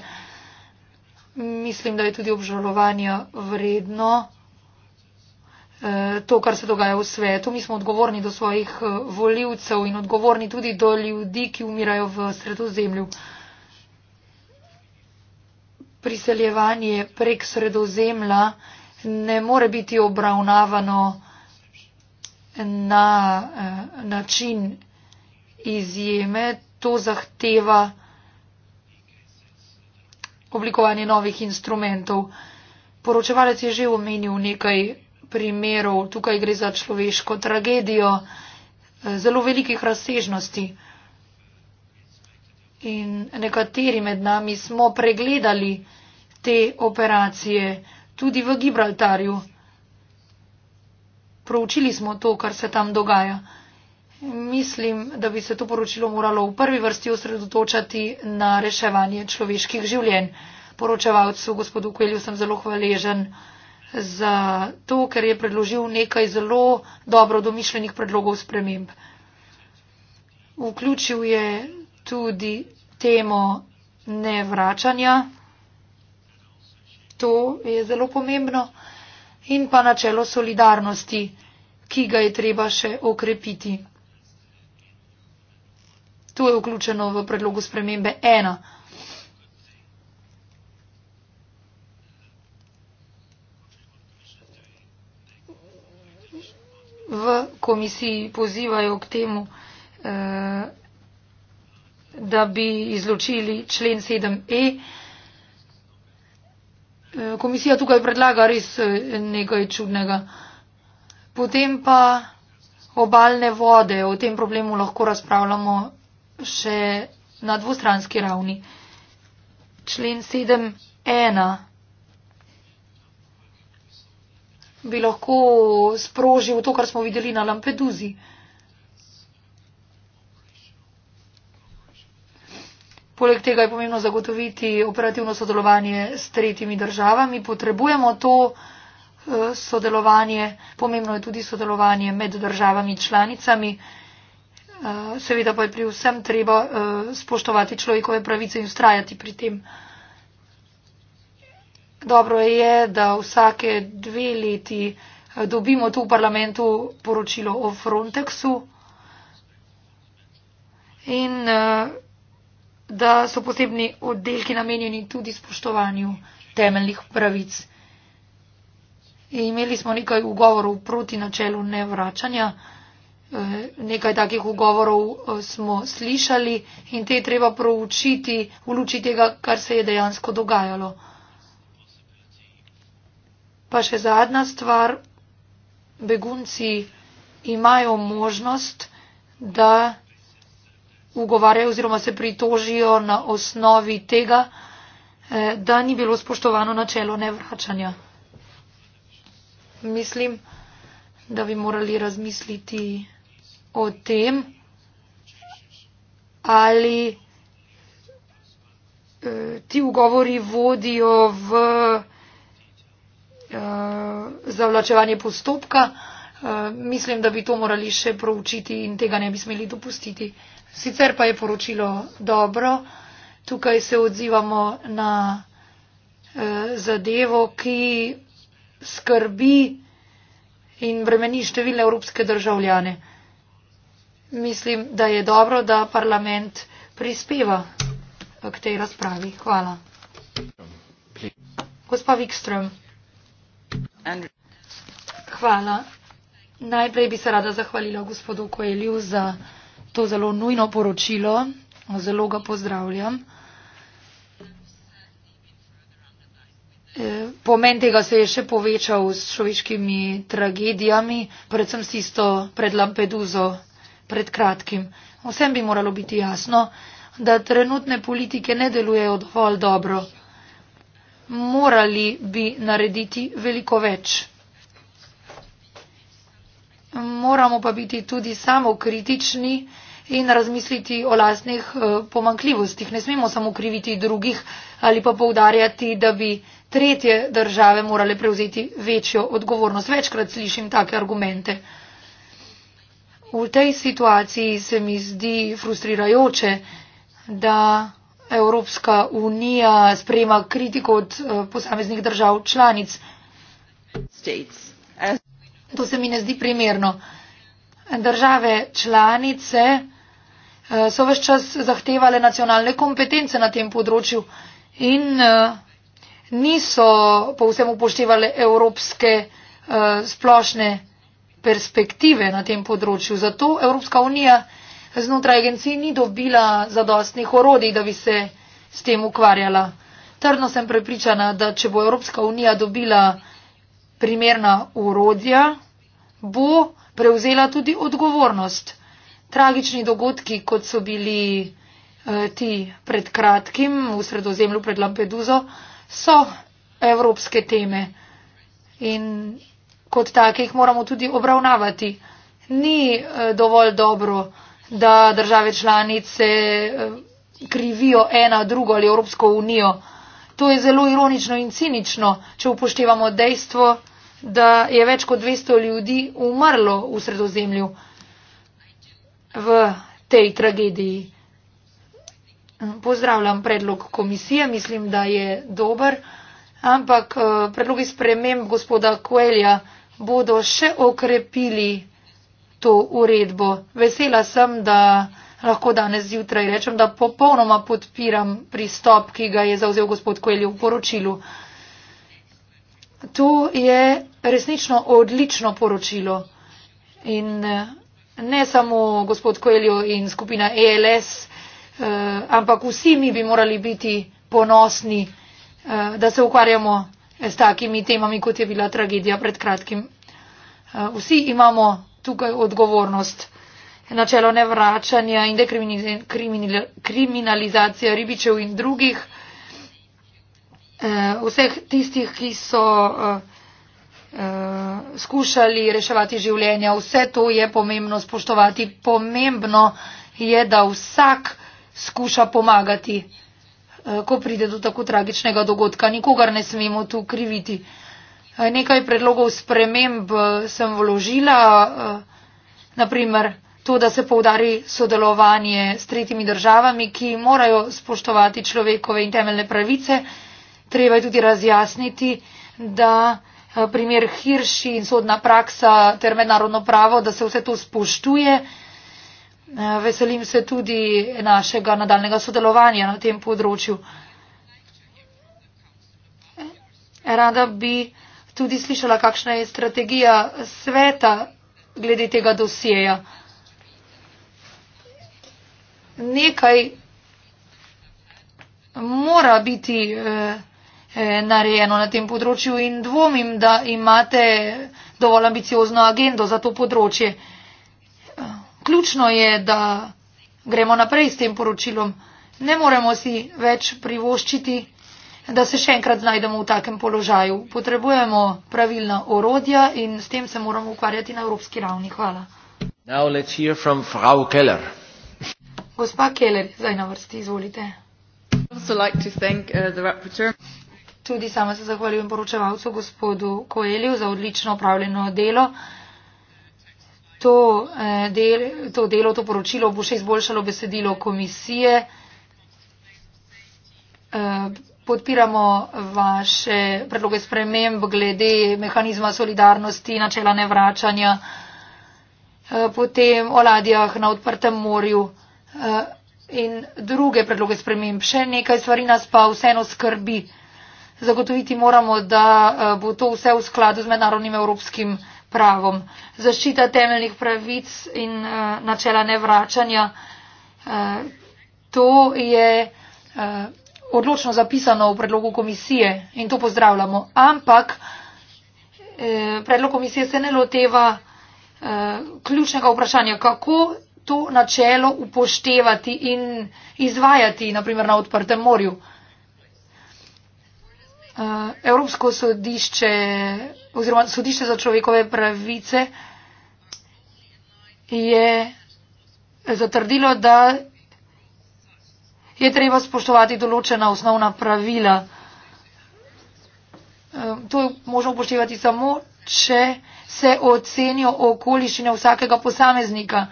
Mislim, da je tudi obžalovanje vredno eh, to, kar se dogaja v svetu. Mi smo odgovorni do svojih voljivcev in odgovorni tudi do ljudi, ki umirajo v sredozemlju. zemlju priseljevanje prek sredozemlja ne more biti obravnavano na eh, način izjeme. To zahteva oblikovanje novih instrumentov. Poročevalec je že omenil nekaj primerov. Tukaj gre za človeško tragedijo eh, zelo velikih razsežnosti. In nekateri med nami smo pregledali te operacije tudi v Gibraltarju. Proučili smo to, kar se tam dogaja. Mislim, da bi se to poročilo moralo v prvi vrsti osredotočati na reševanje človeških življenj. Poročevalcu gospodu Kuelju sem zelo hvaležen za to, ker je predložil nekaj zelo dobro domišljenih predlogov sprememb. Vključil je tudi temo nevračanja. To je zelo pomembno. In pa načelo solidarnosti, ki ga je treba še okrepiti. To je vključeno v predlogu spremembe ena. V komisiji pozivajo k temu eh, da bi izločili člen 7e. Eh, komisija tukaj predlaga res eh, nekaj čudnega. Potem pa obalne vode. O tem problemu lahko razpravljamo še na dvostranski ravni. Člen 7.1 bi lahko sprožil to, kar smo videli na Lampeduzi. Poleg tega je pomembno zagotoviti operativno sodelovanje s tretjimi državami. Potrebujemo to eh, sodelovanje, pomembno je tudi sodelovanje med državami članicami. Eh, seveda pa je pri vsem treba eh, spoštovati človekove pravice in ustrajati pri tem. Dobro je, da vsake dve leti dobimo tu v parlamentu poročilo o Frontexu. In uh, da so posebni oddelki namenjeni tudi spoštovanju temeljnih pravic. Imeli smo nekaj ugovorov proti načelu nevračanja, e, nekaj takih ugovorov e, smo slišali in te treba proučiti v luči tega, kar se je dejansko dogajalo. Pa še zadnja stvar, begunci imajo možnost, da ugovarjajo oziroma se pritožijo na osnovi tega, eh, da ni bilo spoštovano načelo nevračanja. Mislim, da bi morali razmisliti o tem, ali eh, ti ugovori vodijo v eh, zavlačevanje postopka. Mislim, da bi to morali še proučiti in tega ne bi smeli dopustiti. Sicer pa je poročilo dobro, tukaj se odzivamo na eh, zadevo, ki skrbi in bremeni številne evropske državljane. Mislim, da je dobro, da parlament prispeva k tej razpravi. Hvala. Gospa Wikström. Hvala. Najprej bi se rada zahvalila gospodu Koelju za to zelo nujno poročilo. Zelo ga pozdravljam. E, pomen tega se je še povečal s človeškimi tragedijami, predvsem s tisto pred Lampeduzo pred kratkim. Vsem bi moralo biti jasno, da trenutne politike ne delujejo dovolj dobro. Morali bi narediti veliko več. Moramo pa biti tudi samokritični, kritični in razmisliti o lasnih eh, pomankljivostih. Ne smemo samo kriviti drugih ali pa povdarjati, da bi tretje države morale prevzeti večjo odgovornost. Večkrat slišim take argumente. V tej situaciji se mi zdi frustrirajoče, da Evropska unija sprema kritiko od eh, posameznih držav članic. To se mi ne zdi primerno. Države članice Eh, so vse čas zahtevale nacionalne kompetence na tem področju in eh, niso povsem upoštevale evropske eh, splošne perspektive na tem področju. Zato Evropska unija znotraj agencij ni dobila zadostnih orodij, da bi se s tem ukvarjala. Trdno sem prepričana, da če bo Evropska unija dobila primerna urodja, bo prevzela tudi odgovornost tragični dogodki, kot so bili eh, ti pred kratkim v sredozemlju pred Lampeduzo, so evropske teme in kot take jih moramo tudi obravnavati. Ni eh, dovolj dobro, da države članice eh, krivijo ena drugo ali Evropsko unijo. To je zelo ironično in cinično, če upoštevamo dejstvo, da je več kot 200 ljudi umrlo v sredozemlju v tej tragediji. Pozdravljam predlog komisije, mislim, da je dober, ampak eh, predlogi sprememb gospoda Koelja bodo še okrepili to uredbo. Vesela sem, da lahko danes zjutraj rečem, da popolnoma podpiram pristop, ki ga je zauzel gospod Koelja v poročilu. To je resnično odlično poročilo. In ne samo gospod Koeljo in skupina ELS, eh, ampak vsi mi bi morali biti ponosni, eh, da se ukvarjamo eh, s takimi temami, kot je bila tragedija pred kratkim. Vsi imamo tukaj odgovornost. Načelo nevračanja in dekriminalizacije ribičev in drugih, vseh tistih, ki so. Eh, skušali reševati življenja. Vse to je pomembno spoštovati. Pomembno je, da vsak skuša pomagati, eh, ko pride do tako tragičnega dogodka. Nikogar ne smemo tu kriviti. Eh, nekaj predlogov sprememb sem vložila, naprimer to, da se povdari sodelovanje s tretjimi državami, ki morajo spoštovati človekove in temeljne pravice. Treba je tudi razjasniti, da Eh, primer Hirši in sodna praksa ter mednarodno pravo, da se vse to spoštuje. Eh, veselim se tudi našega nadaljnega sodelovanja na tem področju. Rada bi tudi slišala, kakšna je strategija sveta glede tega dosjeja. Nekaj mora biti. Eh, Eh, narejeno na tem področju in dvomim, da imate dovolj ambiciozno agendo za to področje. Ključno je, da gremo naprej s tem poročilom. Ne moremo si več privoščiti, da se še enkrat znajdemo v takem položaju. Potrebujemo pravilna orodja in s tem se moramo ukvarjati na evropski ravni. Hvala. Now let's hear from Frau Keller. Gospa Keller, zdaj na vrsti, izvolite. Tudi sama se zahvaljujem poročevalcu gospodu Koelju za odlično opravljeno delo. To, eh, del, to delo, to poročilo bo še izboljšalo besedilo komisije. Eh, podpiramo vaše predloge sprememb glede mehanizma solidarnosti, načela nevračanja, eh, potem o ladjah na odprtem morju in druge predloge sprememb. Še nekaj stvari nas pa vseeno skrbi zagotoviti moramo, da eh, bo to vse v skladu z mednarodnim evropskim pravom. Zaščita temeljnih pravic in eh, načela nevračanja, eh, to je odločno zapisano v predlogu komisije in to pozdravljamo. Ampak predlog komisije se ne loteva ključnega vprašanja, kako to načelo upoštevati in izvajati, naprimer na odprtem morju. Eh, Evropsko sodišče oziroma sodišče za človekove pravice je zatrdilo, da je treba spoštovati določena osnovna pravila. Eh, to možno upoštevati samo, če se ocenijo okoliščine vsakega posameznika.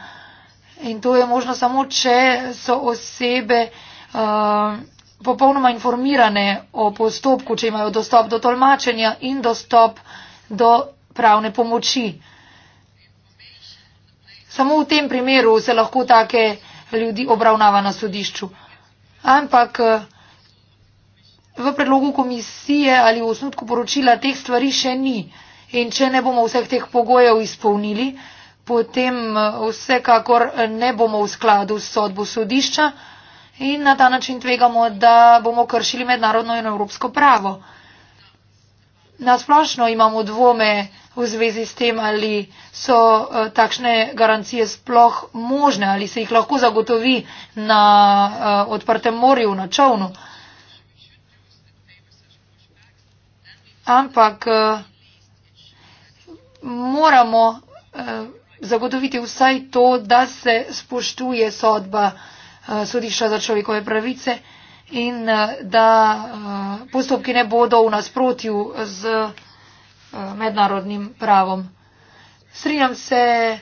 In to je možno samo, če so osebe. Uh, popolnoma informirane o postopku, če imajo dostop do tolmačenja in dostop do pravne pomoči. Samo v tem primeru se lahko take ljudi obravnava na sodišču. Ampak eh, v predlogu komisije ali v osnutku poročila teh stvari še ni. In če ne bomo vseh teh pogojev izpolnili, potem eh, vsekakor ne bomo v skladu s sodbo sodišča in na ta način tvegamo, da bomo kršili mednarodno in evropsko pravo. Nasplošno imamo dvome v zvezi s tem, ali so eh, takšne garancije sploh možne, ali se jih lahko zagotovi na eh, odprtem morju, na čovnu. Ampak eh, moramo zagotoviti vsaj to, da se spoštuje sodba sodišča za človekove pravice in eh, da eh, postopki ne bodo v nasprotju z eh, mednarodnim pravom. Strinjam se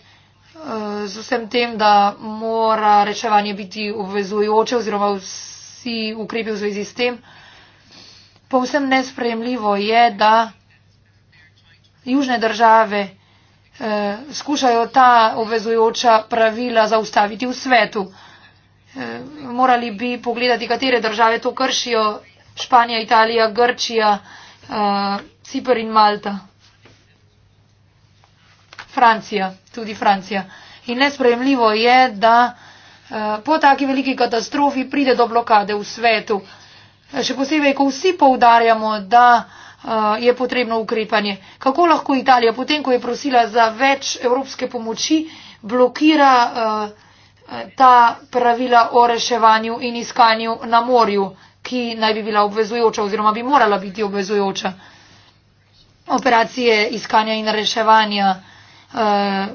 z vsem tem, da mora reševanje biti obvezujoče oziroma vsi ukrepi v zvezi s tem. Povsem nespremljivo je, da južne države skušajo ta obvezujoča pravila zaustaviti v svetu. Eh, morali bi pogledati, katere države to kršijo. Španija, Italija, Grčija, eh, Cipr in Malta. Francija, tudi Francija. In nespremljivo je, da eh, po taki veliki katastrofi pride do blokade v svetu. Še posebej, ko vsi poudarjamo, da je potrebno ukrepanje. Kako lahko Italija, potem ko je prosila za več evropske pomoči, blokira uh, ta pravila o reševanju in iskanju na morju, ki naj bi bila obvezujoča oziroma bi morala biti obvezujoča. Operacije iskanja in reševanja eh,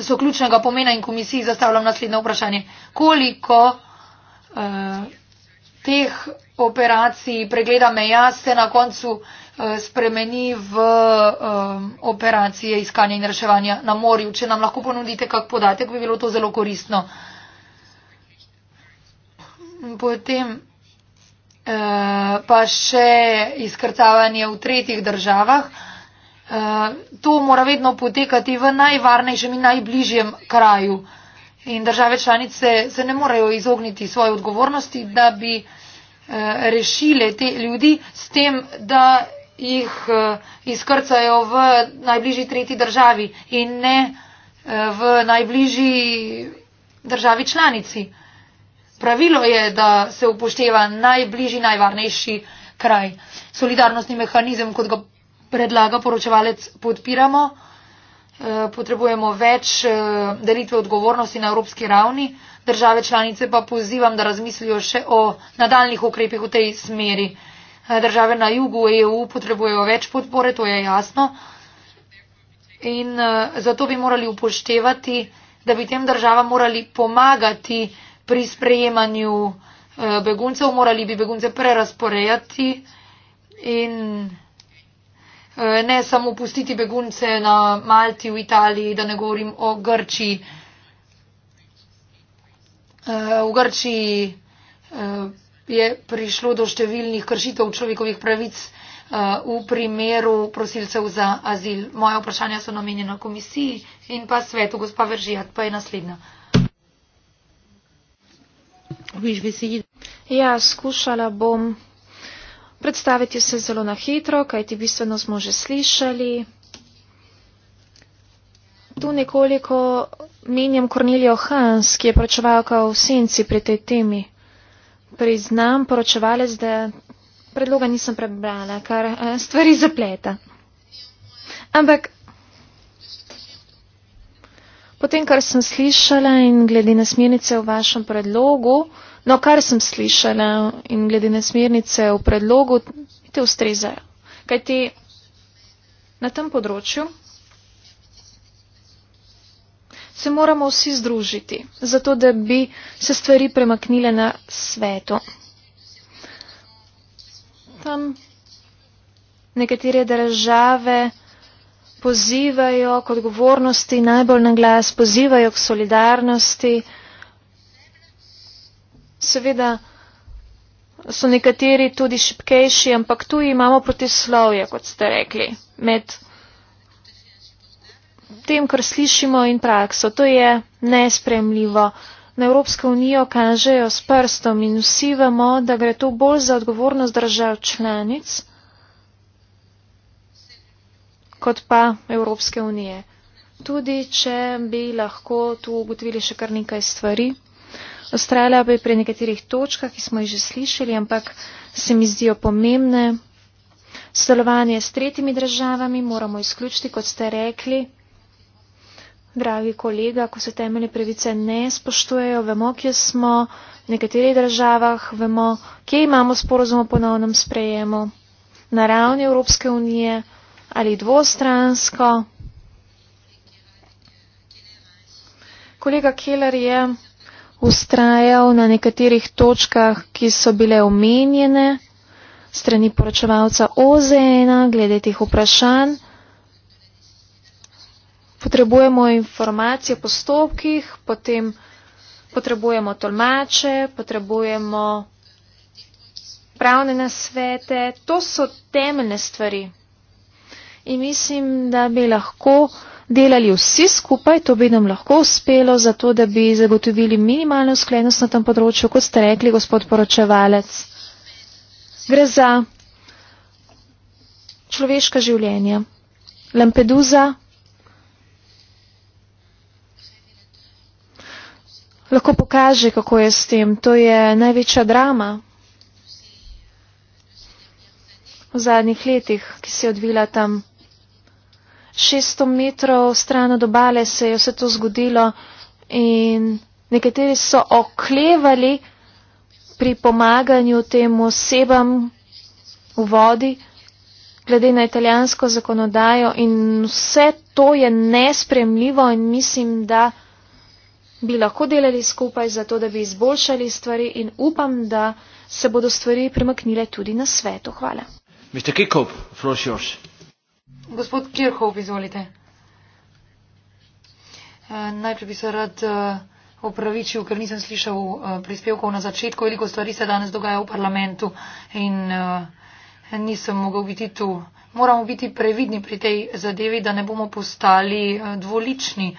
so ključnega pomena in komisiji zastavljam naslednje vprašanje. Koliko eh, teh operacij pregleda meja se na koncu Eh, spremeni v operacije iskanja in reševanja na morju. Če nam lahko ponudite kak podatek, bi bilo to zelo koristno. Potem eh, pa še izkrcavanje v tretjih državah. Eh, to mora vedno potekati v najvarnejšem in najbližjem kraju. In države članice se ne morejo izogniti svoje odgovornosti, da bi rešile te ljudi s tem, da jih eh, izkrcajo v najbližji tretji državi in ne eh, v najbližji državi članici. Pravilo je, da se upošteva najbližji, najvarnejši kraj. Solidarnostni mehanizem, kot ga predlaga poročevalec, podpiramo. Eh, potrebujemo več delitve odgovornosti na evropski ravni. Države članice pa pozivam, da razmislijo še o nadaljnih ukrepih v tej smeri. Eh, države na jugu EU potrebujejo več podpore, to je jasno. In eh, zato bi morali upoštevati, da bi tem državam morali pomagati pri sprejemanju eh, beguncev, morali bi begunce prerasporejati in ne samo pustiti begunce na Malti, v Italiji, da ne govorim o Grčiji. V Grčiji je prišlo do številnih kršitev človekovih pravic eh, v primeru prosilcev za azil. Moje vprašanja so namenjena komisiji in pa svetu. Gospa Veržijak pa je naslednja. Ja, skušala bom predstaviti se zelo na hitro, kajti bistveno smo že slišali. Tu nekoliko menjam Kornelijo Hans, ki je pričeval kao v senci pri tej temi priznam, poročevalec, da predloga nisem prebrala, kar eh, stvari zapleta. Ampak potem, kar sem slišala in glede na smernice v vašem predlogu, no, kar sem slišala in glede na smernice v predlogu, te ustrezajo. Kajti na tem področju se moramo vsi združiti, zato da bi se stvari premaknile na svetu. Tam nekatere države pozivajo k odgovornosti, najbolj na glas pozivajo k solidarnosti. Seveda so nekateri tudi šipkejši, ampak tu imamo protislovje, kot ste rekli, med tem, kar slišimo in prakso. To je nespremljivo. Na Evropsko unijo kažejo s prstom in vsi vemo, da gre to bolj za odgovornost držav članic kot pa Evropske unije. Tudi, če bi lahko tu ugotovili še kar nekaj stvari. Avstralija pa je pri nekaterih točkah, ki smo jih že slišali, ampak se mi zdijo pomembne. Sodelovanje s tretjimi državami moramo izključiti, kot ste rekli dragi kolega, ko se temeljne pravice ne spoštujejo, vemo, kje smo, v nekaterih državah, vemo, kje imamo sporozum o ponovnem sprejemu, na ravni Evropske unije ali dvostransko. Kolega Keller je ustrajal na nekaterih točkah, ki so bile omenjene strani poročevalca OZN-a glede teh vprašanj potrebujemo informacije o postopkih, potem potrebujemo tolmače, potrebujemo pravne nasvete. To so temeljne stvari. In mislim, da bi lahko delali vsi skupaj, to bi nam lahko uspelo, zato da bi zagotovili minimalno sklenost na tem področju, kot ste rekli, gospod poročevalec. Gre za človeška življenja. Lampedusa, lahko pokaže, kako je s tem. To je največja drama v zadnjih letih, ki se je odvila tam. 600 metrov stran od obale se je vse to zgodilo in nekateri so oklevali pri pomaganju tem osebam v vodi, glede na italijansko zakonodajo in vse to je nespremljivo in mislim, da bi lahko delali skupaj za to, da bi izboljšali stvari in upam, da se bodo stvari premaknile tudi na svetu. Hvala. Kirchhoff, Gospod Kirchhoff, izvolite. Eh, najprej bi se rad eh, opravičil, ker nisem slišal eh, prispevkov na začetku. Veliko stvari se danes dogaja v parlamentu in nisem mogel biti tu. Moramo biti previdni pri tej zadevi, da ne bomo postali dvolični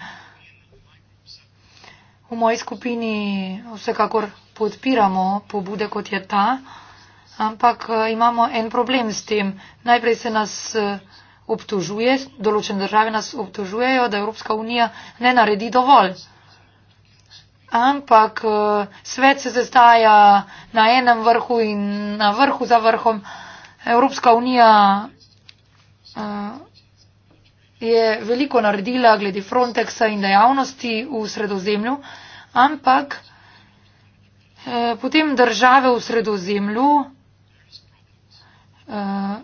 v moji skupini vsekakor podpiramo pobude, kot je ta, ampak eh, imamo en problem s tem. Najprej se nas eh, obtožuje, določene države nas obtožujejo, da Evropska unija ne naredi dovolj. Ampak eh, svet se zastaja na enem vrhu in na vrhu za vrhom. Evropska unija. Uh, je veliko naredila glede Frontexa in dejavnosti v sredozemlju, ampak eh, potem države v sredozemlju eh,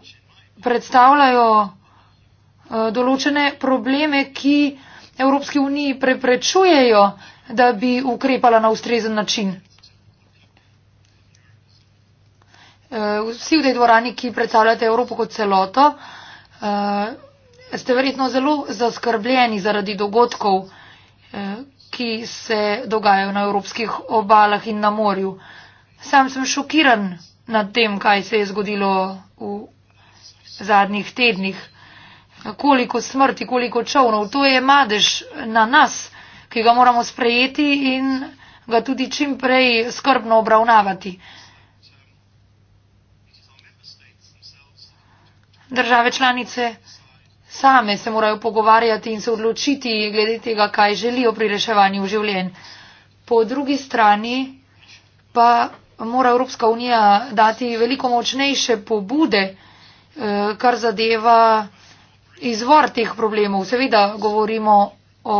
predstavljajo eh, določene probleme, ki Evropski uniji preprečujejo, da bi ukrepala na ustrezen način. Eh, vsi v tej dvorani, ki predstavljate Evropo kot celoto, eh, ste verjetno zelo zaskrbljeni zaradi dogodkov, eh, ki se dogajajo na evropskih obalah in na morju. Sam sem šokiran nad tem, kaj se je zgodilo v zadnjih tednih. Koliko smrti, koliko čovnov, to je madež na nas, ki ga moramo sprejeti in ga tudi čim prej skrbno obravnavati. Države članice same se morajo pogovarjati in se odločiti glede tega, kaj želijo pri reševanju življenj. Po drugi strani pa mora Evropska unija dati veliko močnejše pobude, eh, kar zadeva izvor teh problemov. Seveda govorimo o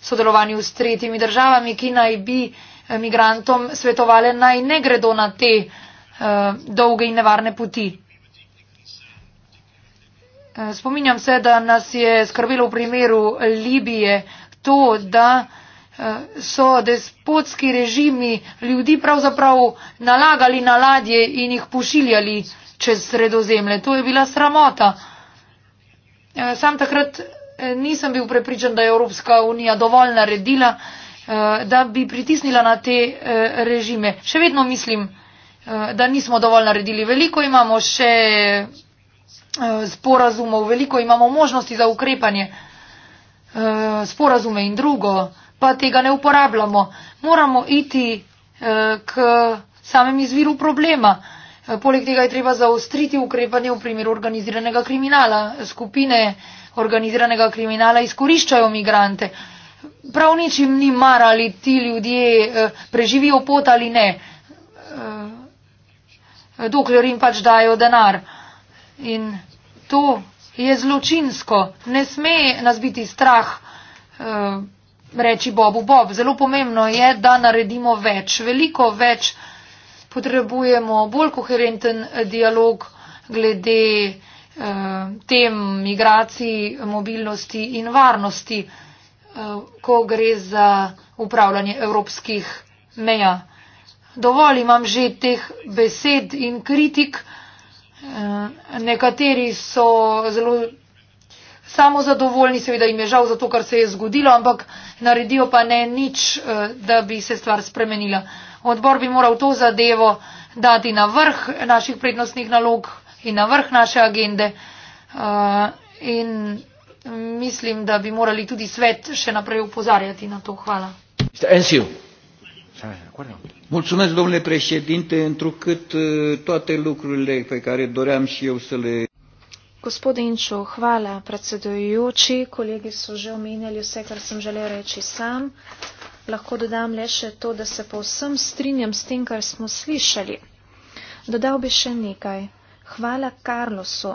sodelovanju s tretjimi državami, ki naj bi eh, migrantom svetovali naj ne gredo na te eh, dolge in nevarne poti. Spominjam se, da nas je skrbelo v primeru Libije to, da eh, so despotski režimi ljudi pravzaprav nalagali na ladje in jih pošiljali čez sredozemlje. To je bila sramota. Eh, sam takrat eh, nisem bil prepričan, da je Evropska unija dovolj naredila, da bi pritisnila na te režime. Še vedno mislim, da nismo dovolj naredili. Veliko imamo še Eh, sporazumov, veliko imamo možnosti za ukrepanje, eh, sporazume in drugo, pa tega ne uporabljamo. Moramo iti eh, k samem izviru problema. Poleg tega je treba zaostriti ukrepanje v primeru organiziranega kriminala. Skupine organiziranega kriminala izkoriščajo migrante. Prav nič jim ni mar, ali ti ljudje preživijo pot ali ne, dokler jim pač dajo denar. In To je zločinsko. Ne sme nas biti strah eh, reči Bobu Bob. Zelo pomembno je, da naredimo več, veliko več. Potrebujemo bolj koherenten eh, dialog glede eh, tem migracij, mobilnosti in varnosti, eh, ko gre za upravljanje evropskih meja. Dovolj imam že teh besed in kritik. Eh, nekateri so zelo samozadovoljni, seveda jim je žal za to, kar se je zgodilo, ampak naredijo pa ne nič, eh, da bi se stvar spremenila. Odbor bi moral to zadevo dati na vrh naših prednostnih nalog in na vrh naše agende eh, in mislim, da bi morali tudi svet še naprej upozarjati na to. Hvala. Mr. Ensiu. Sí, de acuerdo. Mulțumesc, domnule președinte, întrucât uh, toate lucrurile pe care doream și eu să le... Господинчо, хвала, председујучи, колеги со жел минели, секар сам желе речи сам. Лако додам леше то да се по сам стринјам с тим кар смо слишали. Додал би ше некај. Хвала Карлосу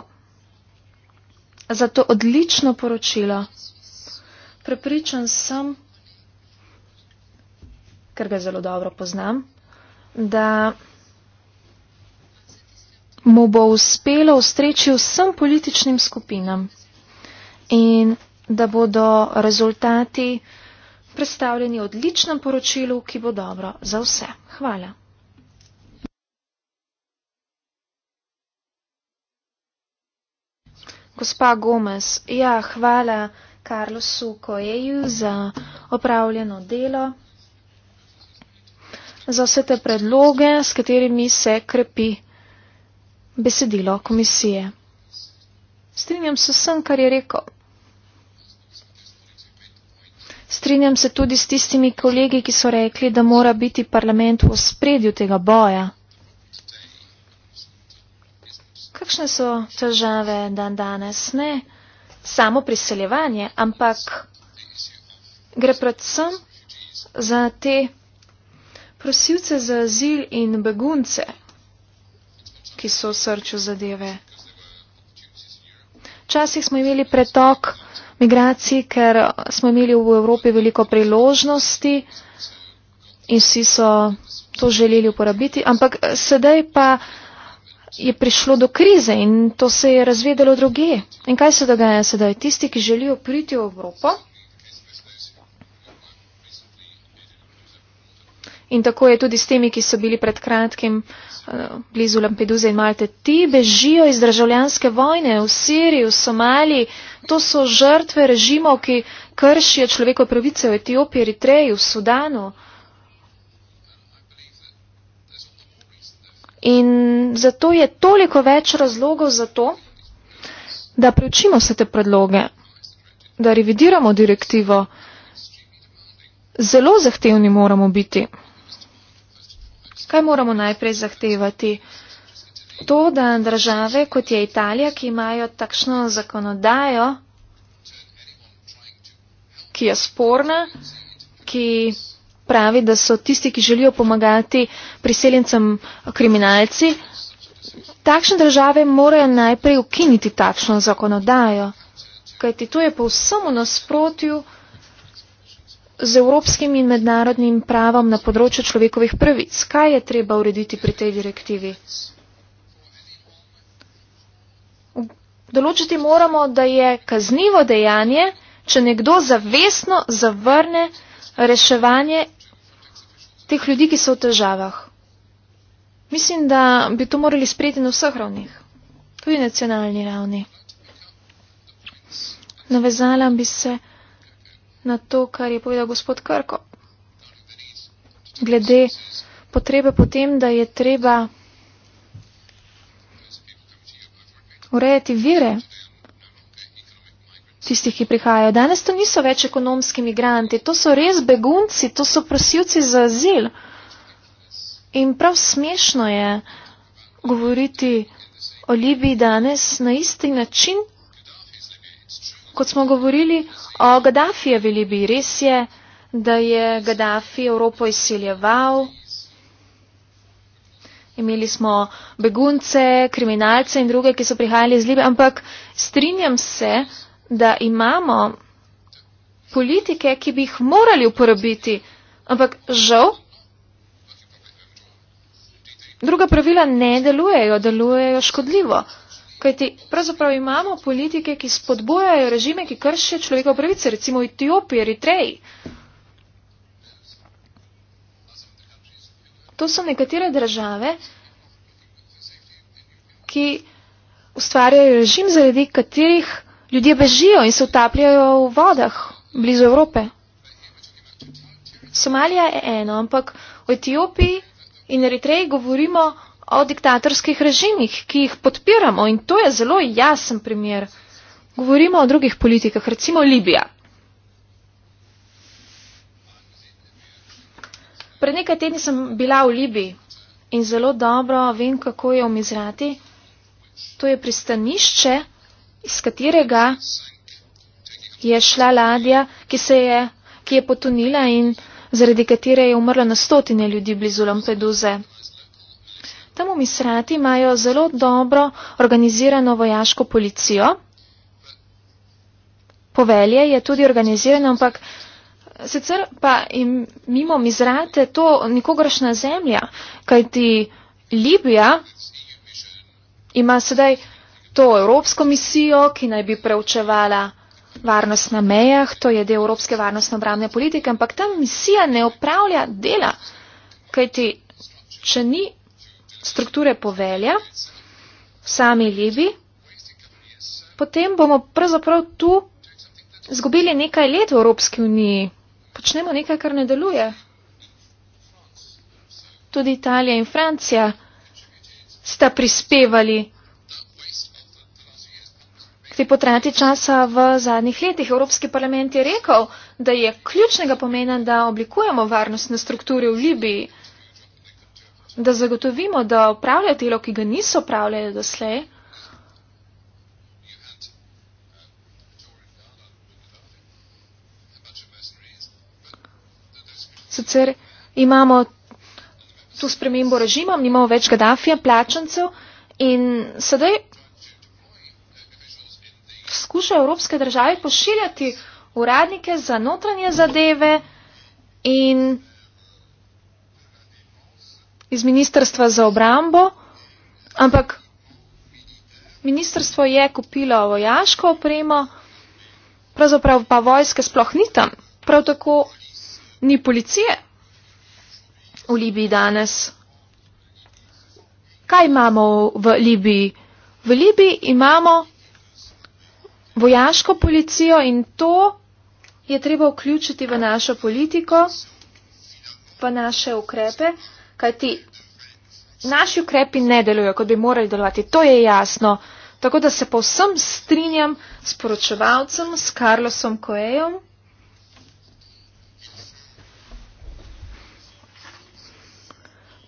за то одлично поручило. Препричан сам, ker ga zelo dobro poznam, da mu bo uspelo ustreči vsem političnim skupinam in da bodo rezultati predstavljeni v odličnem poročilu, ki bo dobro za vse. Hvala. Gospa Gomez, ja, hvala Karlosu Kojeju za opravljeno delo za vse te predloge, s katerimi se krepi besedilo komisije. Strinjam se vsem, kar je rekel. Strinjam se tudi s tistimi kolegi, ki so rekli, da mora biti parlament v spredju tega boja. Kakšne so težave dan danes? Ne samo priseljevanje, ampak gre predvsem za te prosilce za azil in begunce, ki so v srču zadeve. Včasih smo imeli pretok migracij, ker smo imeli v Evropi veliko priložnosti in vsi so to želeli uporabiti, ampak sedaj pa je prišlo do krize in to se je razvedelo druge. In kaj se dogaja sedaj? Tisti, ki želijo priti v Evropo, In tako je tudi s temi, ki so bili pred kratkim eh, blizu Lampeduze in Malte. Ti bežijo iz državljanske vojne v Siriji, v Somaliji. To so žrtve režimov, ki kršijo človekove pravice v Etiopiji, Eritreji, v Sudanu. In zato je toliko več razlogov za to, da preučimo vse te predloge, da revidiramo direktivo. Zelo zahtevni moramo biti. Kaj moramo najprej zahtevati? To, da države, kot je Italija, ki imajo takšno zakonodajo, ki je sporna, ki pravi, da so tisti, ki želijo pomagati priseljencem, kriminalci, takšne države morajo najprej ukiniti takšno zakonodajo, kajti to je povsem v nasprotju z evropskim in mednarodnim pravom na področju človekovih prvic? Kaj je treba urediti pri tej direktivi? Določiti moramo, da je kaznivo dejanje, če nekdo zavestno zavrne reševanje teh ljudi, ki so v težavah. Mislim, da bi to morali sprejeti na vseh ravnih, tudi nacionalni ravni. Navezala bi se na to, kar je povedal gospod Krko. Glede potrebe potem, da je treba urejati vire tistih, ki prihajajo. Danes to niso več ekonomski migranti, to so res begunci, to so prosilci za azil. In prav smešno je govoriti o Libiji danes na isti način, Kot smo govorili o Gaddafijevi Libiji, res je, da je Gaddafi Evropo izsiljeval. Imeli smo begunce, kriminalce in druge, ki so prihajali iz Libije, ampak strinjam se, da imamo politike, ki bi jih morali uporabiti. Ampak žal, druga pravila ne delujejo, delujejo škodljivo. Kajti pravzaprav imamo politike, ki spodbujajo režime, ki kršijo človekove pravice, recimo v Etiopiji, Eritreji. To so nekatere države, ki ustvarjajo režim, zaradi katerih ljudje bežijo in se utapljajo v vodah blizu Evrope. Somalija je eno, ampak v Etiopiji in Eritreji govorimo o diktatorskih režimih, ki jih podpiramo in to je zelo jasen primer. Govorimo o drugih politikah, recimo Libija. Pred nekaj tedni sem bila v Libiji in zelo dobro vem, kako je omizrati. To je pristanišče, iz katerega je šla ladja, ki, se je, ki je potonila in zaradi katere je umrlo na stotine ljudi blizu Lampeduze. Tam v Misrati imajo zelo dobro organizirano vojaško policijo. Povelje je tudi organizirano, ampak sicer pa im, mimo Mizrate to nikogaršna zemlja, kajti Libija ima sedaj to Evropsko misijo, ki naj bi preučevala varnost na mejah, to je del Evropske varnostno obramne politike, ampak ta misija ne upravlja dela, kajti če ni strukture povelja, sami libi, potem bomo pravzaprav tu zgubili nekaj let v Evropski uniji. Počnemo nekaj, kar ne deluje. Tudi Italija in Francija sta prispevali k te potrati časa v zadnjih letih. Evropski parlament je rekel, da je ključnega pomena, da oblikujemo varnostne strukture v Libiji da zagotovimo, da upravljajo delo, ki ga niso upravljali doslej. Sicer imamo tu spremembo režima, nimamo več Gaddafija, plačancev in sedaj skušajo evropske države pošiljati uradnike za notranje zadeve in iz ministrstva za obrambo, ampak ministrstvo je kupilo vojaško opremo, pravzaprav pa vojske sploh ni tam. Prav tako ni policije v Libiji danes. Kaj imamo v Libiji? V Libiji imamo vojaško policijo in to je treba vključiti v našo politiko, v naše ukrepe kajti naši ukrepi ne delujejo, kot bi morali delovati, to je jasno. Tako da se povsem strinjam s poročevalcem, s Karlosom Koejem.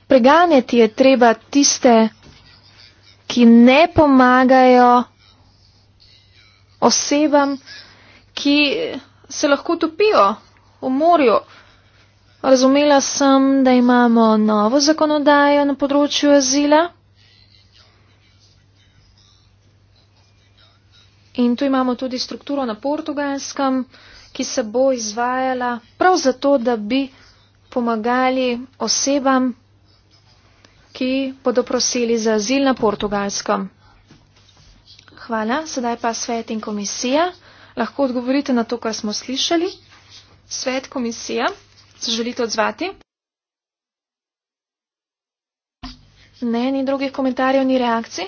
Preganjati je treba tiste, ki ne pomagajo osebam, ki se lahko topijo v morju. Razumela sem, da imamo novo zakonodajo na področju azila. In tu imamo tudi strukturo na portugalskem, ki se bo izvajala prav zato, da bi pomagali osebam, ki bodo prosili za azil na portugalskem. Hvala. Sedaj pa svet in komisija. Lahko odgovorite na to, kar smo slišali. Svet komisija. Se želite odzvati? Ne, ni drugih komentarjev, ni reakcij.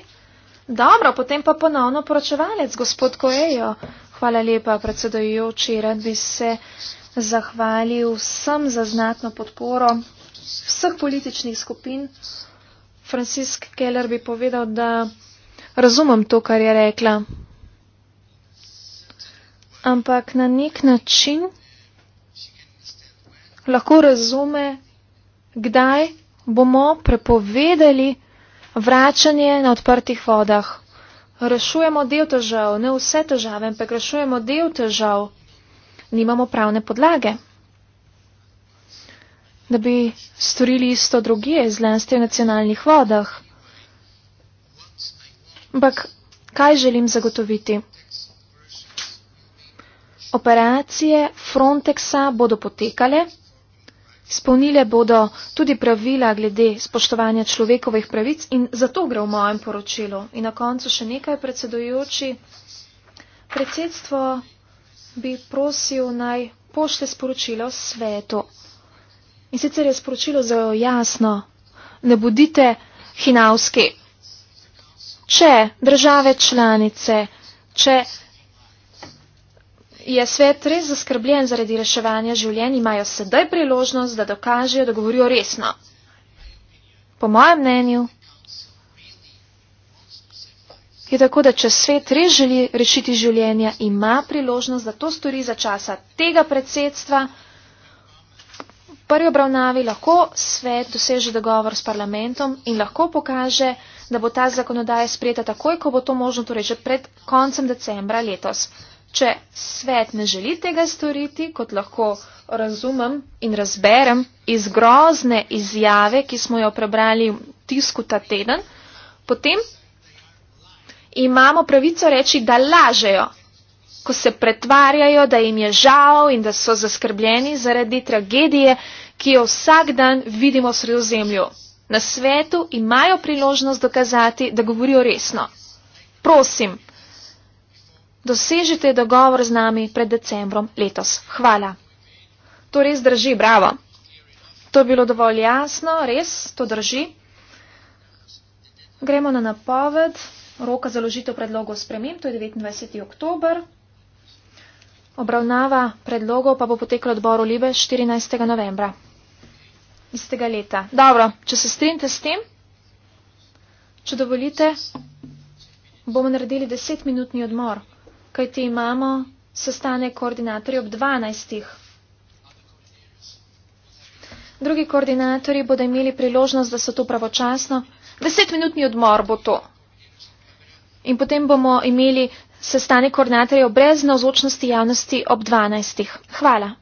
Dobro, potem pa ponovno poročevalec, gospod Koejo. Hvala lepa, predsedojoči. Rad bi se zahvalil vsem za znatno podporo vseh političnih skupin. Francisk Keller bi povedal, da razumem to, kar je rekla. Ampak na nek način lahko razume, kdaj bomo prepovedali vračanje na odprtih vodah. Rešujemo del težav, ne vse težave, ampak rešujemo del težav, nimamo pravne podlage, da bi storili isto druge, zlasti v nacionalnih vodah. Ampak kaj želim zagotoviti? Operacije Frontexa bodo potekale, Spolnile bodo tudi pravila glede spoštovanja človekovih pravic in zato gre v mojem poročilu. In na koncu še nekaj predsedojoči. Predsedstvo bi prosil naj pošle sporočilo svetu. In sicer je sporočilo zelo jasno. Ne bodite hinavski. Če države članice, če Je svet res zaskrbljen zaradi reševanja življenj, imajo sedaj priložnost, da dokažejo, da govorijo resno. Po mojem mnenju je tako, da če svet res želi rešiti življenja, ima priložnost, da to stori za časa tega predsedstva. V prvi obravnavi lahko svet doseže dogovor s parlamentom in lahko pokaže, da bo ta zakonodaja sprejeta takoj, ko bo to možno, torej že pred koncem decembra letos. Če svet ne želi tega storiti, kot lahko razumem in razberem iz grozne izjave, ki smo jo prebrali v tisku ta teden, potem imamo pravico reči, da lažejo, ko se pretvarjajo, da jim je žal in da so zaskrbljeni zaradi tragedije, ki jo vsak dan vidimo sredo zemljo. Na svetu imajo priložnost dokazati, da govorijo resno. Prosim, dosežite dogovor z nami pred decembrom letos. Hvala. To res drži, bravo. To je bilo dovolj jasno, res, to drži. Gremo na napoved. Roka za ložitev predlogov spremem, to je 29. oktober. Obravnava predlogov pa bo potekla odboru Libe 14. novembra istega leta. Dobro, če se strinjate s tem, če dovolite, bomo naredili desetminutni odmor kajti imamo sestanek koordinatorjev ob 12. Drugi koordinatorji bodo imeli priložnost, da so tu pravočasno. Desetminutni odmor bo to. In potem bomo imeli sestanek koordinatorjev brez navzočnosti javnosti ob 12. Hvala.